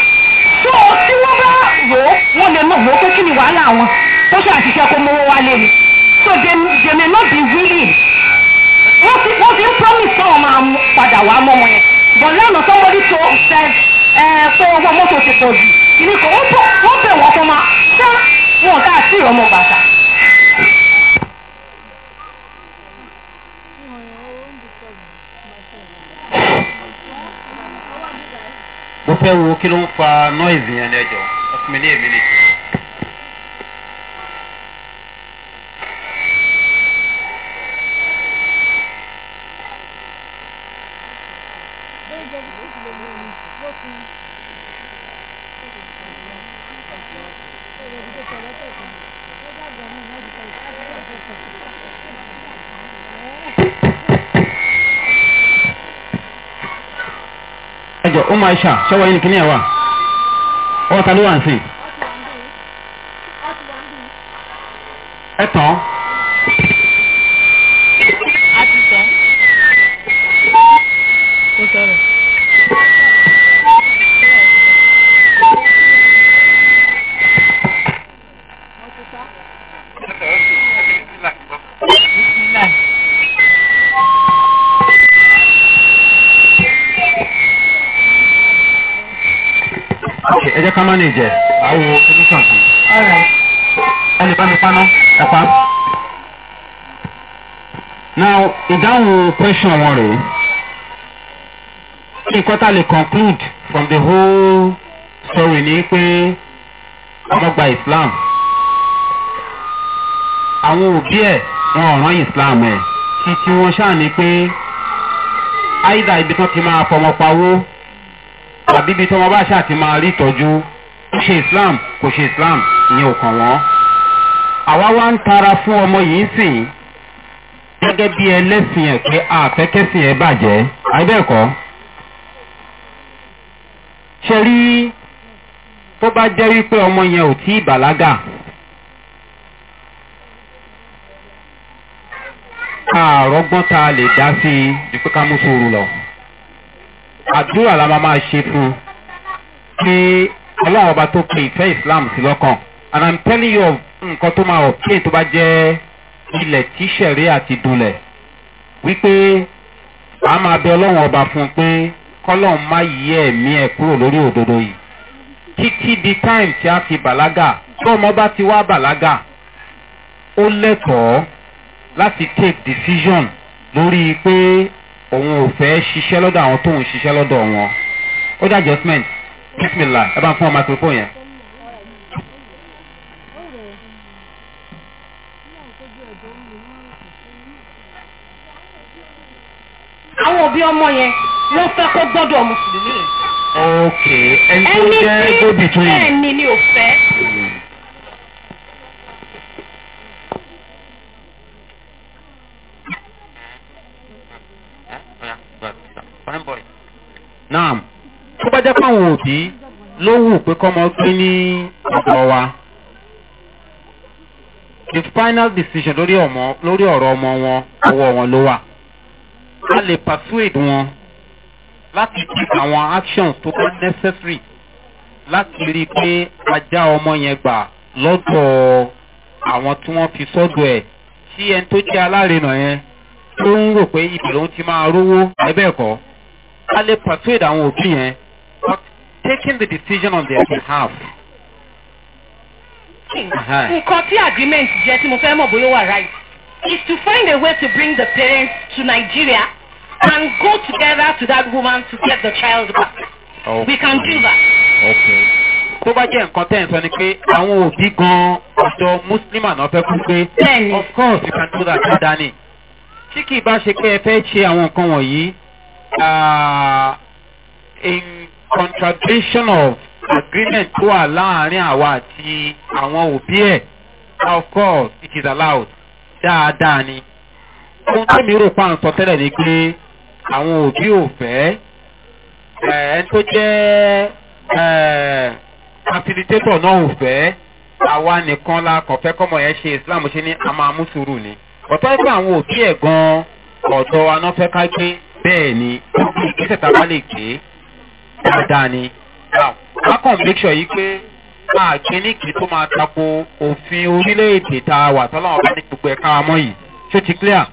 Speaker 2: tó tí wọ́n bá rò ó wọ́n lè mọ̀ wò ó pé kí ni wàhálà wọn tó ṣe àṣìṣe kó mówó wálé ni so they, they may not be willing wọ́n ti wọ́n ti ń promise fún ọmọ padà wàá mọ́ wọn yẹn but lánàá somebody tó said eh, pé owó mọ́tò ti pọ̀ jù ìní kò wọ́n bẹ̀ wọ́n fún ma ṣá wọn ká sí ọmọ bàtà.
Speaker 1: mo fẹ́ wo kí ló ń fa noise yẹn lẹ́jọ́ ọkùnrin ní èmi nìkan. ẹjọ ó máa ṣà ṣọwọ́ yín kìnìyàn wà ọ̀ ta ló wà ń sìn ẹ tán. paná ní ìjẹ àwo oníkàn sí. ẹ lè bá mi paná ẹ pa. now ìdáhùn question wọn rèé ó ní kọ́tà lè conclude from the whole story ni pé ọmọ gba islam àwọn òbí ẹ̀ wọn ò rán islam ẹ̀ títí wọn ṣáà ni pé àìdá ibi tán ti máa fọmọ pawó àbí ibi tí wọn bá ṣáà máa rí ìtọ́jú ó ṣe islam kò ṣe islam ìyẹn ò kàn wọ́n. àwa wá ń tara fún ọmọ yìí sìn gẹ́gẹ́ bí ẹlẹ́sìn ẹ̀ pé àfẹ́kẹ́sìn ẹ̀ bàjẹ́ àìbẹ́ẹ̀kọ́. ṣe rí tó bá jẹ́ wípé ọmọ yẹn ò tí ì bàlágà. àrọ́gbọ́n tá a lè dá sí i ju pé ká mú sóoru lọ. àdúrà la máa máa ṣe fún un pé ọlọ́run ọba tó pe ìfẹ́ islam sí lọ́kàn and i'm telling you of nǹkan tó máa obtain tó bá jẹ́ ilẹ̀ tí sẹ̀rí àti dunlẹ̀ wípé a máa bẹ ọlọ́run ọba fún un pé kọ́lọ́run má yí ẹ̀mí ẹ̀ kúrò lórí òdodo yìí títí di time tí a fi bàlágà tí ọmọ bá ti wá bàlágà ó lẹ́tọ̀ọ́ láti take decision lórí pé òun ò fẹ́ ṣiṣẹ́ lọ́dọ̀ àwọn tóun ṣiṣẹ́ lọ́dọ̀ wọn ó dá adjustment bísímìlà ẹ bá ń fún ọ yẹn.
Speaker 2: àwọn òbí ọmọ yẹn wọ́n fẹ́ kó gbọ́dọ̀ mùsùlùmí.
Speaker 3: ok ẹni tó jẹ́ go between. ẹni tí bẹ́ẹ̀ ni mi ò fẹ́.
Speaker 1: Naam tó bá jẹ́ pàwọn òbí ló wù pé kọ́mọ gbé ní ọ̀dọ̀ wa the final decision lórí ọ̀rọ̀ ọmọ wọn ọwọ́ wọn ló wà a lè persuade wọn láti take àwọn actions tó bá necessary láti rí i pé ajá ọmọ yẹn gbà lọ́dọ̀ àwọn tí wọ́n fi sọ́dọ̀ ẹ̀ tí ẹni tó jẹ́ alárinà yẹn tó ń rò pé ibẹ̀ lòun ti máa rówó ẹ̀bẹ̀ kọ́ a lè persuade àwọn òbí yẹn taking the decision on their behalf.
Speaker 2: Uh-huh. nǹkan tí agreement jẹ́ tí mo fẹ́ mọ̀ bóyá wà right is to find a way to bring the parents to Nigeria and go together to that woman to get the child back. Okay. we can do
Speaker 1: that. Okay. tó bá jẹ́ nǹkan tẹ̀ ń sọ ni pé àwọn òbí gan-an ọ̀dọ́ mùsùlùmí náà fẹ́ kú pé of course you can do that too dani. tí kì í bá ṣe pé ẹ fẹ́ ṣe àwọn nǹkan wọ̀nyí uh, contradiction of agreement tó wà láàrin àwa àti àwọn òbí ẹ̀ of course it is allowed dáadáa ni. ohun tó mi rò pa àǹsọ tẹ́lẹ̀ ni pé àwọn òbí ò fẹ́ ẹ̀ tó jẹ́ facilitator náà ò fẹ́ àwa nìkan la kàn fẹ́ kọ́mọ yẹn ṣe islam ṣe ní a máa mú sùúrù ni. ọ̀tọ́ ẹgbẹ́ àwọn òbí ẹ̀ gan-an ọ̀dọ́ anáfẹ́ká gbé bẹ́ẹ̀ ni ìgbésẹ̀ tá a bá lè gbé dáadáa ni. a kàn make sure yìí pé máa kíníkì tó máa tako òfin orílẹ̀-èdè tá a wà tọ́lọ́wọ́n bá ní gbogbo ẹ̀ka amọ́ yìí ṣó ti clear.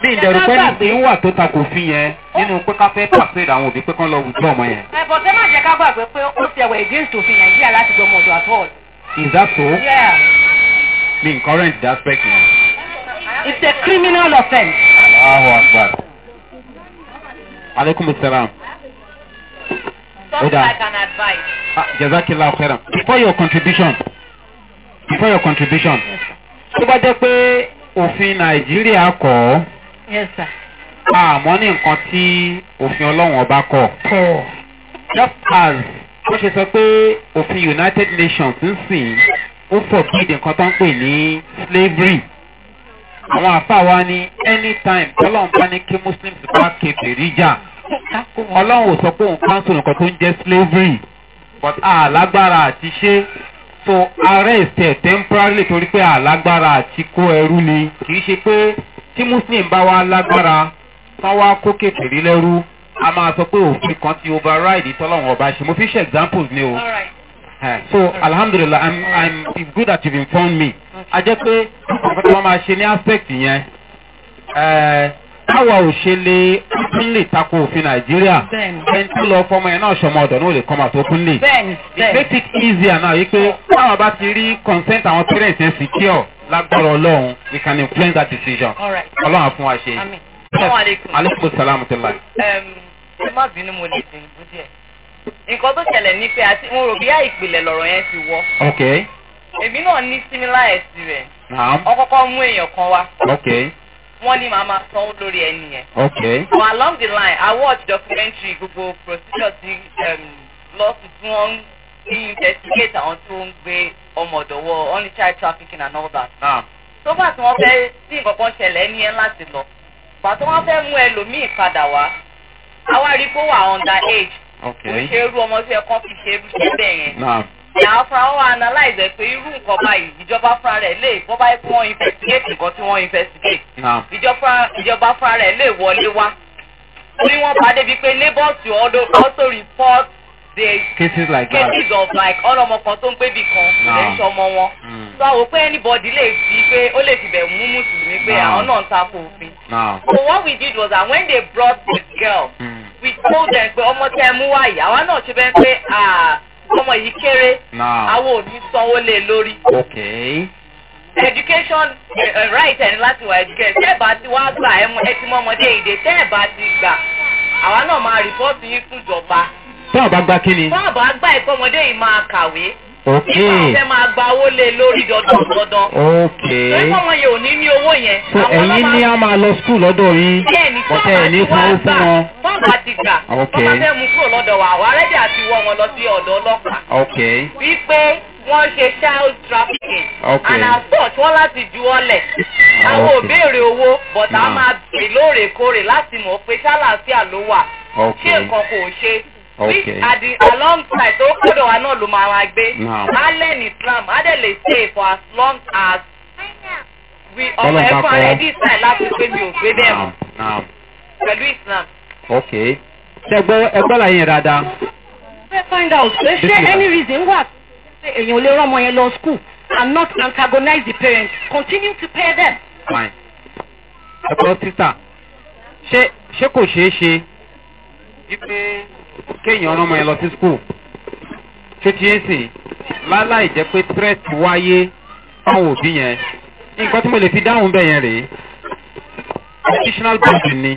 Speaker 2: bí ìdẹ̀rù pé ní
Speaker 1: ìwà tó tako òfin yẹn nínú pé ká fẹ́ pàṣẹ àwọn òbí pé kán lọ wùjọ́ ọmọ yẹn.
Speaker 2: ẹ bọ̀ sẹ́ máa jẹ́ ká gbàgbé pé ó ti ẹ̀wẹ̀ against òfin nàìjíríà láti gbọmọ ọ̀dọ̀ at all.
Speaker 1: is yeah. mi n current that aspect yẹn.
Speaker 2: it's a criminal offence.
Speaker 1: alahu akbar. aleykum salaam.
Speaker 2: Something like an
Speaker 3: advice.
Speaker 1: Ah, Jazakillah khairan. Before your contribution, before your contribution, tó bá jẹ́ pé òfin Nàìjíríà sir. àmọ́ ní nǹkan tí òfin ọlọ́run ọba kọ̀. just as ó ṣe sọ pé òfin united nations ń sìn ó forbid nǹkan tó ń pè ní slavery àwọn àfa wa ní anytime tọ́lọ́run bá ní kí muslims bá kebèrè jà. ọlọ́run ò sọ pé òun cancel nǹkan tó ń jẹ́ slavery but àlágbára àti ṣe so arrest ẹ̀ temporarily torí pé àlágbára àti kó ẹrú ni kì í ṣe pé tí muslim bá wá lágbára tán wá kó kékeré lẹ́rú a máa sọ pé òfin kan ti override tọ́lọ́run ọba ṣe mo fi ṣe examples ni o. Uh, so alhamdulilah i'm i'm it's good that you've informed me. a jẹ́ pé nǹkan tí wọ́n máa ṣe ní aspect yẹn. Uh, táwa ò ṣe lè kún lè tako òfin nàìjíríà ẹni tó lọ fọmọ yẹn náà sọmọ ọdọ náà lè kọ́ mà tó kún lè.
Speaker 2: it makes
Speaker 1: it easier now yìí pé táwọn bá ti rí consent àwọn parents yẹn secure lágbára ọlọ́run we can influence that decision. ọlọ́run fún wa ṣe. aleykum salaam tó láì.
Speaker 2: ẹ má bínú mo lè dín ìbú díẹ̀. nǹkan tó ṣẹlẹ̀ ni pé àti mo rò bí àìpìlẹ̀ lọ̀rọ̀ yẹn ti wọ. èmi náà ní similar experience. ọkọ̀ọ̀kan mú èèyàn kan wá. wọ́n ní màá máa sanwó lórí ẹni yẹn. ok so along the line i watch documentary gbogbo procedure ti um, lọ́sùn tí wọ́n ní investigate àwọn tó ń gbé ọmọ ọ̀dọ̀wọ́ only child trafficking and all that. tó ah. bá tí wọ́n fẹ́ sí nǹkan ṣẹlẹ̀ ẹni yẹn láti lọ bàtọ́ wọ́n fẹ́ mú ẹlòmíì padà wá àwa wà under age. ok kò ṣe é rú ọmọ tí fi ṣe é rú ṣe ìyá fúnra wọn analyze ẹ pé irú nǹkan báyìí ìjọba fúnra rẹ lè bọ́ báyìí fún wọn investigate nǹkan tí wọ́n investigate ah. ìjọba fúnra rẹ lè wọlé wá torí wọ́n bá débi pé labour to also report the cases
Speaker 1: like cases of
Speaker 2: like ọlọmọ kan tó ń gbé bì kan lè ah. sọmọ wọn hmm. so àwọn pé anybody lè fi pé ó lè fi bẹ̀ mú mùsùlùmí pé ah. àwọn náà ń takò òfin so what we did was that when they brought this girl mm. we told them pé ọmọ tẹ ẹ mú wáyé àwa náà ṣe bẹ́ẹ̀ pé ah. ọmọ yìí kéré àwọn ò sanwó lé lórí. education eh, eh, right ẹni láti wà education tẹ́ bá ti wá gbà ẹ ti ti gbà àwa náà máa rìpọ́ọ̀tì yín fún ìjọba.
Speaker 1: tọ́ àbá gba kí ni.
Speaker 2: gba ẹ̀kọ́ ọmọdé yìí kàwé.
Speaker 1: Okay. nígbà fẹ́
Speaker 2: máa gba owó lé lórí dandan dandan. ok
Speaker 1: torí pé yẹn
Speaker 2: ò ní ní owó yẹn. so ẹ̀yin ní a
Speaker 1: máa lọ skul lọ́dọ̀ yín bọ́tẹ́ ẹ̀ ní kúrò fún wọn.
Speaker 2: wọ́n ti gbà wọ́n bá mú kúrò lọ́dọ̀ wa àwọn arẹ́dẹ̀ àti wọ́n wọn lọ sí ọ̀dọ̀ ọlọ́pàá. ok wípé wọ́n ṣe child trafficking. ok and abort wọ́n láti ju ọlẹ̀. àwọn ò béèrè owó but máa bè lóòrèkóòrè láti mọ̀ pé ṣálàáfíà ló wà. ok ṣé nǹkan kò ṣe which at the alongside tó kọ́dọ̀ wa náà ló máa wá gbé allen islam adele stay for as long as we ọmọ ẹ̀fọn rẹ̀ dì sáì láti pé mi ò gbé bẹ́ẹ̀
Speaker 1: mọ́ pẹ̀lú islam. Okay. ṣe gbọ́ ẹgbẹ́ la yẹn dáadáa.
Speaker 2: fẹ́ find out ṣé ṣé any reason wà pé èèyàn ò lè rán ọmọ yẹn lọ school and not antagonize the parents continue to pay them.
Speaker 1: fine ẹ̀kọ́ títà ṣé ṣé kò ṣeé ṣe wípé kéèyàn ọlọ́mọ yẹn lọ sí skul títí ẹ̀sìn láláì jẹ́ pé threat wáyé fáwọn òbí yẹn nǹkan tí mo lè fi dáhùn bẹ́ẹ̀ yẹn rèé additional burden ni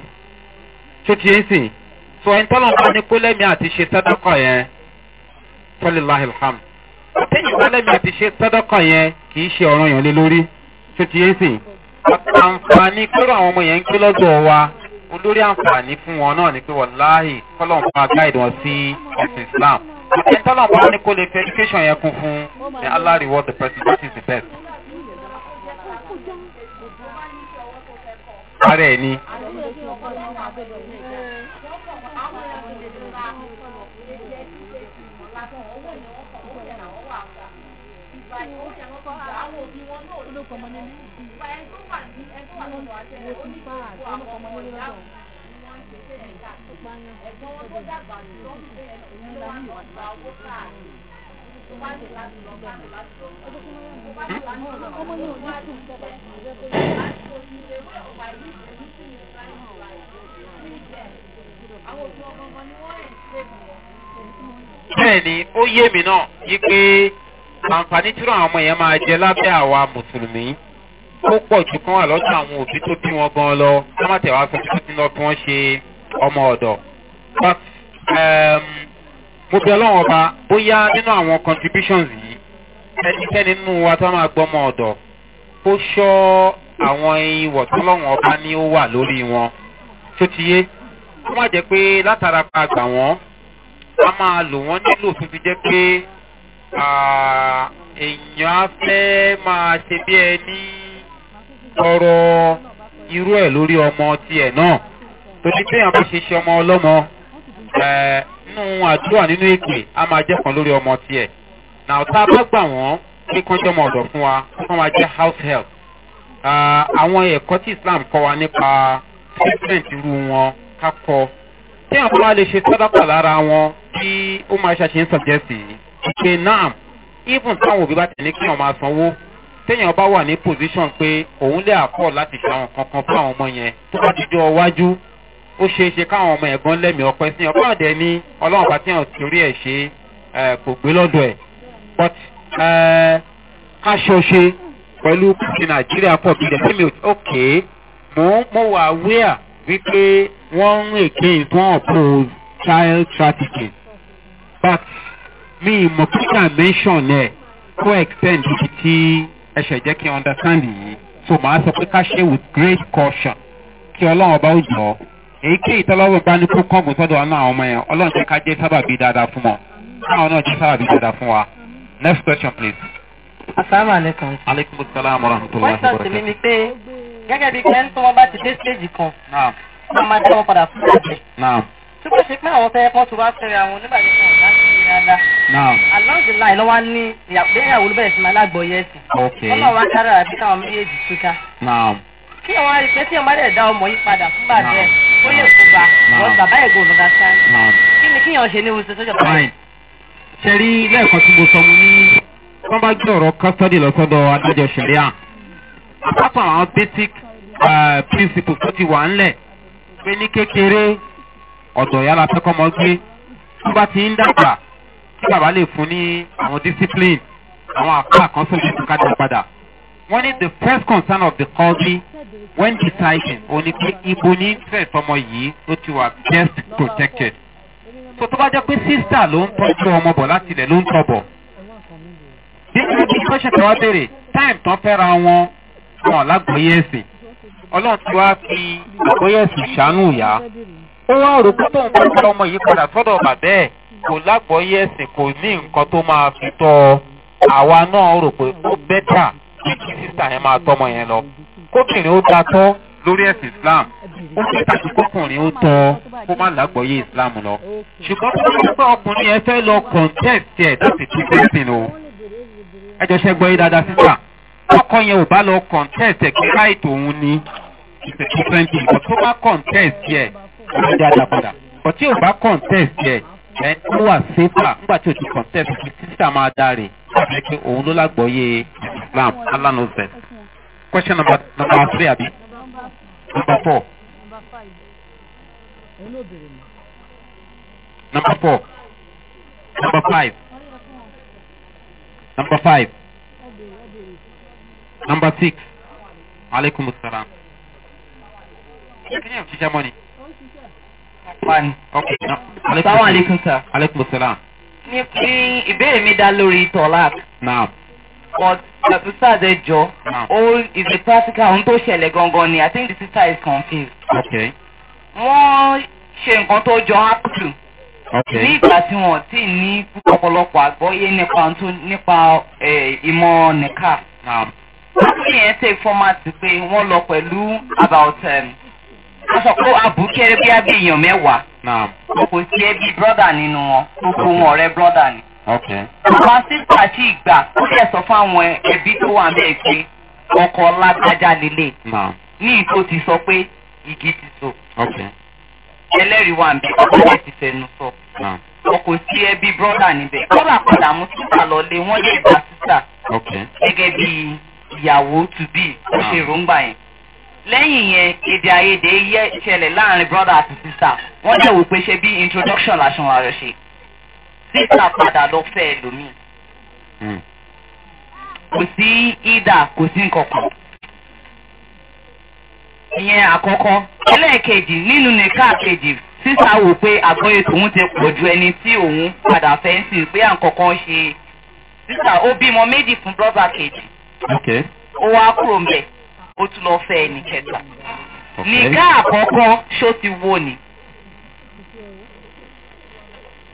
Speaker 1: títí ẹ̀sìn sọ ẹni tọ́lọ̀ bá ní kó lẹ́mìí àti ṣe sádọ́kọ̀ yẹn tọ́lélá ilham téèyàn bá lẹ́mìí àti ṣe sádọ́kọ̀ yẹn kì í ṣe ọ̀ràn yẹn lé lórí títí ẹ̀sìn àǹfààní kúrò àwọn ọmọ yẹn ń gbé lọ́dọ̀ wa ń lórí àǹfààní fún wọn náà ni pé wàláhì kọ́lọ̀ ń fa gáìdì wọn sí ẹ̀sìn islam ẹni tọ́lọ̀ ń bá ní kó lè fi education yẹn kún fún ni allah reward the person that is the best.
Speaker 3: ara ẹ̀ ni. Thank you bẹ́ẹ̀ni
Speaker 1: ó yé mi náà yí pé àǹfààní tí àwọn ọmọ yẹn máa jẹ lábẹ́ àwa mùsùlùmí ó pọ̀ jù kan wà lọ́dọ̀ àwọn òbí tó bí wọn gan lọ sámàtẹ̀ wá sọ pé lọ bí wọ́n ṣe ọmọ ọ̀dọ̀. Um, mo bẹ ọlọ́wọ́n ọba bóyá nínú àwọn contributions yìí ẹnikẹ́ni nínú wa tó máa gbọ́ ọmọ ọ̀dọ̀ kó ṣọ́ àwọn ìwọ̀ tọ́lọ́wọ́n ọba ni ó wà lórí wọn tó ti yé kó má jẹ́ pé látara pa àgbà wọ́n a máa lò wọ́n nílò tó fi jẹ́ pé èèyàn á fẹ́ máa ṣe bí ẹni tọrọ irú ẹ̀ lórí ọmọ tiẹ̀ náà torí pé àwọn ṣe ṣe ọmọ ọlọ́mọ nínú àdúrà nínú èpè a máa jẹ́ kan lórí ọmọ tiẹ̀ náà tá a bá gbà wọ́n pé kán jọmọ ọ̀dọ̀ fún wa kán máa jẹ́ house help àwọn ẹ̀kọ́ tí islam kọ́ wa nípa treatment irú wọn ká kọ́ tí àwọn bá lè ṣe sádàpà lára wọn tí ó máa ṣàṣeyìn subject yìí pé náà even táwọn òbí bá tẹ̀lé kí wọ́n máa sanwó téèyàn bá wà ní position pé òun lè àkọ́ láti ṣe àwọn kankan fún àwọn ọmọ yẹn tó bá dijọ́ iwájú ó ṣeé ṣe káwọn ọmọ ẹ̀gbọ́n lẹ́mìí ọpẹ́ sí ọpẹ́ àdẹ ní ọlọ́run bá téèyàn torí ẹ̀ ṣe kò gbé lọ́dọ̀ ẹ̀ but ká ṣọṣe pẹ̀lú ti nàìjíríà pọ̀ bí ẹ̀ sẹ́mi ok mò ń mọ̀ wá wíà wípé wọ́n ń èké ìtàn ọ̀pọ̀ child trafficking but mi ìmọ̀ píkà mention ẹ̀ kó extend ibi tí ẹ ṣẹ̀ jẹ́ kí n understand yìí so màá sọ pé ká ṣe with great caution kí ọlọ́run ọba ó jọ èyíkéyìí tọ́lọ́run bá ní kó kọ́ngùn sọ́dọ̀ ọ̀nà àwọn ọmọ yẹn ọlọ́run jẹ́ ká jẹ́ sábàbí dáadáa fún wọn káwọn náà jẹ́ sábàbí dáadáa fún wa next question please. asalaamualeykum. aleykum salaam wa rahmatulahi wa barakatuh. wọ́n sọ sí mi ni pé
Speaker 2: gẹ́gẹ́ bí pẹ́ńtì wọn bá ti dé stage kan. naam. wọ́n máa dá wọn padà fún
Speaker 1: ọ̀gbìn. naam
Speaker 2: tó bá ṣe pé àwọn tẹ́ kọ́ tó bá fẹ́ra wọn nígbà yẹn wọn bá ṣe rárá. along the line lọ́wọ́ ní ìyàwó ló bẹ̀rẹ̀ sí máa lágbọ̀ọ́yé sí. wọ́n náà wá kára àbí káwọn méjèèjì túká. kí àwọn arìpẹ́ tí ọmọdé ẹ̀dá ọmọ yìí padà fún bàbá ẹ̀ ó lè kó bá wọn bàbá ẹ̀ gò lọ́dà sáà. kí ni kíyàn ṣe ní oṣù tó jọba.
Speaker 1: ṣe rí lẹ́ẹ̀kan tí mo sọ mo ní wọ́n bá gbé ọ̀rọ̀ custody lọ adájọ́ sẹ̀ríà apart àwọn basic uh, principles tó ti wà ńlẹ̀ pé ní kékeré ọ̀dọ̀ ìyá la gbé tó bá ti ń dàgbà kí bàbá lè fún ní àwọn discipline àwọn àpá kan tó kájà padà. wọ́n ní the first concern of the country when deciding o ní pé ibo ní interest ọmọ yìí ó ti wà best protected. so tó bá jẹ́ pé sísà ló ń tọ́jú ọmọ bọ̀ láti ilẹ̀ ló ń tọ̀ bọ̀. nínú ibi kọ́ṣẹ̀ tó wá béèrè time tán fẹ́ ra wọn wọn lágbóyè ẹ̀sìn ọlọ́run ti wá fi àgbóyè ẹ̀sìn ṣàánú ìyá ó wá rò pé tóun bá gba ọmọ yìí padà sọ́dọ̀ bàbá ẹ̀ kò lágbọ́yé ẹ̀sìn kò ní nǹkan tó máa fi tọ́ àwa náà rò pé ó bẹ́tà kí sísà yẹn máa tọ́mọ yẹn lọ kókìnrin ó da tọ́ lórí ẹ̀sìn islam ó fi tàbí kókùnrin ó tọ́ kó má lágbọ́yé islam lọ ṣùgbọ́n tó ń gbọ́ ọkùnrin yẹn fẹ́ lọ kọ̀ǹtẹ́ẹ̀tì ẹ̀ láti tún bẹ́sìn o ẹ jọ ṣẹ́gbọ́ yìí dáadáa sísà ọkọ yẹn ò bá lọ kọ̀ǹtẹ́ẹ̀tì ẹ̀ kí káìtò òun ni ìṣètò twenty ìgbà tó bá kọ̀ǹtẹ́ẹ̀tì ẹ̀ ó dáadáa padà but tí ò bá contest yẹ ẹ ó wà safer nígbà tí o ti contest pé sísá máa dáre àti pé òun ló lágbọ́yé islam alana ozef question number number three àbí
Speaker 3: number four number
Speaker 1: four number five number five number six aleykum salaam.
Speaker 3: kí ni ẹ̀ ń ṣiṣẹ́ mọ́ni
Speaker 1: man. ok salaam aleykum sir. aleykum salaam.
Speaker 2: ní ní ìbéèrè mi dá lórí tọ́lák. naam. but the uh, sister dey jọ. naam. o is a practical ohun tó ṣẹlẹ̀ gangan ni i think the sister is confused. ok. wọ́n ṣe nǹkan tó jọ ápùtù. ok. ní ìgbà tí wọ́n ti ní ọ̀pọ̀lọpọ̀ àgbọ́yé nípa nípa ìmọ̀ nìka. naam. wọ́n ní ẹ̀ take format pé wọ́n lọ pẹ̀lú about. Um, wọ́n sọ pé àbúkí ẹ̀rẹ́ bí abẹ́ èèyàn mẹ́wàá. kò sí ẹbí brọ́dà nínú wọn gbogbo wọn ọ̀rẹ́ brọ́dà ni.
Speaker 1: àwọn
Speaker 2: sísà tí ìgbà ó yẹ sọ fún àwọn ẹbí tó wà mẹ́ẹ̀ pé ọkọ̀ lágbájá lélẹ̀. ní ìtò ti sọ pé igi ti so. ẹlẹ́rìí wà ń bẹ ọkọ̀ ti fẹnu sọ. ọkọ̀ sí ẹbí brọ́dà níbẹ̀. kọ́lá padà mú sísà lọ wọ́n lè gba sísà. gẹ́gẹ́ bí ìyàwó tùbí ó ṣe ròǹgbà lẹ́yìn yẹn èdè àìyedè yẹ ṣẹlẹ̀ láàrin brother àti sister wọ́n dẹ̀ wò pé ṣe bí introduction lásán wa rẹ̀ ṣe sister padà lọ fẹ́ ẹlòmíì hmm. kò sí ida kò sí nǹkan kan ìyẹn àkọ́kọ́ ẹlẹ́ẹ̀kejì nínú nìka kejì sísá wò pé àgbọ̀yé tòun ti pọ̀ ju ẹni tí òun padà fẹ́ sí pé àǹkọ̀kan ṣe sísá ó bímọ méjì fún brọ́dà kejì ó wá kúrò mbẹ́ ó tún lọ fẹ́ ẹnì kẹta nìgá àkọ́kọ́ ṣó ti wo ni.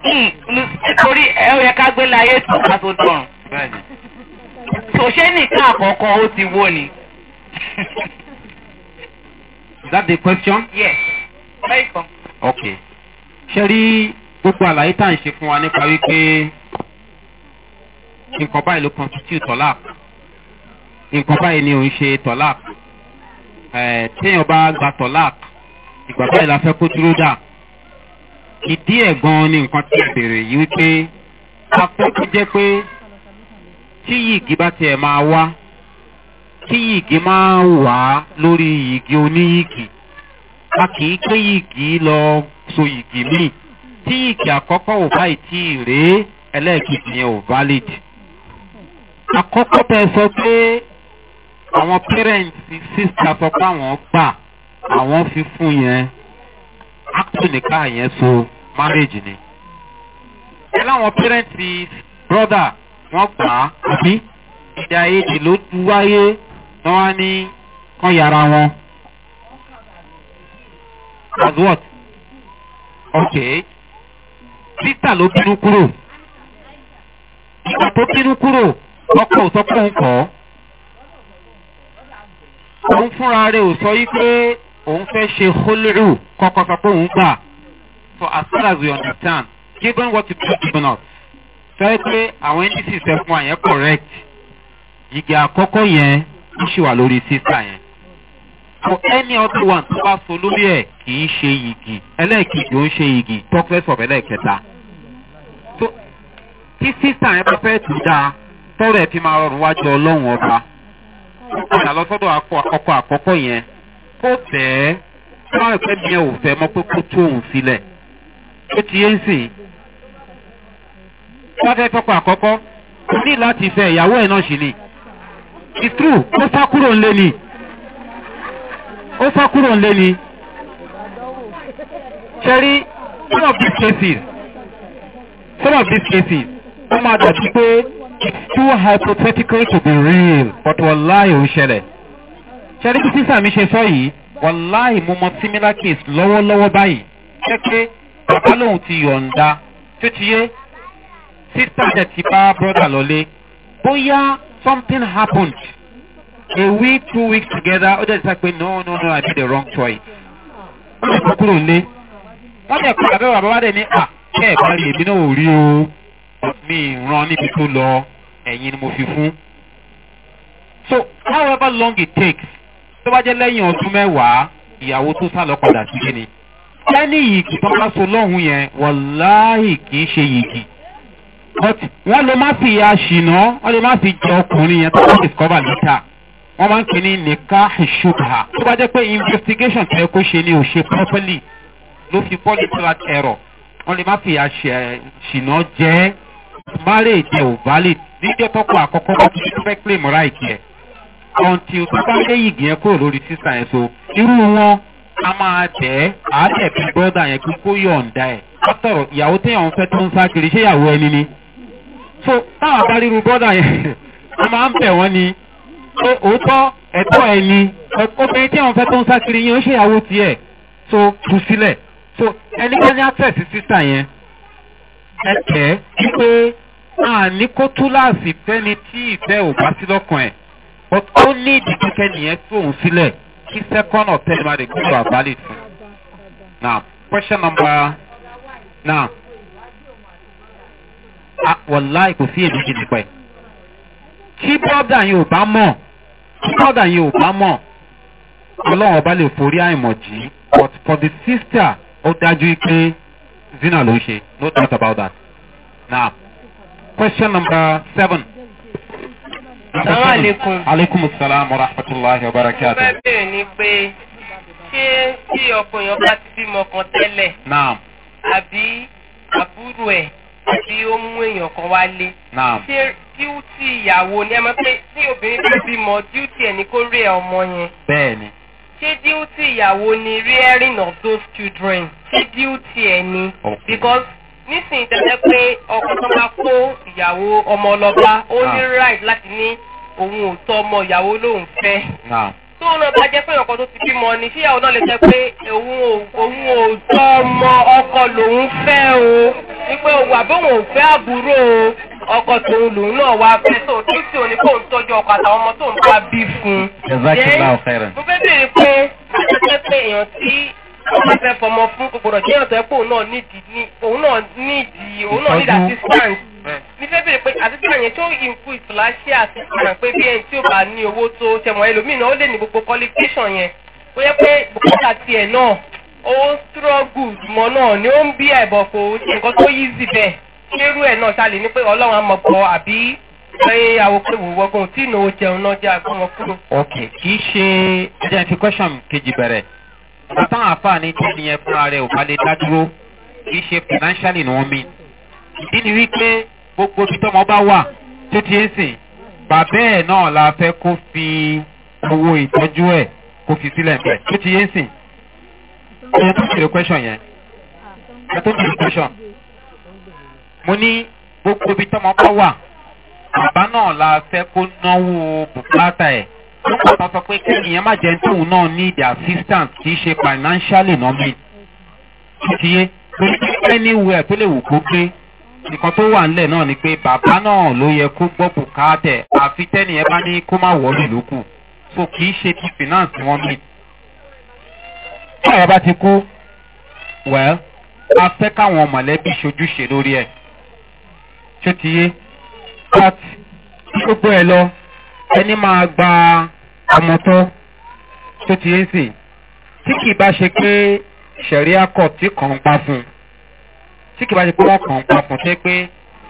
Speaker 2: Hmm, nítorí ẹ yẹ ká
Speaker 1: gbé láyé tó ká tó dọ̀rùn.
Speaker 2: tòṣé nìgá
Speaker 1: àkọ́kọ́ ó ti wo ni. is that the question? yes. okay. ṣe rí gbogbo àlàyé tá à ń ṣe fún wa nípa wípé nǹkan báyìí ló constitute ọ̀la nǹkan báyìí ni òun ṣe tọ́lák téèyàn bá gba tọ́lák ìgbà báyìí la fẹ́ kó dúró dà ìdí ẹ̀ gan-an ni nǹkan ti bèrè yìí wípé akókó jẹ́ pé tí yìgì bá tiẹ̀ máa wá tí yìgì máa ń wà lórí yìgì oníyìgì a kì í gbé yìgì lọ so yìgì míì tí yìgì àkọ́kọ́ ò báyìí tí ì rèé ẹlẹ́ẹ̀kejì yẹn ò valid àkọ́kọ́ tẹ sọ pé àwọn pẹ́rẹ́ǹtì sísá sọ pé àwọn gbà àwọn fi fún yẹn ápò nìka yẹn so márèjì ni. ẹ láwọn pẹ́rẹ́ǹtì brọ́dà wọ́n gbà á àbí ìdá èdè ló wáyé ni wọ́n ní kán yàrá wọn. as what? ok títà ló bínú kúrò. ìgbà tó bínú kúrò ọkọ̀ ò kọ́ òun fúnra rẹ̀ ò sọ yí pé òun fẹ́ ṣe hólùrù kọ́kọ́ pé òun gbà for as far as we understand given what you put given us sọ pé àwọn ndc sẹ́fún àyẹn correct ìgbà àkọ́kọ́ yẹn ń ṣì wà lórí sísá yẹn for any other one tó bá so lórí ẹ̀ kì í ṣe yìgì ẹlẹ́ẹ̀kejì ó ń ṣe yìgì tọ́pẹ́ sọ̀rọ̀ ẹlẹ́ẹ̀kẹta tí sísá yẹn bá fẹ́ tù dáa tọ́rọ̀ ẹ̀ fi máa rọrùn wájú ọlọ́run ọba tó padà lọ sọ́dọ̀ ọkọ àkọ́kọ́ yẹn kó bẹ́ẹ̀ kí wọ́n pẹ́ mi ò fẹ́ mọ́ pé kó tó òun sílẹ̀ ó ti yé sìn lọ́dẹ tọkọ àkọ́kọ́ kò ní láti fẹ́ ìyàwó ẹ̀ náà sì ni it's true ó sá kúrò ńlé ni ó sá kúrò ńlé ni ṣẹ́rí some of these cases some of these cases wọ́n máa dọ̀tí pé too hypothetical to be real but wàláì ò ṣẹlẹ̀ ṣẹlẹ̀ bí sísà mi ṣe sọ yìí wàláì mo mọ similar case lọ́wọ́lọ́wọ́ báyìí ṣé pé bàbá lòun ti yọ̀ǹda tó ti yé sísà dẹ̀ ti bá brọ́dà lọ́lé bóyá something happened a week two weeks together ó dẹ̀ ti pé no no no i made the wrong choice ó lè kó kúrò lé wọ́n dẹ̀ kó àbẹ̀wò àbáwá dẹ̀ ní à kẹ́ ẹ̀ bá rí èmi náà ò rí o mi ràn níbi tó lọ ẹ̀yin ni mo fi fún. so however long it takes tó bá jẹ́ lẹ́yìn ọdún mẹ́wàá ìyàwó tó sá lọ padà sí kíni. lẹ́ni yìgì tó bá so lọ́hùn yẹn wàláhì kì í ṣe yìgì. but wọ́n lè má fi ya ṣìnà wọ́n lè má fi jẹ ọkùnrin yẹn tó bá discover later. wọ́n máa ń pè ní nìka ìṣubà. tó bá jẹ́ pé investigation tẹ́ kó ṣe ni ò ṣe properly ló fi polyplat error wọ́n lè má fi ya eh, ṣìnà jẹ́ marriage ò valid níjẹ́ tọ́kọ àkọ́kọ́ bá ti fi fẹ́ claim right yẹ until tó bá lé yìgì yẹn kúrò lórí sísà yẹn so irú wọn a máa tẹ̀ ẹ́ àátẹ̀ bí brọ́dà yẹn kí kó yọ̀ǹda ẹ̀ látọ̀rọ̀ ìyàwó téèyàn fẹ́ tó ń sá kiri ṣé ìyàwó ẹni ni so táwọn bá ríru yẹn a máa ń bẹ̀ wọ́n ni pé òótọ́ ẹ̀tọ́ ẹni obìnrin téèyàn fẹ́ tó ń sá kiri yẹn ó ṣe ìyàwó tiẹ̀ so tú sílẹ̀ so ẹnikẹ́ni access sísà yẹn ẹ tẹ̀ ẹ́ àní kó túláàsì fẹ́ni tí ìfẹ́ ò bá sí lọ́kàn ẹ̀ but ó ní ìdí kíkẹ́ nìyẹn tó òun sílẹ̀ kí second or third marriage gbọ́dọ̀ àbálẹ̀ fún. now question number now wàláì kò sí èdè jì nípa ẹ̀ tí bọ́dà yìí ò bá mọ̀ tí bọ́dà yìí ò bá mọ̀ ọlọ́run ọba lè forí àìmọ̀ jì but for the sister ó dájú pé zina ló ń ṣe no doubt about that now question number seven.
Speaker 2: salaamaleykum.
Speaker 1: aleykum salaam wa rahmatulahi wa barakatu. mo fẹ́
Speaker 2: bèèrè ni pé ṣé tí ọkùnrin ọba ti bímọ kan tẹ́lẹ̀. naam. àbí àbúrò ẹ̀ àbí ó mú èèyàn kan wálé. naam. ṣé díútì ìyàwó ni ẹ mọ̀ pé tí obìnrin bá bímọ díútì ẹ̀ ni kó rí ọmọ yẹn. bẹ́ẹ̀ni. ṣé díútì ìyàwó ni rearing of those children ṣé díútì ẹ̀ ni. because nísìnyí tẹ́lẹ̀ pé ọkọ tó máa kó ìyàwó ọmọ ọlọ́ba ó ní ah. right láti ní òun ò tọ́ ọmọ ìyàwó lóun fẹ́. Ah. tó ń lọ bá jẹ́ pé ọkọ tó ti bímọ ni síyàwó náà lè sọ pé òun ò tọ́ ọmọ ọkọ lòun fẹ́ o wípé òun àbóhùn ò fẹ́ àbúrò o ọkọ tòun lòun náà wá fẹ́ tó tó sì ò ní kó ń tọ́jú ọkọ àtàwọn ọmọ tó ń bá bí fún
Speaker 3: un. mo fẹ́
Speaker 2: bèèrè pé mo fẹ́ pé èèyàn wọ́n máa fọmọ fún gbogbo jẹ́ ọ̀tọ̀ ẹ̀kọ́ òun náà nídìí òun náà nídìí òun náà nídìí assistance. mi fẹ́ bèrè pé assistance yẹn tó pé bí ẹni tí ó bá ní owó tó ẹlòmíì náà ó lè ní gbogbo qualification yẹn ó yẹ pé tiẹ̀ náà ó struggle mọ́ náà ni ó ń bí ṣe nǹkan tó bẹ́ẹ̀ ẹ̀ náà ní pé
Speaker 1: ọlọ́run ok kì í ṣe bàtà àǹfààní tí nìyẹn fúnra rẹ̀ ò bá lè dá dúró kì í ṣe financially ni wọ́n mi. ìdí ni wípé gbogbo ibi tọ́mọ bá wà tó ti ń sìn bàbá ẹ̀ náà la fẹ́ kó fi owó ìtọ́jú ẹ̀ kó fi sílẹ̀ bẹ̀ tó ti ń sìn. ẹ tó bèrè question yẹn ẹ tó bèrè question. mo ní gbogbo ibi tọ́mọ bá wà bàbá náà la fẹ́ kó náwó bùkátà ẹ̀ nígbà tó sọ pé kí ìyẹn má jẹ́ tóun náà ní ìdí assistance kì í ṣe financially náà mi ti yé torí anywhere tó lè wù kó gbé nǹkan tó wà nílẹ̀ náà ni pé bàbá náà ló yẹ kó gbọ́ bùkátẹ̀ àfi tẹ́nìyẹn bá ní kó má wọlé lókù so kì í ṣe ti finance ni wọ́n báwa bá ti kú well a fẹ́ káwọn mọ̀lẹ́bí ṣojúṣe lórí ẹ̀ ṣé ti yé but gbogbo ẹ̀ lọ ẹni máa gba ọmọ tó tó ti ń sìn tí kì í bá ṣe pé sẹ̀ríà kọ̀ tí kàn ń pa fún un tí kì í bá ṣe pé wọ́n kàn ń pa fún un ṣe pé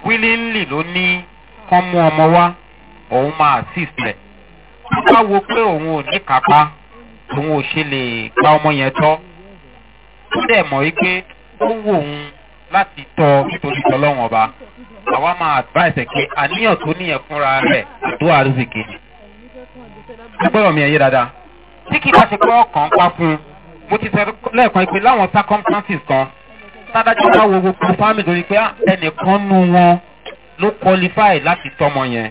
Speaker 1: wílíǹlì ló ní kán mú ọmọ wá òun máa assist rẹ̀ tó bá wo pé òun ò ní kápá òun ò ṣe lè gba ọmọ yẹn tọ́ tó dẹ̀ mọ̀ wípé ó wù òun láti tọ́ nítorí tọ́lọ́wọ́n ọba àwa máa advice ẹ̀ pé àníyàn tó níyẹn fúnra rẹ̀ àdúrà rúzìkì ni. agbọ́dọ̀ mi ẹ̀yẹ dáadáa tí kì í bá ṣe pé ọkàn pa fún mo ti sọ lẹ́ẹ̀kan pé láwọn circumstances kan sádájú bá wo gbogbo fámìlì lórí pé ah, ẹnìkan nu wọn ló qualify láti tọmọ yẹn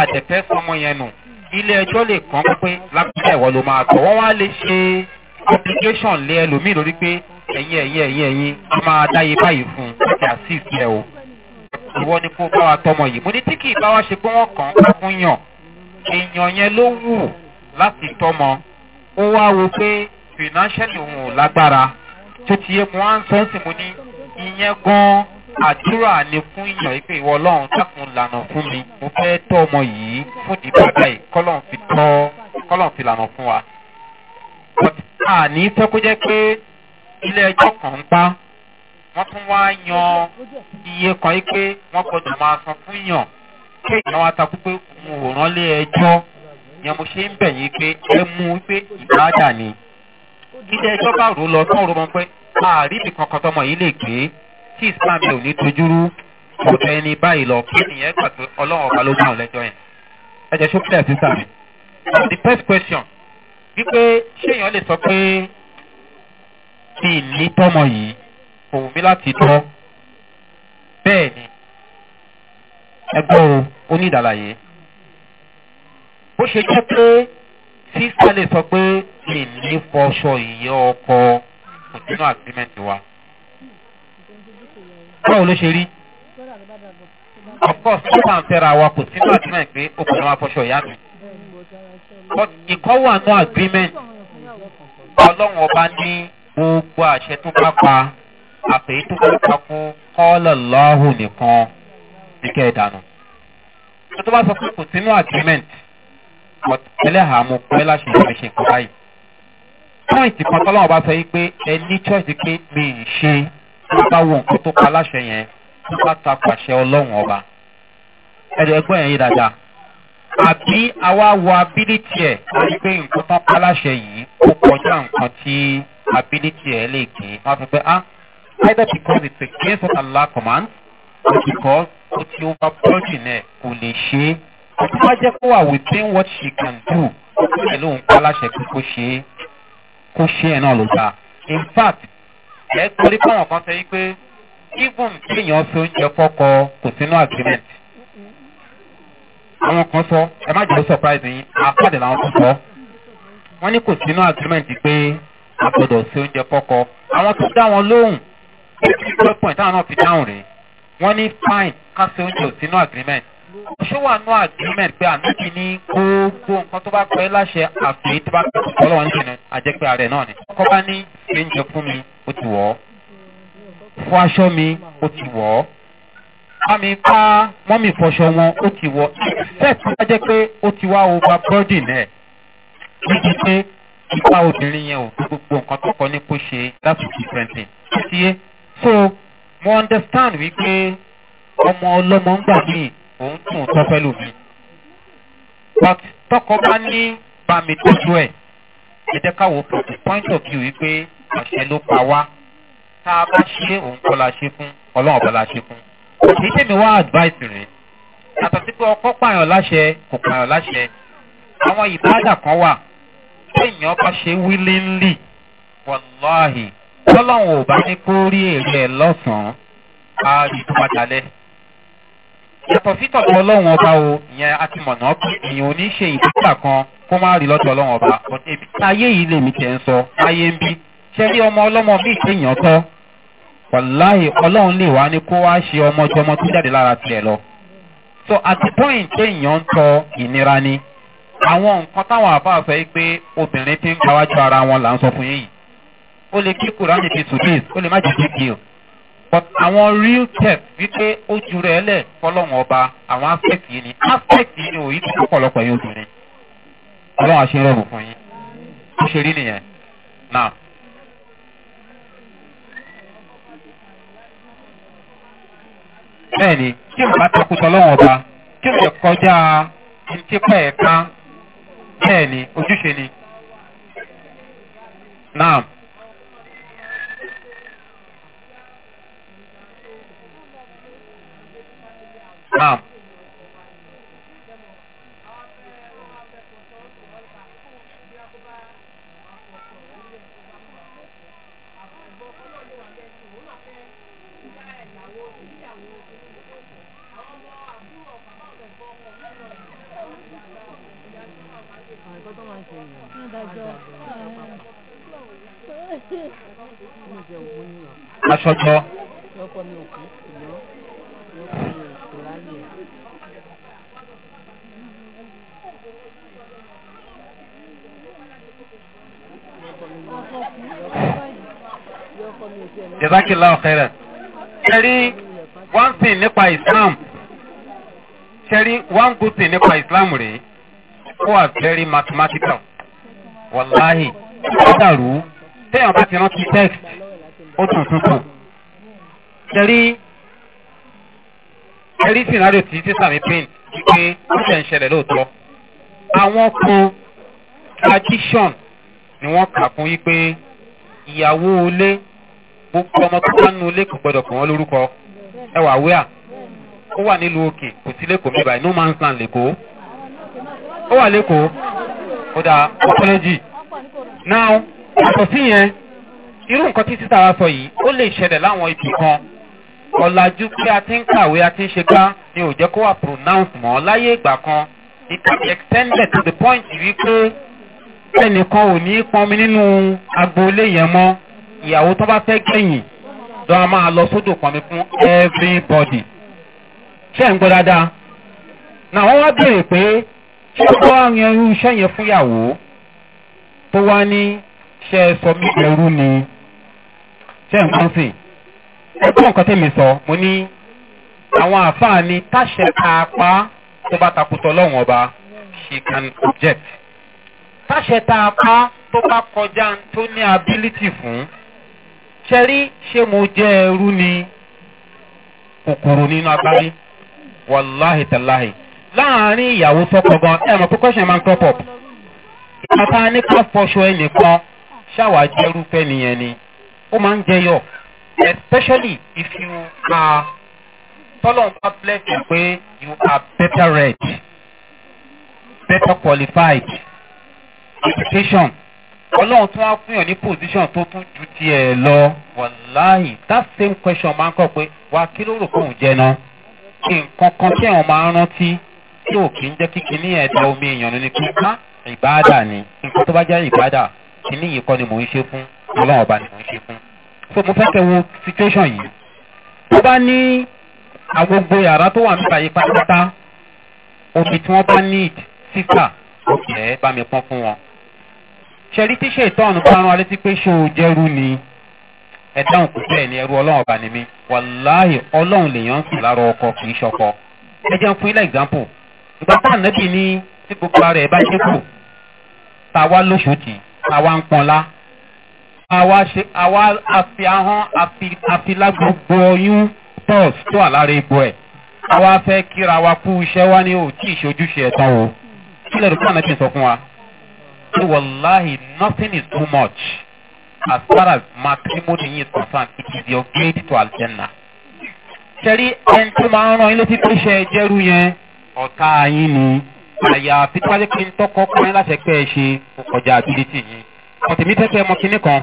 Speaker 1: àdẹ̀fẹ́ sọmọ yẹn nù ilé ẹjọ́ lè kàn pé lápẹ́ ẹ̀wọ̀ ló máa tọ̀ wọ́n wá lè ṣe application lé ẹlòmíì lórí pé ẹ̀yin ẹ̀yin ẹ̀yin ẹ̀yin a máa dáyé báyìí fún un láti assist rẹ o ìwọ ni kó bá wa tọmọ yìí mo ní tí kì í bá wa ṣe pé wọ́n kàn án fún yàn èèyàn yẹn ló wù láti tọmọ ó wá wo pé financially òun ò lágbára tó ti yé mu wá ń sọ sí mu ní ìyẹn gan àdúrà ni fún yàn pé ìwọ ọlọ́run dákun lànà fún mi mo fẹ́ tọ́ ọmọ yìí fún ìdíbàdà yìí kọ́lọ́n fi tọ́ kọ́lọ́n fi lànà fún wa. àní fẹ́ kó jẹ́ pé ilé ẹjọ́ kan pa wọ́n tún wá yan iye kan yìí pé wọ́n gbọ́dọ̀ máa san fún yàn pé ìyàn wa takú pé òun ò rán lé ẹjọ́ yẹn mo ṣe ń bẹ̀ yín pé ẹ mú pé ìbáàdà ni ilé ẹjọ́ bá rò lọ tán ròmọ pé ààrí mi kankan tọmọ yìí lè gbé tí islam mi ò ní tojúrú ọ̀tọ̀ ẹni báyìí lọ kí nìyẹn gbà pé ọlọ́run ọba ló dáhùn lẹ́jọ́ yẹn ẹ jẹ́ ṣókè ẹ̀ sísà the first question wípé ṣé èèyàn lè sọ pé mi ní tọmọ yìí kò wù mí láti tọ́ bẹ́ẹ̀ ni ẹgbọ́n o ó ní ìdàlàyé bó ṣe jẹ́ pé sísá lè sọ pé mi ní fọṣọ ìyẹ́ ọkọ kò nínú àgbímẹ́ǹtì wa báwo ló ṣe rí of course ó máa ń fẹ́ra wa kò sínú agreement pé ó kò ní máa fọṣọ ìyá mi but ìkọ́wọ́ àánú agreement ọlọ́run ọba ní gbogbo àṣẹ tó bá pa àfẹ́yí tó bá pa fún kọ́ọ̀lọ̀ lọ́hùn nìkan nìkẹ́ ìdànù. tó tó bá sọ pé kò sínú agreement ẹlẹ́hàá mo pẹ́ láṣẹ ìwé ṣe nǹkan báyìí. pọ́ìntì kan tọ́lọ́wọ́ bá sọ yí pé ẹ ní choice pé mi ì ṣe tó bá wo nǹkan tó pa láṣẹ yẹn tó bá ta pàṣẹ ọlọ́run ọba. ẹ̀rẹ̀ ẹgbọ́n yẹn yí dáadáa àbí àwa wo ability ẹ̀ wọ́n pé nǹkan tán paláṣẹ yìí ó kọjá nǹkan tí ability ẹ̀ lè kí wọ́n fi pé ah either because it's against what allah commands or because ó ti over budget náà kò lè ṣe é ó ti wá jẹ́ kó wà within what she can do ẹ̀ lóun pa aláṣẹ pé kó ṣe é kó ṣe ẹ̀ náà ló gbà in fact ẹ̀ torí pé àwọn kan sọ yí pé even kéèyàn fi oúnjẹ fọ́kọ kò sínú agreement àwọn kan sọ ẹ má jẹ́ surprise yín àpàdé làwọn tó sọ wọ́n ní kò sínú agreement pé àgbọ̀dọ̀ sí oúnjẹ fọ́kọ àwọn tó dá wọn lóhùn two point táwọn náà fi dáhùn rèé wọ́n ní fine ká sí oúnjẹ ò sínú agreement ṣó wà nú agreement pé ànábì ní gbogbo nǹkan tó bá pẹ́ láṣẹ àfi tó bá pẹ́ tó lọ́wọ́ nínú àjẹpẹ́ ààrẹ náà ni kọ́ bá ní oúnjẹ fún mi ó ti wọ̀ ọ́ fún aṣọ mi ó ti wọ̀ ọ́ mami bá mọ́mì fọṣọ wọn ó ti wọ except tó bá jẹ́ pé ó ti wá o gba bọ́dì náà níbi pé ipa obìnrin yẹn ò gbogbo nǹkan tó kọ ní kó ṣe that's a different thing. ti yé so mo understand wípé ọmọ ọlọ́mọ ń gbà mí òun tún un tọ́pẹ́ lómi. but tọkọ bá ní bá mi tọ́jú ẹ̀ ẹ jẹ́ káwọ́ from the point of view wípé àṣẹ ló pa wá tá a bá ṣe òun kọ́ la ṣe fún ọlọ́run ọba la ṣe fún. kì í tẹ̀mí wá advice rẹ̀ yàtọ̀ sí pé ọkọ pààyàn láṣẹ kò pààyàn láṣẹ àwọn ìbáàdà kan wà téèyàn bá ṣe wílé ńlì wàláhì tọ́lọ́hún ò bá ní kó rí èrè ẹ̀ lọ́sàn-án á rí tó padà lẹ. yàtọ̀ sítọ̀tọ̀ ọlọ́run ọba o ìyẹn a ti mọ̀nà pé èèyàn ò ní ṣe ìdígbà kan kó má rí lọ́tọ̀ ọlọ́run ọba èmi táyé yìí lèmi tẹ̀ ń sọ táyé ń bí ṣé rí ọmọ ọlọ́mọ míì téèyàn tọ́ wàláhì ọlọ́run lè wá ní kó wá ṣe ọmọ ọjọ́ ọmọ tó jáde lára tiẹ̀ lọ. so at the point téèyàn ń tọ ìnira ni àwọn nǹkan táwọn àfáà sọ yìí pé obìnrin ti ń gbáwájú ara wọn là ń sọ fún yín yìí ó lè kí kùránì ti tù bíi ó lè má jẹ big deal but àwọn real tech wípé ó ju rẹ̀ lẹ̀ fọlọ́wọ́n ọba àwọn aspect yìí ni aspect yìí ni òyìn tó pọ̀lọpọ̀ yín obìnrin ọlọ́run àṣeyọrọ̀ fún yín ó ṣe rí nìyẹn náà. bẹ́ẹ̀ni kí n bá takùtọ̀ lọ́wọ́n ọba kí n lè kọjá ntí pẹ̀ẹ́ká bẹ́ẹ̀ ni ojúṣe ni. Naam.
Speaker 2: Naam.
Speaker 3: asọjọ
Speaker 1: jazakillah khairan ṣẹ́rí one thing nípa islam ṣẹ́rí one good thing nípa islam rèé ó wà very mathematical wàláhì ó dàrú téèyàn bá ti rántí text ó tún tuntun. ṣẹ̀rí ṣẹ̀rí scenario ti sísà mi pin pé ó ṣẹ̀ ń ṣẹlẹ̀ lóòótọ́. àwọn kan tradition ni wọ́n kà kún yí pé ìyàwó ilé gbogbo ọmọ tó bá nu ilé kò gbọdọ̀ pọ̀ wọ́n lórúkọ ẹwà wíà ó wà nílùú òkè kò sí lẹ́kọ̀ọ́ mi báyìí no man's land lẹ́kọ̀ọ́
Speaker 3: ó wà lẹ́kọ̀ọ́ ó
Speaker 1: dà ọ́pọ́lẹ́jì now yàtọ̀ sí yẹn irú nǹkan tí títà wa sọ yìí ó lè ṣẹlẹ̀ láwọn ibì kan ọ̀làjú pé a ti ń kàwé a ti ń ṣe gbá ni ò jẹ́ kó wà pronounce mọ́ láyé ìgbà kan it can be extended to the point wípé ẹnìkan ò ní pọnmi nínú agboolé yẹn mọ́ ìyàwó tó bá fẹ́ gbẹ̀yìn lọ́ a máa lọ sódò pọnmi fún everybody. ṣé ẹ̀ ń gbọ́ dáadáa? nà wọ́n wá béèrè pé ṣé wọ́n á yan irú iṣẹ́ yẹn fún ìyàwó tó wá ní ṣe é sọ mí ẹrú ni ṣe ń kún sí ẹ gbọ́ nǹkan tẹ̀mí sọ mo ní àwọn àfáà ni táṣẹ káapá tó bá takùtọ̀ lọ́wọ́n ọba she can object táṣẹ káapá tó bá kọjá tó ní ability fún ṣẹ́rí ṣé mo jẹ́ ẹrú ni kòkòrò nínú agbárí wàláhì tàláhì láàrin ìyàwó sọ́kọ̀ gan ẹ̀ mọ̀ pé kọ́ṣẹ́ máa ń crop up ìpàtà ní ká fọṣọ ẹnìkan ṣáwa jẹ́rúfẹ́ nìyẹn ni ó máa ń jẹyọ especially if you are tọ́lọ́n bá bless you pé you are better read better qualified education ọlọ́run tún wá fún yàn ní position tó tún ju tiẹ̀ lọ wàláhì that same question máa ń kọ́ pé wà kí ló rò fóun jẹ náà nǹkan kan tí àwọn máa ń rántí tí ò kí ń jẹ́ kíkiní ẹ̀dá omi èèyàn ní pé ká ìbáàdà ni nǹkan tó bá jẹ́ ìbáàdà kíní yìí kọ́ ni mò ń ṣe fún ọlọ́run ọba ni mò ń ṣe fún. so mo fẹ́ kẹ́ wo situation yìí. tó bá ní agogo yàrá tó wà níta yìí pátápátá omi tí wọ́n bá need sísà ọ̀kẹ́ bá mi pọ́n fún wọn. ṣẹ̀rí tíṣe ìtọ́nù parun alẹ́ sí pé ṣé o jẹ́rú ni ẹ dáhùn kò bẹ́ẹ̀ ni ẹrú ọlọ́run ọba ni mí wàláhì ọlọ́run lèèyàn ń sùn lára ọkọ kì í ṣọkọ. ẹ jẹun fún ilé example ìgbà táà nẹ́bì ní tí gbogbo ara ẹ̀ bá dínkù tá a wá lóṣù tì í àwa ń pọ̀nlá àwa ṣe àwa àfi ahọ́n àfi àfi lágbogbo oyún tọ́s tó wà lára ibo ẹ̀ àwa fẹ́ kíra wa kú iṣẹ́ wa ní òtí ìṣojúṣe ẹ̀tàn o kí lẹ́rù kí ànájì sọ fún wa ṣé wàláhì nothing is too much as far as matrimony is concerned it is your gate to aljanna ṣe rí ẹni tó máa ń rán ilé tí pé ṣe ẹjẹ́rú yẹn ọ̀tá yín ni àyàfi tí wọ́n ti pín tọ́kọ́ pín láṣẹ pé ẹ ṣe ọjà ability yìí ọ̀tẹ̀mí tẹ́tẹ́ ọmọ kínní kan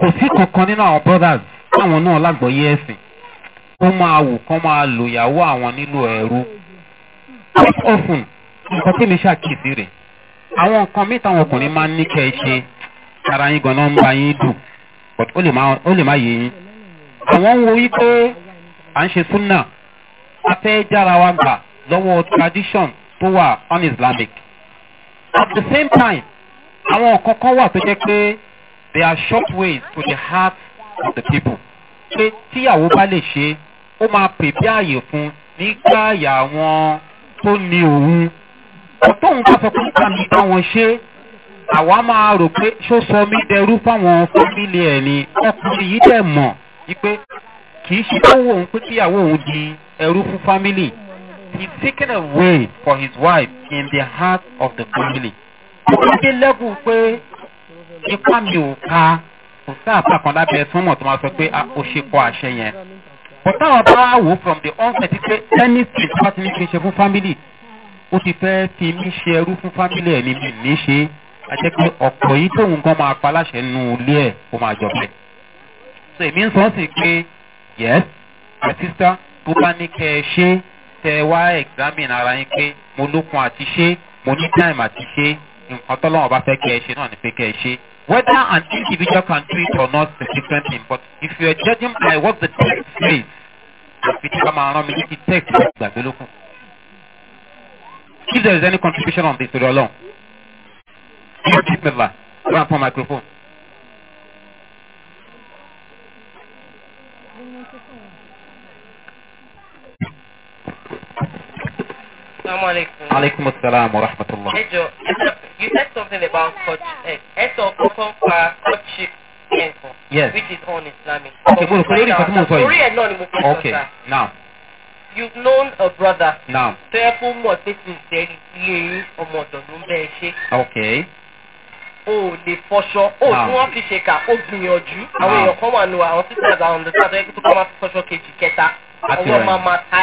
Speaker 1: kò sí kankan nínú àwọn brothers táwọn náà lágbọ̀ọ́yé ẹ̀sìn ó máa wù kán máa lò ìyàwó àwọn nílò ẹ̀rú quite often nǹkan tí mi ṣàkíyèsí rè àwọn nǹkan míì táwọn ọkùnrin máa ń ní kẹ́ ẹ ṣe ara yín gan ń ba yín dùn but ó lè má yé yín àwọn ń wo wípé à ń ṣe súnà a fẹ́ jára wa gbà lọ́wọ́ tradition tó wà un-islamic at the same time àwọn nǹkan kan wà tó jẹ́ pé they are short ways to the heart of the people pé tíyàwó bá lè ṣe ó máa pè bí ààyè fún nígbà àyà àwọn tó ní òun tóun bá sọ pé nígbà mi bá wọn ṣe àwa máa rò pé ṣó sọ mí dẹrú fáwọn fámìlì ẹ̀ ni ọkùnrin yìí dẹ̀ mọ̀ wípé kì í ṣe tó wò ó pé kíyàwó òun di ẹrú fún fámìlì he's taken away for his wife in the heart of the family. Ìdílé lẹ́gùn pé ipá mi ò ka kò sáà bá kan lábẹ́ súnmọ̀ tó máa sọ pé ó ah, ṣe kọ àṣẹ yẹn. Bọ̀dá wọn bá wò from the onset pé anything tó bá ti ní kí n ṣe fún family ó ti fẹ́ fi mí ṣe ẹrú fún family ẹ̀ ní mi ní ṣe á jẹ́ pé ọ̀pọ̀ yìí tóun gan máa pa láṣẹ nínú ilé ẹ̀ kó máa jọ bẹ́ẹ̀. So èmi ń sọ sí pé yes my sister tó bá ní kẹ́ ẹ ṣe é tẹ wá examine ara yín pé mo lókun àti ṣe mo ní time àti ṣe nǹkan tọ́lọ́wọ́n bá fẹ́ kẹ́ ẹ ṣe náà ni pé kẹ́ ẹ ṣe. Whether an individual can do it or not is a different thing but if you are judging by what the text says, òfin tí ká máa rán mi ní kí text ló gbàgbé lókun. If there is any contribution on this, to Toriolong, you keep me back. Go and put microphone.
Speaker 2: Assalamualaikum. Waalaikumsalam
Speaker 1: warahmatullah. Ẹjọ,
Speaker 2: you said something about eh, courtship. Ẹ sọ kọ́kọ́ courtship Yes. Which is on islamic Okay, mo rò pé lórí ìkọ́tún mo sọ yìí. Orí ẹ̀ náà ni mo fẹ́ sọ sá. Okay, now. You've known a brother. Now. Tó yẹ kó mọ̀ pé sincere ilé ọmọ ọ̀dọ̀ ló ń bẹ́ẹ̀ ṣe. Okay o lè fọṣọ o tí wọn fi ṣe kà ó gbìyànjú àwọn èèyàn kan wà nù àwọn sisters àwọn ọ̀dọ́ tí wọn fi fọṣọ kejì kẹta ọwọ́ máa ma ta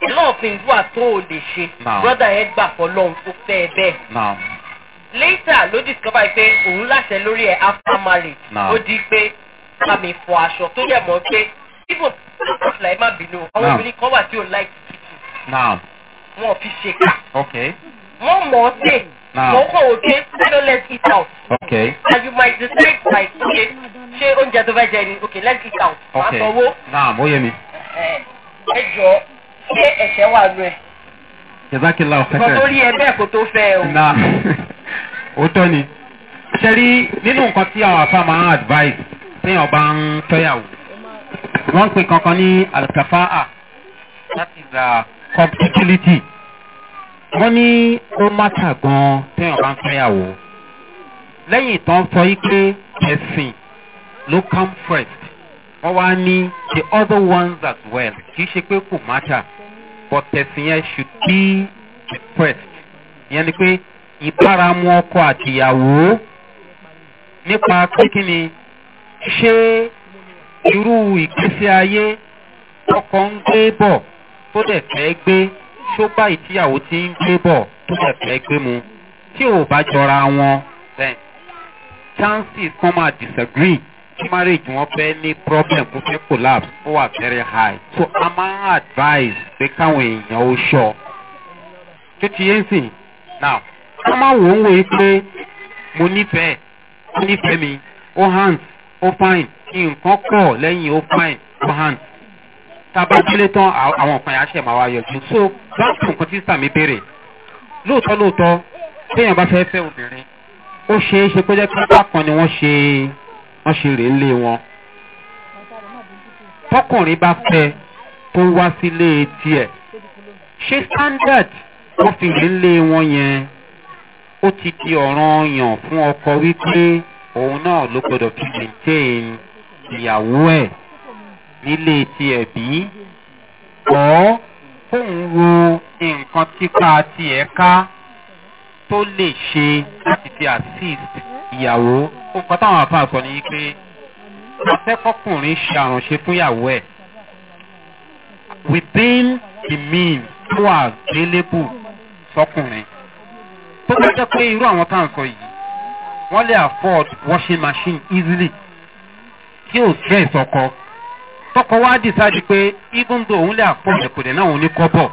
Speaker 2: lọ́ọ̀fin wà tó o lè ṣe brọ́dà yẹn gbà fọ́ lọ́hùn tó fẹ́ ẹ bẹ́ẹ̀. later ló discover pé òun láṣẹ lórí ẹ after marriage ó di pé bá mi fọ aṣọ tó yẹ mọ́ pé ibo ìfúnla ẹ má bínú àwọn obìnrin kan wà tí ò láì
Speaker 1: kìkì
Speaker 2: wọn fi ṣe ká wọn mọ̀ ọ́ tẹ̀ wọ́n kọ̀ wò pé no let's eat out Okay. and you might decide by ṣe ṣé oúnjẹ tó fẹ́ jẹ ni okay let's eat out máa sanwó. náà mo yẹ mi. ẹ jọ ṣé ẹ̀ṣẹ̀ wà lù ẹ̀.
Speaker 1: jẹ́sàkìlá ọ̀fẹ́ fẹ́. ìkọ́tọ́ rí
Speaker 2: ẹ bẹ́ẹ̀ kó tó fẹ́ o. na
Speaker 1: òótọ́ ni ṣe nínú nǹkan tí àwọn afa máa ń advice téèyàn bá ń fẹ́yàwó wọ́n ń pè kankan ní alkafa'a that is uh, compatibility wọ́n ní ó mátà gan-an téèyàn bá ń fẹ́yàwó lẹ́yìn ìtàn sọ yí pé ẹ̀sìn ló come first wọ́n wá ní the other ones as well kì í ṣe pé kò matter but person yẹn should be depressed ìyẹn ni pé ìbáramu ọkọ àtìyàwó nípa pé kí ni ṣé irú ìgbésí ayé ọkọ ń gbé bọ̀ tó dẹ̀ fẹ́ gbé ṣó báyìí tíyàwó ti ń gbé bọ̀ tó dẹ̀ fẹ́ gbé mu tí ò bá jọra wọn then chances kan máa disagree marriage wọn fẹ́ ní problem kó fẹ́ collapse ó wà very high so a máa ń advise pé káwọn èèyàn ó ṣọ tó ti yé sìn now ká má wò ó wòye pé mo nífẹ̀ẹ́ ó nífẹ̀ẹ́ mi ó hand ó fine nǹkan kọ̀ lẹ́yìn ó fine ó hand tábà délé tán àwọn nǹkan yàtọ̀ máa wá yọjú so back to nǹkan tí sàmì béèrè lóòótọ́ lóòótọ́ téèyàn bá fẹ́ fẹ́ obìnrin ó ṣeé ṣe pé jẹ́ pé bákan ni wọ́n ṣe é wọ́n ṣe rè ńlé wọn. tọkùnrin bá fẹ́ tó wá sílé tiẹ̀ ṣé standard wọ́n fi rè ńlé wọn yẹn ó ti di ọ̀ràn yàn fún ọkọ wípé òun náà ló gbọdọ̀ fi maintain ìyàwó ẹ̀ nílé tiẹ̀ bí ọ̀ fóun wo nǹkan típa tiẹ̀ ká tó lè ṣe láti fi assist ìyàwó nǹkan táwọn àfa sọ ni pé akẹ́kọ̀ọ́kùnrin ṣe àránṣe fúnyàwó ẹ̀ within the means tó wà available sọkùnrin tó bá jẹ́ pé irú àwọn táwọn sọ yìí wọ́n lè afford washing machine easily kí o stress ọkọ tọkọ wá decide pé even though òun lè afford ẹ̀kọ́dẹ̀ náà òun ní kọ́bọ̀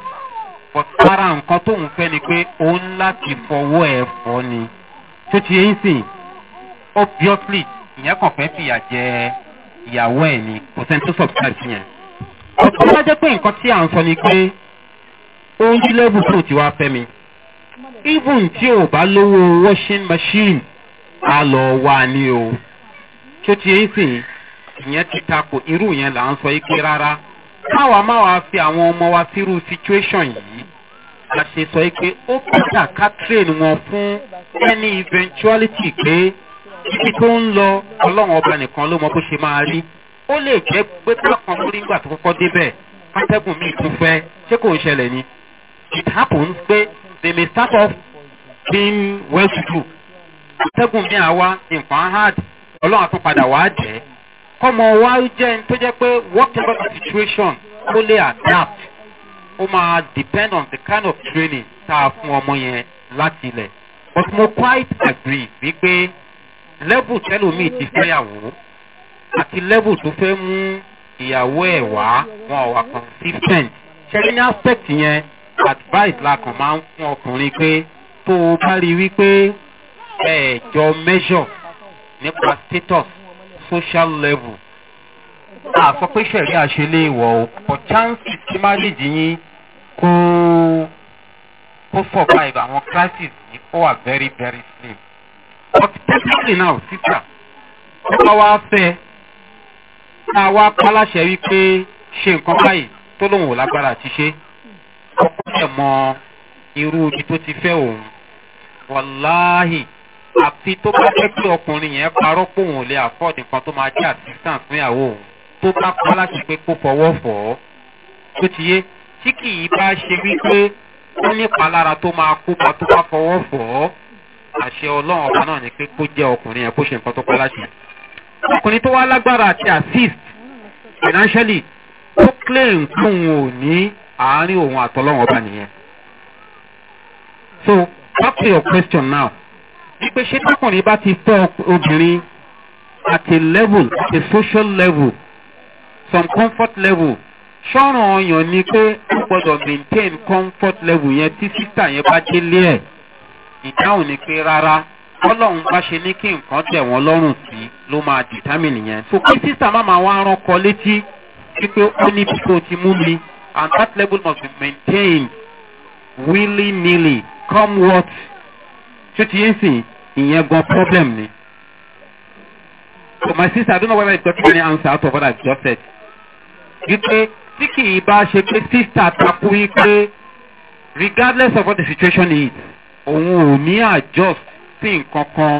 Speaker 1: but ara nǹkan tóun fẹ́ ni pé òun láti fọwọ́ ẹ̀ fọ́ ni tó ti yẹ ń sìn obviously ìyẹn kàn fẹ́ fìyà jẹ ìyàwó ẹ̀ ni kò sẹ́ni tó subscribe sí yẹn. ọ̀pọ̀ bá jẹ́ pé nǹkan tí à ń sọ ni pé ó ń jí lẹ́bù tó ti wá fẹ́ mi. even tí ò bá lówó washing machine a lọ wà ní o. tó ti ń sìn ìyẹn ti takò irú yẹn là ń sọ yìí pé rárá. káwa má wàá fi àwọn ọmọ wa sírú situation yìí la ṣe sọ yìí pé ó kọjá ká train wọn fún any eventuality pé ibi tó ń lọ ọlọ́run ọba nìkan ló mọ bó ṣe máa rí ó lè jẹ́ pé kákan lórí ìgbà tó kọ́kọ́ débẹ̀ atẹ́gùn míì tún fẹ́ ṣé kò ń ṣẹlẹ̀ ni it happens pé they may start off being well to do atẹ́gùn míì àwa nǹkan hard ọlọ́run àtún padà wá jẹ́ kọ́mọ wa jẹ́ ní tó jẹ́ pé whatever the situation ó lè adapt ó máa depend on the kind of training tá a fún ọmọ yẹn láti ilẹ̀ but mo quite agree wípé lẹ́bù tẹ́lómi ti fẹ́yàwó àti lẹ́bù tó fẹ́ mú ìyàwó ẹ̀ wá wọn ò wà consistent ṣẹ́rí ní aspect yẹn advice la kàn máa ń fún ọkùnrin pé tó o bá rí wípé ẹ jọ measure nípa status social level a sọ pé ṣẹ̀rí àṣelé ìwọ̀ o but chances kí má lè dín kó kó survive àwọn crisis yìí ó wà very very slim but technically now sísà ó bá wá fẹ́ tá a wá paláṣẹ wípé ṣe nǹkan báyìí tó lóun ò lágbára àti ṣe ọkọ ẹ̀ mọ irú ojú tó ti fẹ́ òun wàláhì àfi tó bá jẹ́ pé ọkùnrin yẹn parọ́ pé òun ò lè afford nǹkan tó máa jẹ́ assistant fún ìyàwó òun tó bá paláṣẹ pé kó fọwọ́ fọ̀ ọ́ tó ti yé tí kì í bá ṣe wípé ó ní palára tó máa kópa tó bá fọwọ́ fọ̀ ọ́ àṣẹ ọlọ́run ọba náà ni pé kó jẹ́ ọkùnrin yẹn kó ṣe nǹkan tó pẹ́ láṣẹ. ọkùnrin tó wá lágbára àti assist financially ó claim tóun ò ní àárín òun àtọ́lọ́run ọba nìyẹn. so back to your question now wípé ṣé tọkùnrin bá ti fẹ́ obìnrin at a level at a social level some comfort level ṣọ́ràn ọyàn ni pé ó gbọ́dọ̀ maintain comfort level yẹn tí sísà yẹn bá délé ẹ̀ ìdáhùn ni pé rárá ọlọ́run bá ṣe ní kí nǹkan tẹ̀ wọ́n lọ́rùn sí ló máa determine yẹn. so pé sísà má máa wá rán kọ létí wípé ó ní bí tó ti mú mi and that level must be maintained willy nilly come what ṣé ti yẹn sìn ìyẹn gan problem ni. so my sister i don't know whether you got any answer out of what i just said. wípé tí kì í bá ṣe pé sísà takú wípé regardless of what the situation is òun ò ní adjust sí nǹkan kan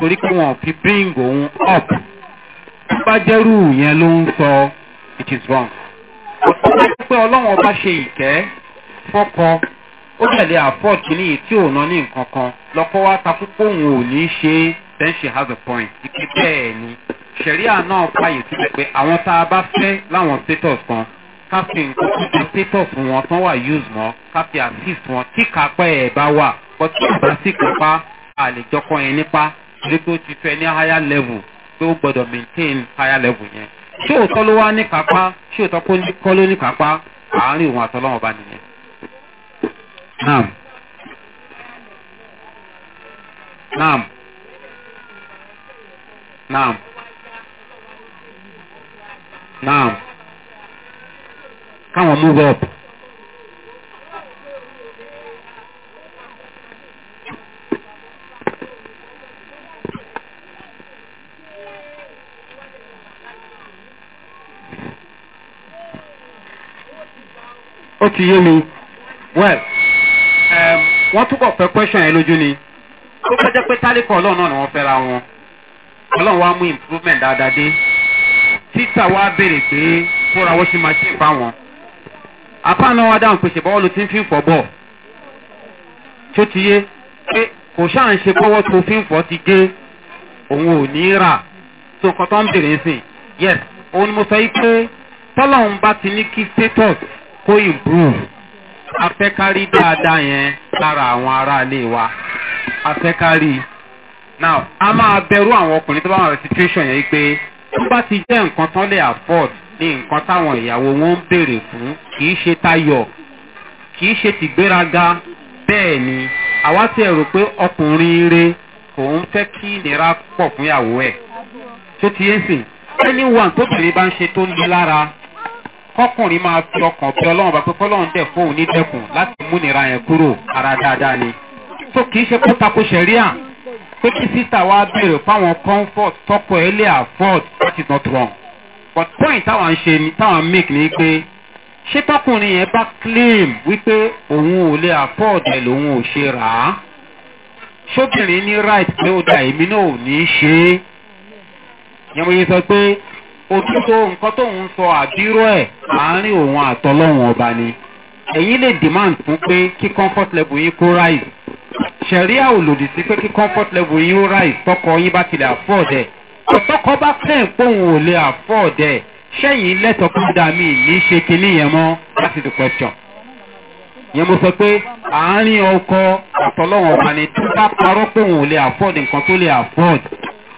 Speaker 1: torí pé wọn fi bring òun up tó bá jẹ́rù yẹn ló ń sọ it is wrong. ọ̀pọ̀ pé ọlọ́wọ́n bá ṣe ìkẹ́ fọ́kọ ó tẹ̀lé afford kìíní tí ò ná ní nǹkan kan lọ́kọ́ wá takú pé òun ò ní ṣe then she has a point ìpín bẹ́ẹ̀ ni sẹ̀ríà náà fàyè sílẹ̀ pé àwọn tá a bá fẹ́ láwọn status kan ká fi nǹkan tó ṣe status wọn tán wà use mọ́ ká assist wọn tí kápẹ́ ẹ̀ bá wà bọ́ tí ìgbà sì kápá àlejòkọ yẹn nípa torí pé ó ti fẹ́ ní higher level pé ó gbọ́dọ̀ maintain higher level yẹn ṣé òótọ́ ló wá ní kápá ṣé òótọ́ kọ́ ló ní kápá àárín òun àtọ́lọ́wọ́n bá nìyẹn. Naam. Naam. Naam. Naam. Come on, move up. ó ti yé mi well um, wọ́n túbọ̀ fẹ́ question yẹn lójú ni tó bá jẹ́ pé tálíkọ̀ ọlọ́run náà ni wọ́n fẹ́ra wọn ọlọ́run wa mú improvement dáadáa dé títà wa béèrè pé kóra wọ́n ṣe machine fáwọn apá náà wá dáhùn pé ṣe bọ́ọ̀lù tí ń fi ń fọ́ bọ̀ tó ti yé pé kò ṣáà ń ṣe pọ́wọ́ tó fi ń fọ́ ti gé òun ò ní rà tó nǹkan tó ń béèrè sìn yes òun ni mo sọ yìí pé tọ́lọ́run bá ti ní kí status kó improve afẹ́kárí dáadáa yẹn lára àwọn aráalé wa afẹ́kárí now a máa bẹ̀rù àwọn ọkùnrin tó bá wà ní situation yẹn pé tó bá ti jẹ́ nǹkan tán lè afford ní nǹkan táwọn ìyàwó wọn ń béèrè fún kì ṣe tayọ̀ kì ṣe tìgbéraga bẹ́ẹ̀ ni àwa ti rò pé ọkùnrin ire kò ń fẹ́ kí ìnira pọ̀ fún ìyàwó ẹ̀ tó ti yé sìn anyone bá ń ṣe tó lára kọkùnrin máa fi ọkàn bí ọlọ́run bá pé kọ́lọ́run dẹ̀ fóun ní dẹ́kun láti múnira yẹn kúrò ara dáadáa ni. tó kìí ṣe kó tako sẹ̀ríà pé kí sísà wa béèrè fáwọn comfort tọkọ ẹ lè afford that is not wrong. but point táwọn ń ṣe ni táwọn make ni pé ṣé tọkùnrin yẹn bá claim wípé òun ò lè afford ẹ lòun ò ṣe rà á. ṣóbìnrin ní right pé ó da èmi náà ò ní ṣe é. yẹn mo yẹ sọ pé ojú tó nǹkan tó ń sọ àbírò ẹ̀ àárín òun àtọ́lọ́hún ọba ni èyí lè demand fún pé kí comfort level yín kó rise sẹ̀ríà ò lòdì sí pé kí comfort level yín ó rise tọkọ yín bá tilẹ̀ afford ẹ̀ tọkọ bá claim póun ò lè afford ẹ̀ sẹ́yìn lẹ́tọ̀ọ́ kó dà mí ní ṣe kinní yẹn mọ́ láti the question yẹn mo sọ pé àárín ọkọ àtọ́lọ́wọ̀n ọba ni tó bá parọ́ pé òun ò lè afford nǹkan tó lè afford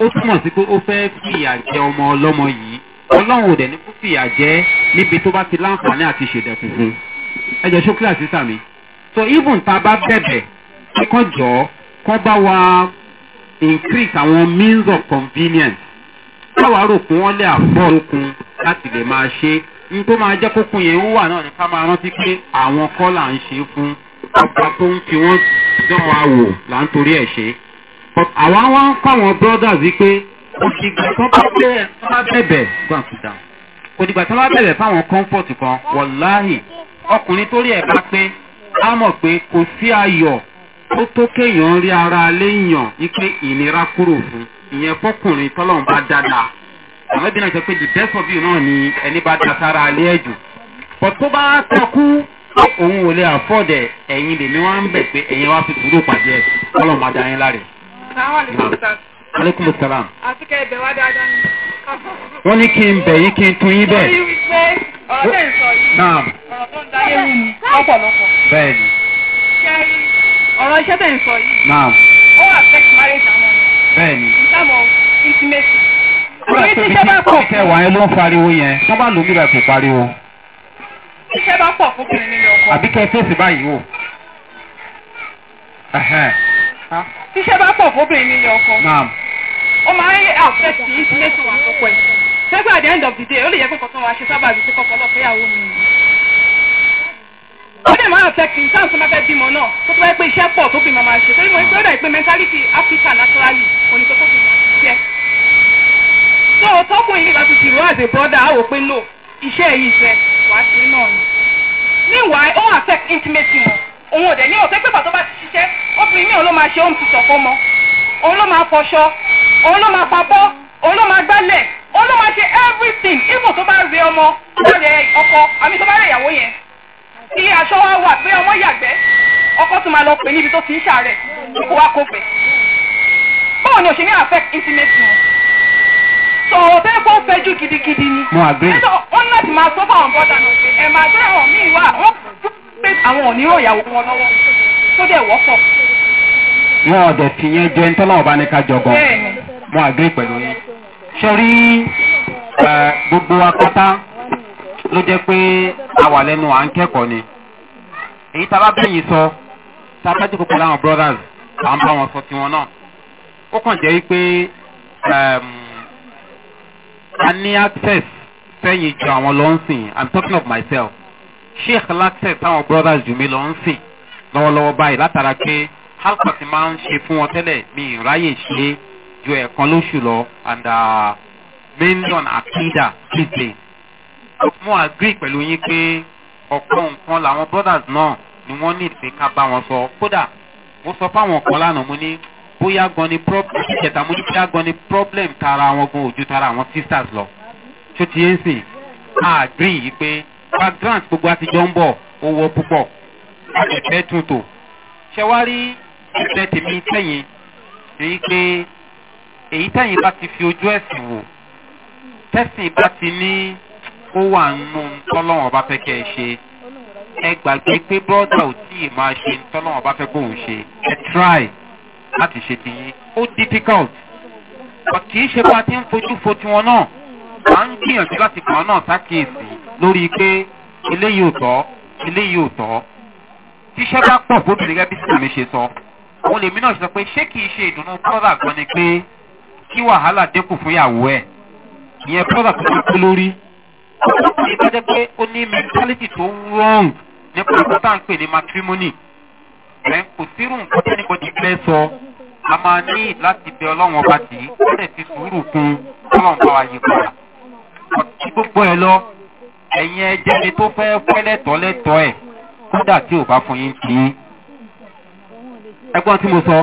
Speaker 1: ó túmọ̀ sí pé ó fẹ́ fìyà jẹ ọmọ ọlọ́mọ yìí ọlọ́run ò dẹ̀ ní kó fìyà jẹ níbi tó bá ti láǹfààní àti ṣèdẹ̀kùn fún ẹ jẹ́ ṣókílà sísà mi so even tá a bá bẹ̀bẹ̀ pé jọ kán bá wa increase àwọn means of convenience káwa rò pé wọ́n lè àfọ́rúkun láti lè máa ṣe n tó máa jẹ́ kókun yẹn ó wà náà ní ká máa rántí pé àwọn kọ́ là ń ṣe fún ọba tó ń fi wọ́n dán wa wò là ń torí ẹ̀ ṣe àwa wá ń kọ́ àwọn brothers wípé òṣìgbà tó bá bẹ̀rẹ̀ tó bá bẹ̀bẹ̀ gbà kúta òṣìgbà tó bá bẹ̀rẹ̀ fáwọn comfort kan wọ̀láhì ọkùnrin tó rí ẹ̀ bá pé á mọ̀ pé kò sí ayọ̀ tó tó kéèyàn rí ara léèyàn wípé ìnira kúrò fún ìyẹn fọkùnrin tọ́lọ́run bá dáadáa àwọn ẹbí náà sọ pé the best of you náà ni ẹni bá da sára alẹ́ ẹ̀jù but tó bá takú òun ò lè afford ẹ̀ ẹ̀yin lèmi wá ń bẹ̀ pé ẹ̀yin wá fi sùúrù pàdé ẹ̀ tọ́lọ́run bá da yín láre aleykum salaam. àtúkẹ́ ẹ̀bẹ̀ wá dáadáa ni. wọ́n ní kí n bẹ̀ yín kí n tún yín bẹ̀. lórí wípé ọ̀rọ̀ tẹ̀ ń sọ yìí. ọ̀rọ̀ tó ń da ayé wù mí
Speaker 2: lọ́pọ̀lọpọ̀. bẹ́ẹ̀ni. kẹrin ọ̀rọ̀ iṣẹ́ tẹ̀ ń sọ yìí.
Speaker 1: ó
Speaker 2: affect marriage àwọn ọmọ. bẹ́ẹ̀ni. in terms of intimacy. orí tí iṣẹ́ bá pọ̀. ìṣẹ́
Speaker 1: wà yẹn ló ń pariwo yẹn tó bá lò kò pariwo. iṣẹ́ bá pọ̀ fún kìnìún nílé ọkọ. àbíkẹ́ fèsì báyìí wò tíṣẹ́ bá
Speaker 2: pọ̀ fóbìnrin nílé ọkọ ó máa ń affect intimate wa àkọ́kọ́ ẹ̀ sẹ́gbẹ́ at the end of the day ó lè yẹ kókò tó wá ṣe sábà àbísí kọ́kọ́ lọ fẹ́yàwó mi ó dẹ̀ máa affect in terms of máa fẹ́ bímọ náà tó tó bá yẹ pé iṣẹ́ pọ̀ tó bímọ máa ṣe torí mo rí pé ó dà pé mentality Africa naturally òní tó tó fi máa ṣiṣẹ́ so tọkùnrin nígbà tó ti rú as a brother á wò pé no iṣẹ́ yìí fẹ́
Speaker 1: wàá ṣe náà ni
Speaker 2: meanwhile ó affect intimacy wọn òun ò dẹ̀ ní ọ̀fẹ́ pépà tó bá ti ṣiṣẹ́ obìnrin míì òun ló máa ṣe òun tutọ̀ fọmọ òun ló máa fọṣọ òun ló máa papọ̀ òun ló máa gbálẹ̀ òun ló máa ṣe everything even tó bá rẹ ọmọ tó ọkọ àmì tó bá rẹ ìyàwó yẹn kí aṣọ wa wà pé ọmọ yàgbẹ́ ọkọ tó máa lọ pè níbi tó ti ń ṣàárẹ̀ kó wá kó pè báwo ni òṣèré affect intimate mu sọ̀rọ̀ bẹ́ẹ̀ kó fẹ́jú gidigidi ni. mo àgbẹ̀. ẹ sọ ọ́n láti máa sọ àwọn bọ́dà náà ẹ̀ máa sọ àwọn míì wọ́n pé àwọn òní ràn ìyàwó wọn lọ́wọ́ tó dẹ̀ wọ́pọ̀.
Speaker 1: wọn ò dẹ̀ fi yẹn jẹ ntọ́lá ọba ní ká jọgọ mo àgbé pẹ̀lú yín ṣe rí gbogbo akọ́tá ló jẹ́ pé a wà lẹ́nu à ń kẹ́kọ̀ọ́ ni èyí tá a bá bẹ́yìn sọ tá a bá jókòó pẹ̀lú àwọn brothers à ń bá wọn sọ tiwọn náà ó kàn jẹ́ wípé a ní access sẹ́yìn ju àwọn lọ́nsìn i'm talking of myself sheikh laxet táwọn brothers jù mí lọ ń sìn lọ́wọ́lọ́wọ́ báyìí látara pé halkọ ti máa ń ṣe fún wọn tẹ́lẹ̀ mi ráyè ṣe ju ẹ̀kan lóṣù lọ and uh, mendon akida tuesday mo agree pẹ̀lú yín pé ọ̀pọ̀ nǹkan làwọn brothers náà ni wọ́n ní ìpín ká bá wọn sọ kódà mo sọ fáwọn kan lánàá mo ní bóyá gan ni problem ìkẹta mo ní bóyá gan ni problem tara wọn gan ojú tara àwọn sisters lọ tó ti yé sìn agree yìí pé background gbogbo àtijọ́ ń bọ̀ ó wọ púpọ̀ láti fẹ́ tún tò ṣẹwárí ìfẹ́ tèmi tẹ̀yìn èyí pé èyí tẹ̀yìn bá ti fi ojú ẹ̀sìn wò tẹ̀sìn bá ti ní ó wà nù tọ́lọ́wọ̀n bá fẹ́ kẹ́ ẹ ṣe ẹ gbàgbé pé bọ́dà ò tí ì máa ṣe tọ́lọ́wọ̀n bá fẹ́ kóun ṣe ẹ try láti ṣe tìyín ó difficult kì í ṣe bá a ti ń fojú fo tiwọn náà à ń gbìyànjú láti kàn án náà sákìyèsí lórí pé eléyìí ò tọ́ eléyìí ò tọ́ tíṣẹ́ bá pọ̀ bóbìnrin gẹ́gẹ́ bí sàmì ṣe sọ òun lèmi náà sọ pé ṣé kìí ṣe ìdùnnú bọ́dà gan ni pé kí wàhálà dínkù fún ìyàwó ẹ̀ ìyẹn bọ́dà tó ti kú lórí ọkùnrin bá jẹ́ pé ó ní mẹ́ntálítì tó ń rọrùn nípa ọkọ̀ tá à ń pè ní matrimony ẹ̀ kò sírù nǹkan tí níbọ̀dì fẹ́ sọ a máa ní láti bẹ ọlọ́run ọba tì í ó dẹ̀ ti sùúrù kun ọlọ́run bá wa yí padà ọtí gbogbo ẹ lọ ẹ̀yin ẹjẹ́ ni tó fẹ́ pẹ́lẹ́tọ̀ lẹ́tọ̀ ẹ̀ kódà tí ò bá fún yín kì í. ẹgbọ́n tí mo sọ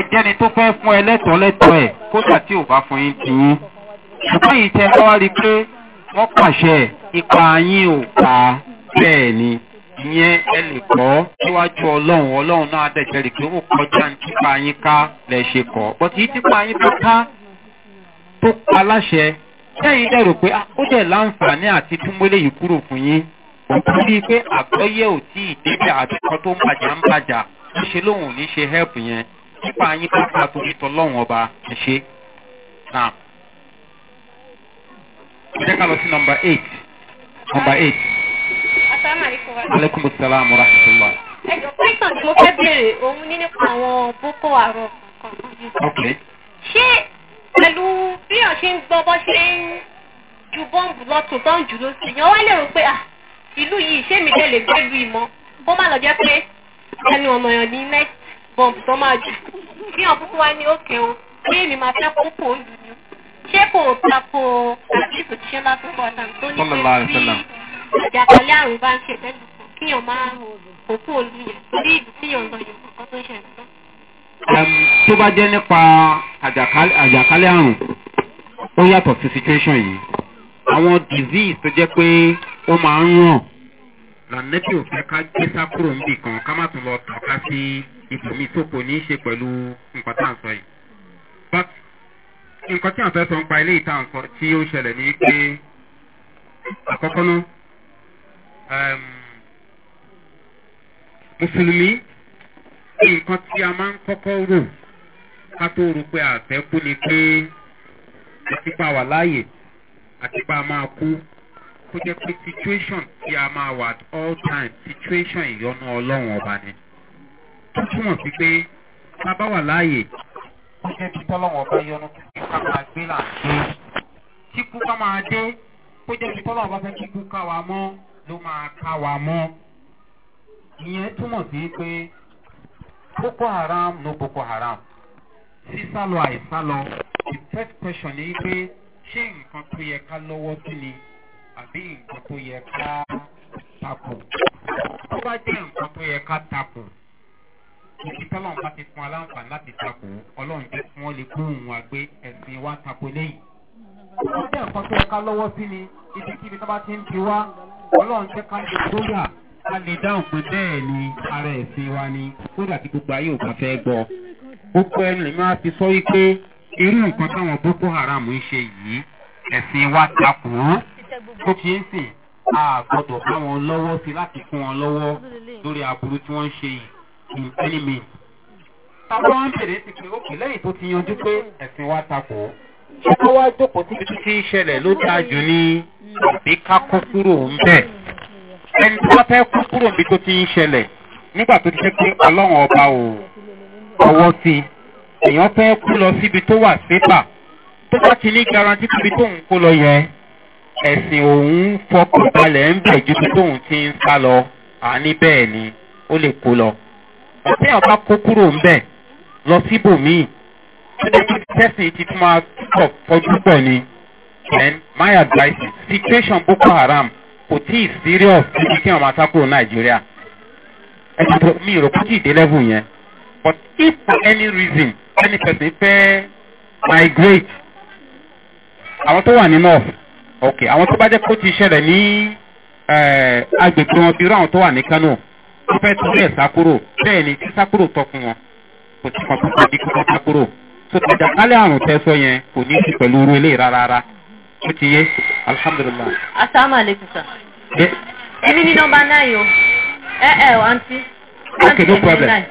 Speaker 1: ẹjẹ́ ni tó fẹ́ fún ẹ lẹ́tọ̀ lẹ́tọ̀ ẹ̀ kódà tí ò bá fún yín kì í. ṣùgbọ́n yìí tẹ wá rí i pé wọ́n pàṣẹ ipa yín ò pa bẹ́ẹ̀ ni ìyẹn ẹ lè kọ́ níwájú ọlọ́run ọlọ́run náà dẹ̀jẹ̀ rí i pé ó kọjá ní yín ká lẹ̀ ṣe kọ́ bọ́tí típa sẹ́yìn dẹ̀rò pé ah, ó dẹ̀ láǹfààní àti túnmọ́lé yìí kúrò fún yín òkú bíi pé àgbọ́yé ò tí ì débẹ̀ àbíkọ́ tó ń bàjá ń bàjá ṣe lóun ò ní ṣe help yẹn nípa yín bá bá torí tọ́ lọ́hùn ọba ẹ ṣe. jẹ́ ká lọ sí nọmba eight nọmba eight. aleykum salaam wa rahmatulah.
Speaker 2: ẹ̀jọ̀ pẹ́sàn tí mo fẹ́ béèrè òun ní nípa àwọn boko haram ṣé pẹ̀lú bí yàn ṣe ń gbọ́ bọ́ ṣe ń ju bọ́ǹbù lọ́tún tó ń jù lóṣù èèyàn wá lérò pé ah, ìlú yìí ṣé mi tẹ̀lé gbé lu ìmọ̀ kó má lọ jẹ́ pé ẹnu ọ̀nà yàn ní next bomb tó máa jù bí yàn púpọ̀ wá ní òkè o pé èmi máa fẹ́ kókó òlù ni ṣé kò tako àdìsù tí ṣe láti pọ̀ tàn tó ní pé bí àjàkálẹ̀ àrùn bá ń ṣe tẹ́lẹ̀ kí máa kókó òlù yẹn torí ìlú tí lọ yẹn kọ́kọ́ tó ṣẹlẹ̀
Speaker 1: tó bá jẹ́ nípa àjàkálẹ̀ àrùn ó yàtọ̀ sí situation yìí àwọn disease tó jẹ́ pé ó máa ń ràn lànẹ́tì ò fẹ́ ká gbé sákúrò ń bì kan ká má tún lọ tàka sí ibòmí tó kò ní í ṣe pẹ̀lú nǹkan tá à ń sọ yìí. but nǹkan tí à ń fẹ́ sọ ń pa ilé ìta nǹkan tí ó ṣẹlẹ̀ ní pé àkọ́kọ́ náà mùsùlùmí nǹkan tí a máa ń kọ́kọ́ rò ká tó rò pé àtẹ́kù ni pé àtipa wà láàyè àtipa máa kú kó jẹ́ pé situation tí a máa wà at all time situation ìyọnu ọlọ́run ọba ni tó túmọ̀ sí pé tá a bá wà láàyè ó jẹ́ bí tọ́lọ́wọ̀n ọba yọnu kí ká máa gbé là ń kú ká máa dé kó jẹ́ bí tọ́lọ́wọ̀n ọba fẹ́ kí kú ká wa mọ́ ló máa ká wa mọ́ ìyẹn túmọ̀ sí pé boko haram no boko haram sísálọ àìsálọ the third question ni pé ṣé nǹkan tó yẹ ká lọ́wọ́ tó ni àbí nǹkan tó yẹ ká takò tó bá jẹ́ nǹkan tó yẹ ká takò ibi tọ́lọ́run bá ti fún aláǹfààní láti takò ọlọ́run jẹ́ kí wọ́n lè gbóhùn àgbé ẹ̀sìn wa takò lẹ́yìn tó bá jẹ́ nǹkan tó yẹ ká lọ́wọ́ sí ni ibikíbi tó bá ti ń fi wá ọlọ́run jẹ́ ká lè gbóyà a lè dáhùn pé bẹ́ẹ̀ ni ara ẹ̀sìn wa ni kódà tí gbogbo ayé ò bá fẹ́ gbọ́ gbogbo ẹni lèmi wá ti sọ wípé irú nǹkan táwọn boko haram ń ṣe yìí ẹ̀sìn wa takò ó tó ti ń sìn a gbọ́dọ̀ bá wọn lọ́wọ́ sí láti fún wọn lọ́wọ́ lórí aburú tí wọ́n ń ṣe yìí in any táwọn wọn bèrè ti pé òkè lẹ́yìn tó ti yanjú pé ẹ̀sìn wa takò ó ṣé ká wá jókòó tí ń ṣẹlẹ̀ ló dáa jù ní àbí kúrò ń bẹ̀ ẹni tó bá fẹ́ kú kúrò níbi tó ti ń ṣẹlẹ̀ nígbà tó ti ṣe pé ọlọ́run ọba ò ọwọ́ sí i èèyàn fẹ́ kú lọ síbi tó wà sépà tó bá ti ní garanti tóbi tóun kó lọ yẹ ẹ̀sìn òun fọkàn balẹ̀ ń bẹ̀ ju tóun ti ń sá lọ àní bẹ́ẹ̀ ni ó lè kó lọ. ọ̀sẹ̀ ọba kó kúrò ń bẹ̀ lọ síbòmíì tó dé kí tẹ́sìn ti tún máa tọ̀ fọjú pọ̀ ni. then my advice is situation boko haram kò tí ì serious níbi kí wọn máa sá kúrò nàìjíríà ẹni tó mi rò kó tí ì level yẹn but if for any reason any person fẹ́ migrate àwọn tó wà ní north ok àwọn tó bá jẹ́ kó ti ṣẹlẹ̀ ní eh, agbègbè wọn bí irú àwọn tó wà ní kano wọ́n fẹ́ tún bẹ́ẹ̀ sákúrò bẹ́ẹ̀ ni tí sákúrò tọ́ fún wọn kò sí kan tó ti di kó sákúrò so ìdàkálẹ̀ àrùn tẹ́ sọ yẹn kò ní í ṣe pẹ̀lú irú eléyìí rárá rárá ó ti Alhamdulillah alhamdulilayi.
Speaker 2: asalaamualeykum sir. ẹ. èmi ni nọmba nine o ẹ ẹ o àǹtí.
Speaker 1: ok no problem.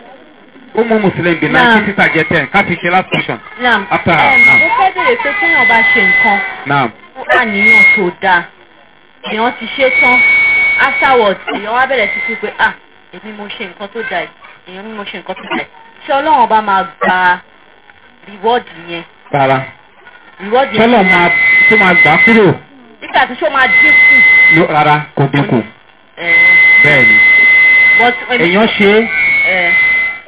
Speaker 1: Umu Muslim bi nineteen six àjẹ ten ká fi ṣe last question.
Speaker 2: Naam. After her. Eh, Naam. Mo fẹ́ bèrè pé kéèyàn bá ṣe nǹkan. Naam. Ó àníyàn tó dáa. Èèyàn ti ṣe tán. Afterwards, èèyàn wá bẹ̀rẹ̀ sí pé ah èmi mo ṣe nǹkan tó dáa èèyàn mi mo ṣe nǹkan tó dáa. Ṣé Ọlọ́run ọba máa gba reward yẹn? Rárá ìwọ́de. tọ́lọ̀ máa
Speaker 1: tó máa gbà kúrò.
Speaker 2: nígbà tí sọ máa dín kù.
Speaker 1: rárá kò dín kù. bẹ́ẹ̀ ni
Speaker 2: èèyàn ṣe é.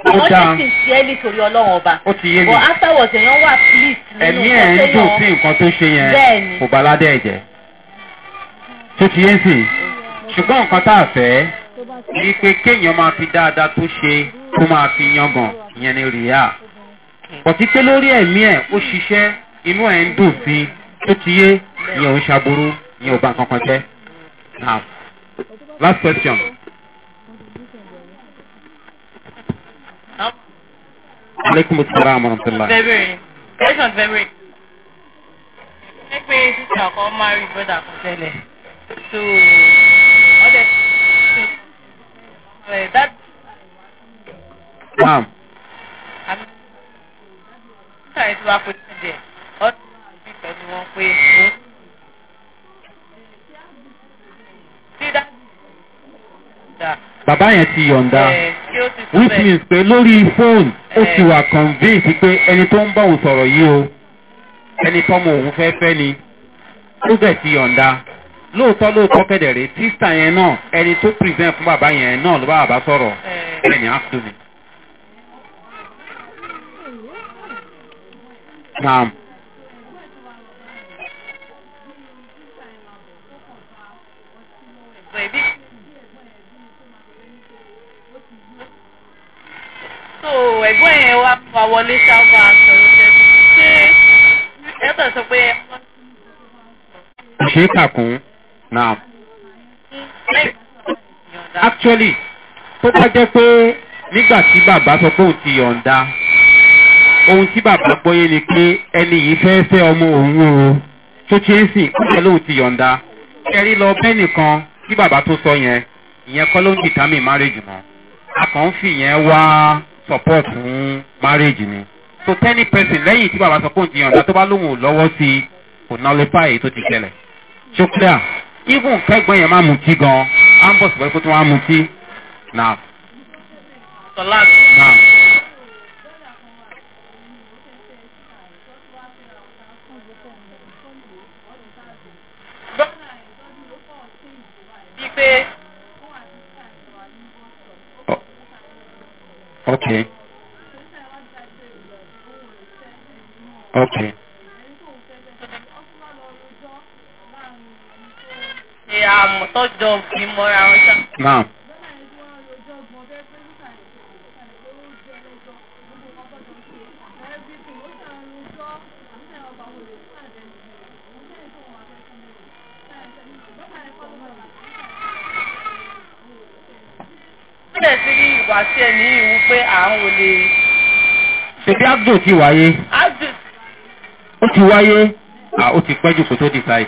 Speaker 1: ó dáa àwọn ṣèṣin
Speaker 2: ṣe é nítorí ọlọ́run ọba. ó ti yé mi. but afterwards èèyàn wà please nínú nǹkan tó yàn. ẹ̀mí ẹ̀ ń dùn sí nǹkan
Speaker 1: tó ṣe yẹn. bẹ́ẹ̀ ni kò bá ládẹ́ ẹ̀jẹ̀. tó ti yé sí ṣùgbọ́n nǹkan tá a fẹ́ ni pé kéèyàn máa fi dáadáa tó ṣe kó máa fi yangàn ìyẹn ni rìíyà. bọ̀tí pé lórí ẹ̀mí ẹ̀ ó ṣiṣẹ́ inú ẹ̀ ń dùn sí tó ti yé ìyẹn ò ń ṣàbúrú ìyẹn ò bá nǹkan jẹ́. last question.
Speaker 2: aleykum salaam wa rahmatulah. bẹ́ẹ̀ni
Speaker 1: question bẹ́ẹ̀ni.
Speaker 2: ṣé pé sísè ọkọ máa rí bọ́dà kan tẹ́lẹ̀ so ọ̀dẹ̀ ṣe eh, that. Naam. Àmì sísè ẹ̀ ti wá wọn pé òun
Speaker 1: bàbá yẹn ti yọ̀ǹda which means pé lórí fóònù ó ti wà convinced pé ẹni tó ń bá òun sọ̀rọ̀ yìí o ẹni tọ́mọ òun fẹ́ fẹ́ ni ó bẹ̀ ti yọ̀ǹda lóòótọ́ lóòótọ́ kẹ̀dẹ̀rẹ́ sísà yẹn náà ẹni tó present fún bàbá yẹn náà ló bá bàbá sọ̀rọ̀ ẹni àfúnni.
Speaker 3: ẹbí. so ẹ̀gbọ́n yẹn wá fa wọlé sábà sọ̀rọ̀ ṣẹ́bí ṣé ẹ̀tọ̀ sọ pé.
Speaker 1: ṣé kàkún náà. actually tó bá jẹ́ pé nígbà tí bàbá sọ pé òun ti yọ̀ǹda ohun tí bàbá gbóyé ni pé ẹni yìí fẹ́ fẹ́ ọmọ òun o tó ṣe é sìn kúrò lóun ti yọ̀ǹda kẹrí lọ bẹ́ẹ̀ nìkan tí bàbá tó sọ yẹn ìyẹn kọ́ ló ń dìtámì marriage mọ́ a fi yẹn wá support fún marriage ni so tẹ́ni person lẹ́yìn tí bàbá sọ pé òun ti yànjá tó bá lóhùn lọ́wọ́ sí i kò ná lè fà èyí tó ti ṣẹlẹ̀ ṣó clear even kẹ́gbọ́n yẹn máa mutí gan-an á ń bọ̀ sípẹ́ kó tó wá mutí náà.
Speaker 2: sọlá náà.
Speaker 3: pé. Oh, okay.
Speaker 2: Okay. Ṣé àmọ̀tọ́jọ́ òfin mọ́ra wọn ṣá? Náà. kílẹ̀ sí ìwà sí ẹni yìí wú pé à ń wọlé.
Speaker 1: ṣèbí agdo ti wáyé. agdo. ó ti wáyé ó ti pẹ́jù kó tó decide.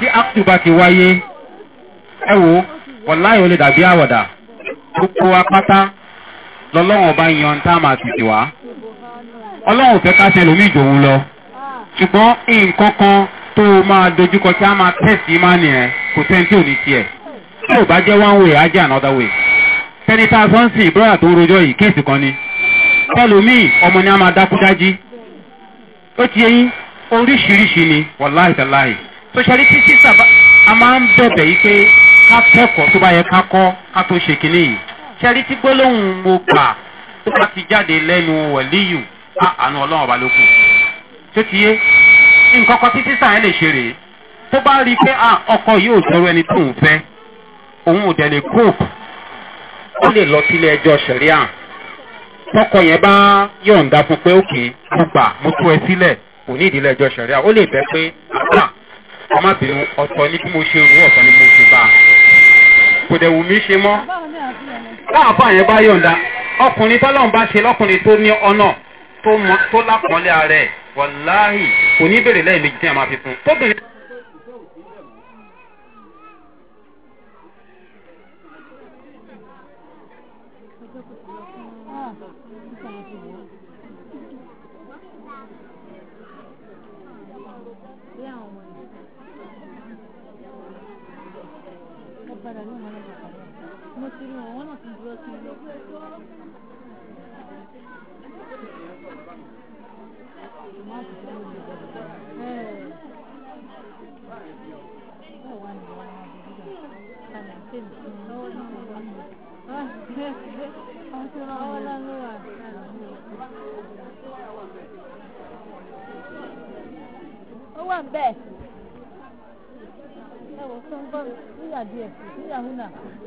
Speaker 1: tí agdo bá ti wáyé ẹ wo wọláyé ó lè dàbí àwọ̀dà gbogbo apáta lọ́lọ́wọ́n bá yan táàmù àtìtì wá ọlọ́run fẹ́ ká sẹ́lómi ìjòwò lọ ṣùgbọ́n nǹkan kan tó o máa dojúkọ tí a máa tẹ̀sí máa nìyẹn kò sẹ́ni tí ò tiẹ̀ tí ò bá jẹ́ one way á jẹ́ another way tẹni tá a sọ ń sìn brọ́dà tó ń rojọ́ yìí kéèsì kan ni tẹlómìn ọmọ ni a máa dákú dájí ó ti yẹn oríṣiríṣi ni wàláhì tàláhì tó ṣẹlí tí sísà a máa ń bẹ̀bẹ̀ yìí pé ká kẹ́kọ̀ọ́ tó bá yẹ ká kọ́ ká tó ṣe kínní yìí ṣẹlí tí gbólóhùn mo gbà tó bá ti jáde lẹ́nu wẹ̀líyù á àánú ọlọ́run ọba ló tó ti yẹ nǹkan kan títí sàn ẹ́ lè ṣe rèé tó bá rí i pé ah, ọkọ yóò dọ̀rọ̀ ẹni tó ń fẹ́ òun ò dẹ̀ lè cope ó lè lọ sílé ẹjọ́ sẹ̀ríà tọkọ yẹn bá yọ̀ǹda fún pé òkè mo gbà mo tú ẹ sílẹ̀ kò ní ìdílé ẹjọ́ sẹ̀ríà ó lè bẹ́ pé àbá ọmọbìnrin ọ̀tọ̀ ni bí mo ṣe rú ọ̀tọ̀ ni mo ṣe bá a kò dẹ̀ wù mí ṣe mọ́
Speaker 3: láàbà yẹn bá yọ̀ǹda
Speaker 1: ọkùnrin tọ́lọ́run bá ṣe lọ́kùnrin tó ní ọ̀nà tó lápọ̀nlé ara ẹ̀ wàláhì kò ní bèrè lẹ́yìn méjì tí a máa fi fún. tóbìnrin
Speaker 3: 没有，没有。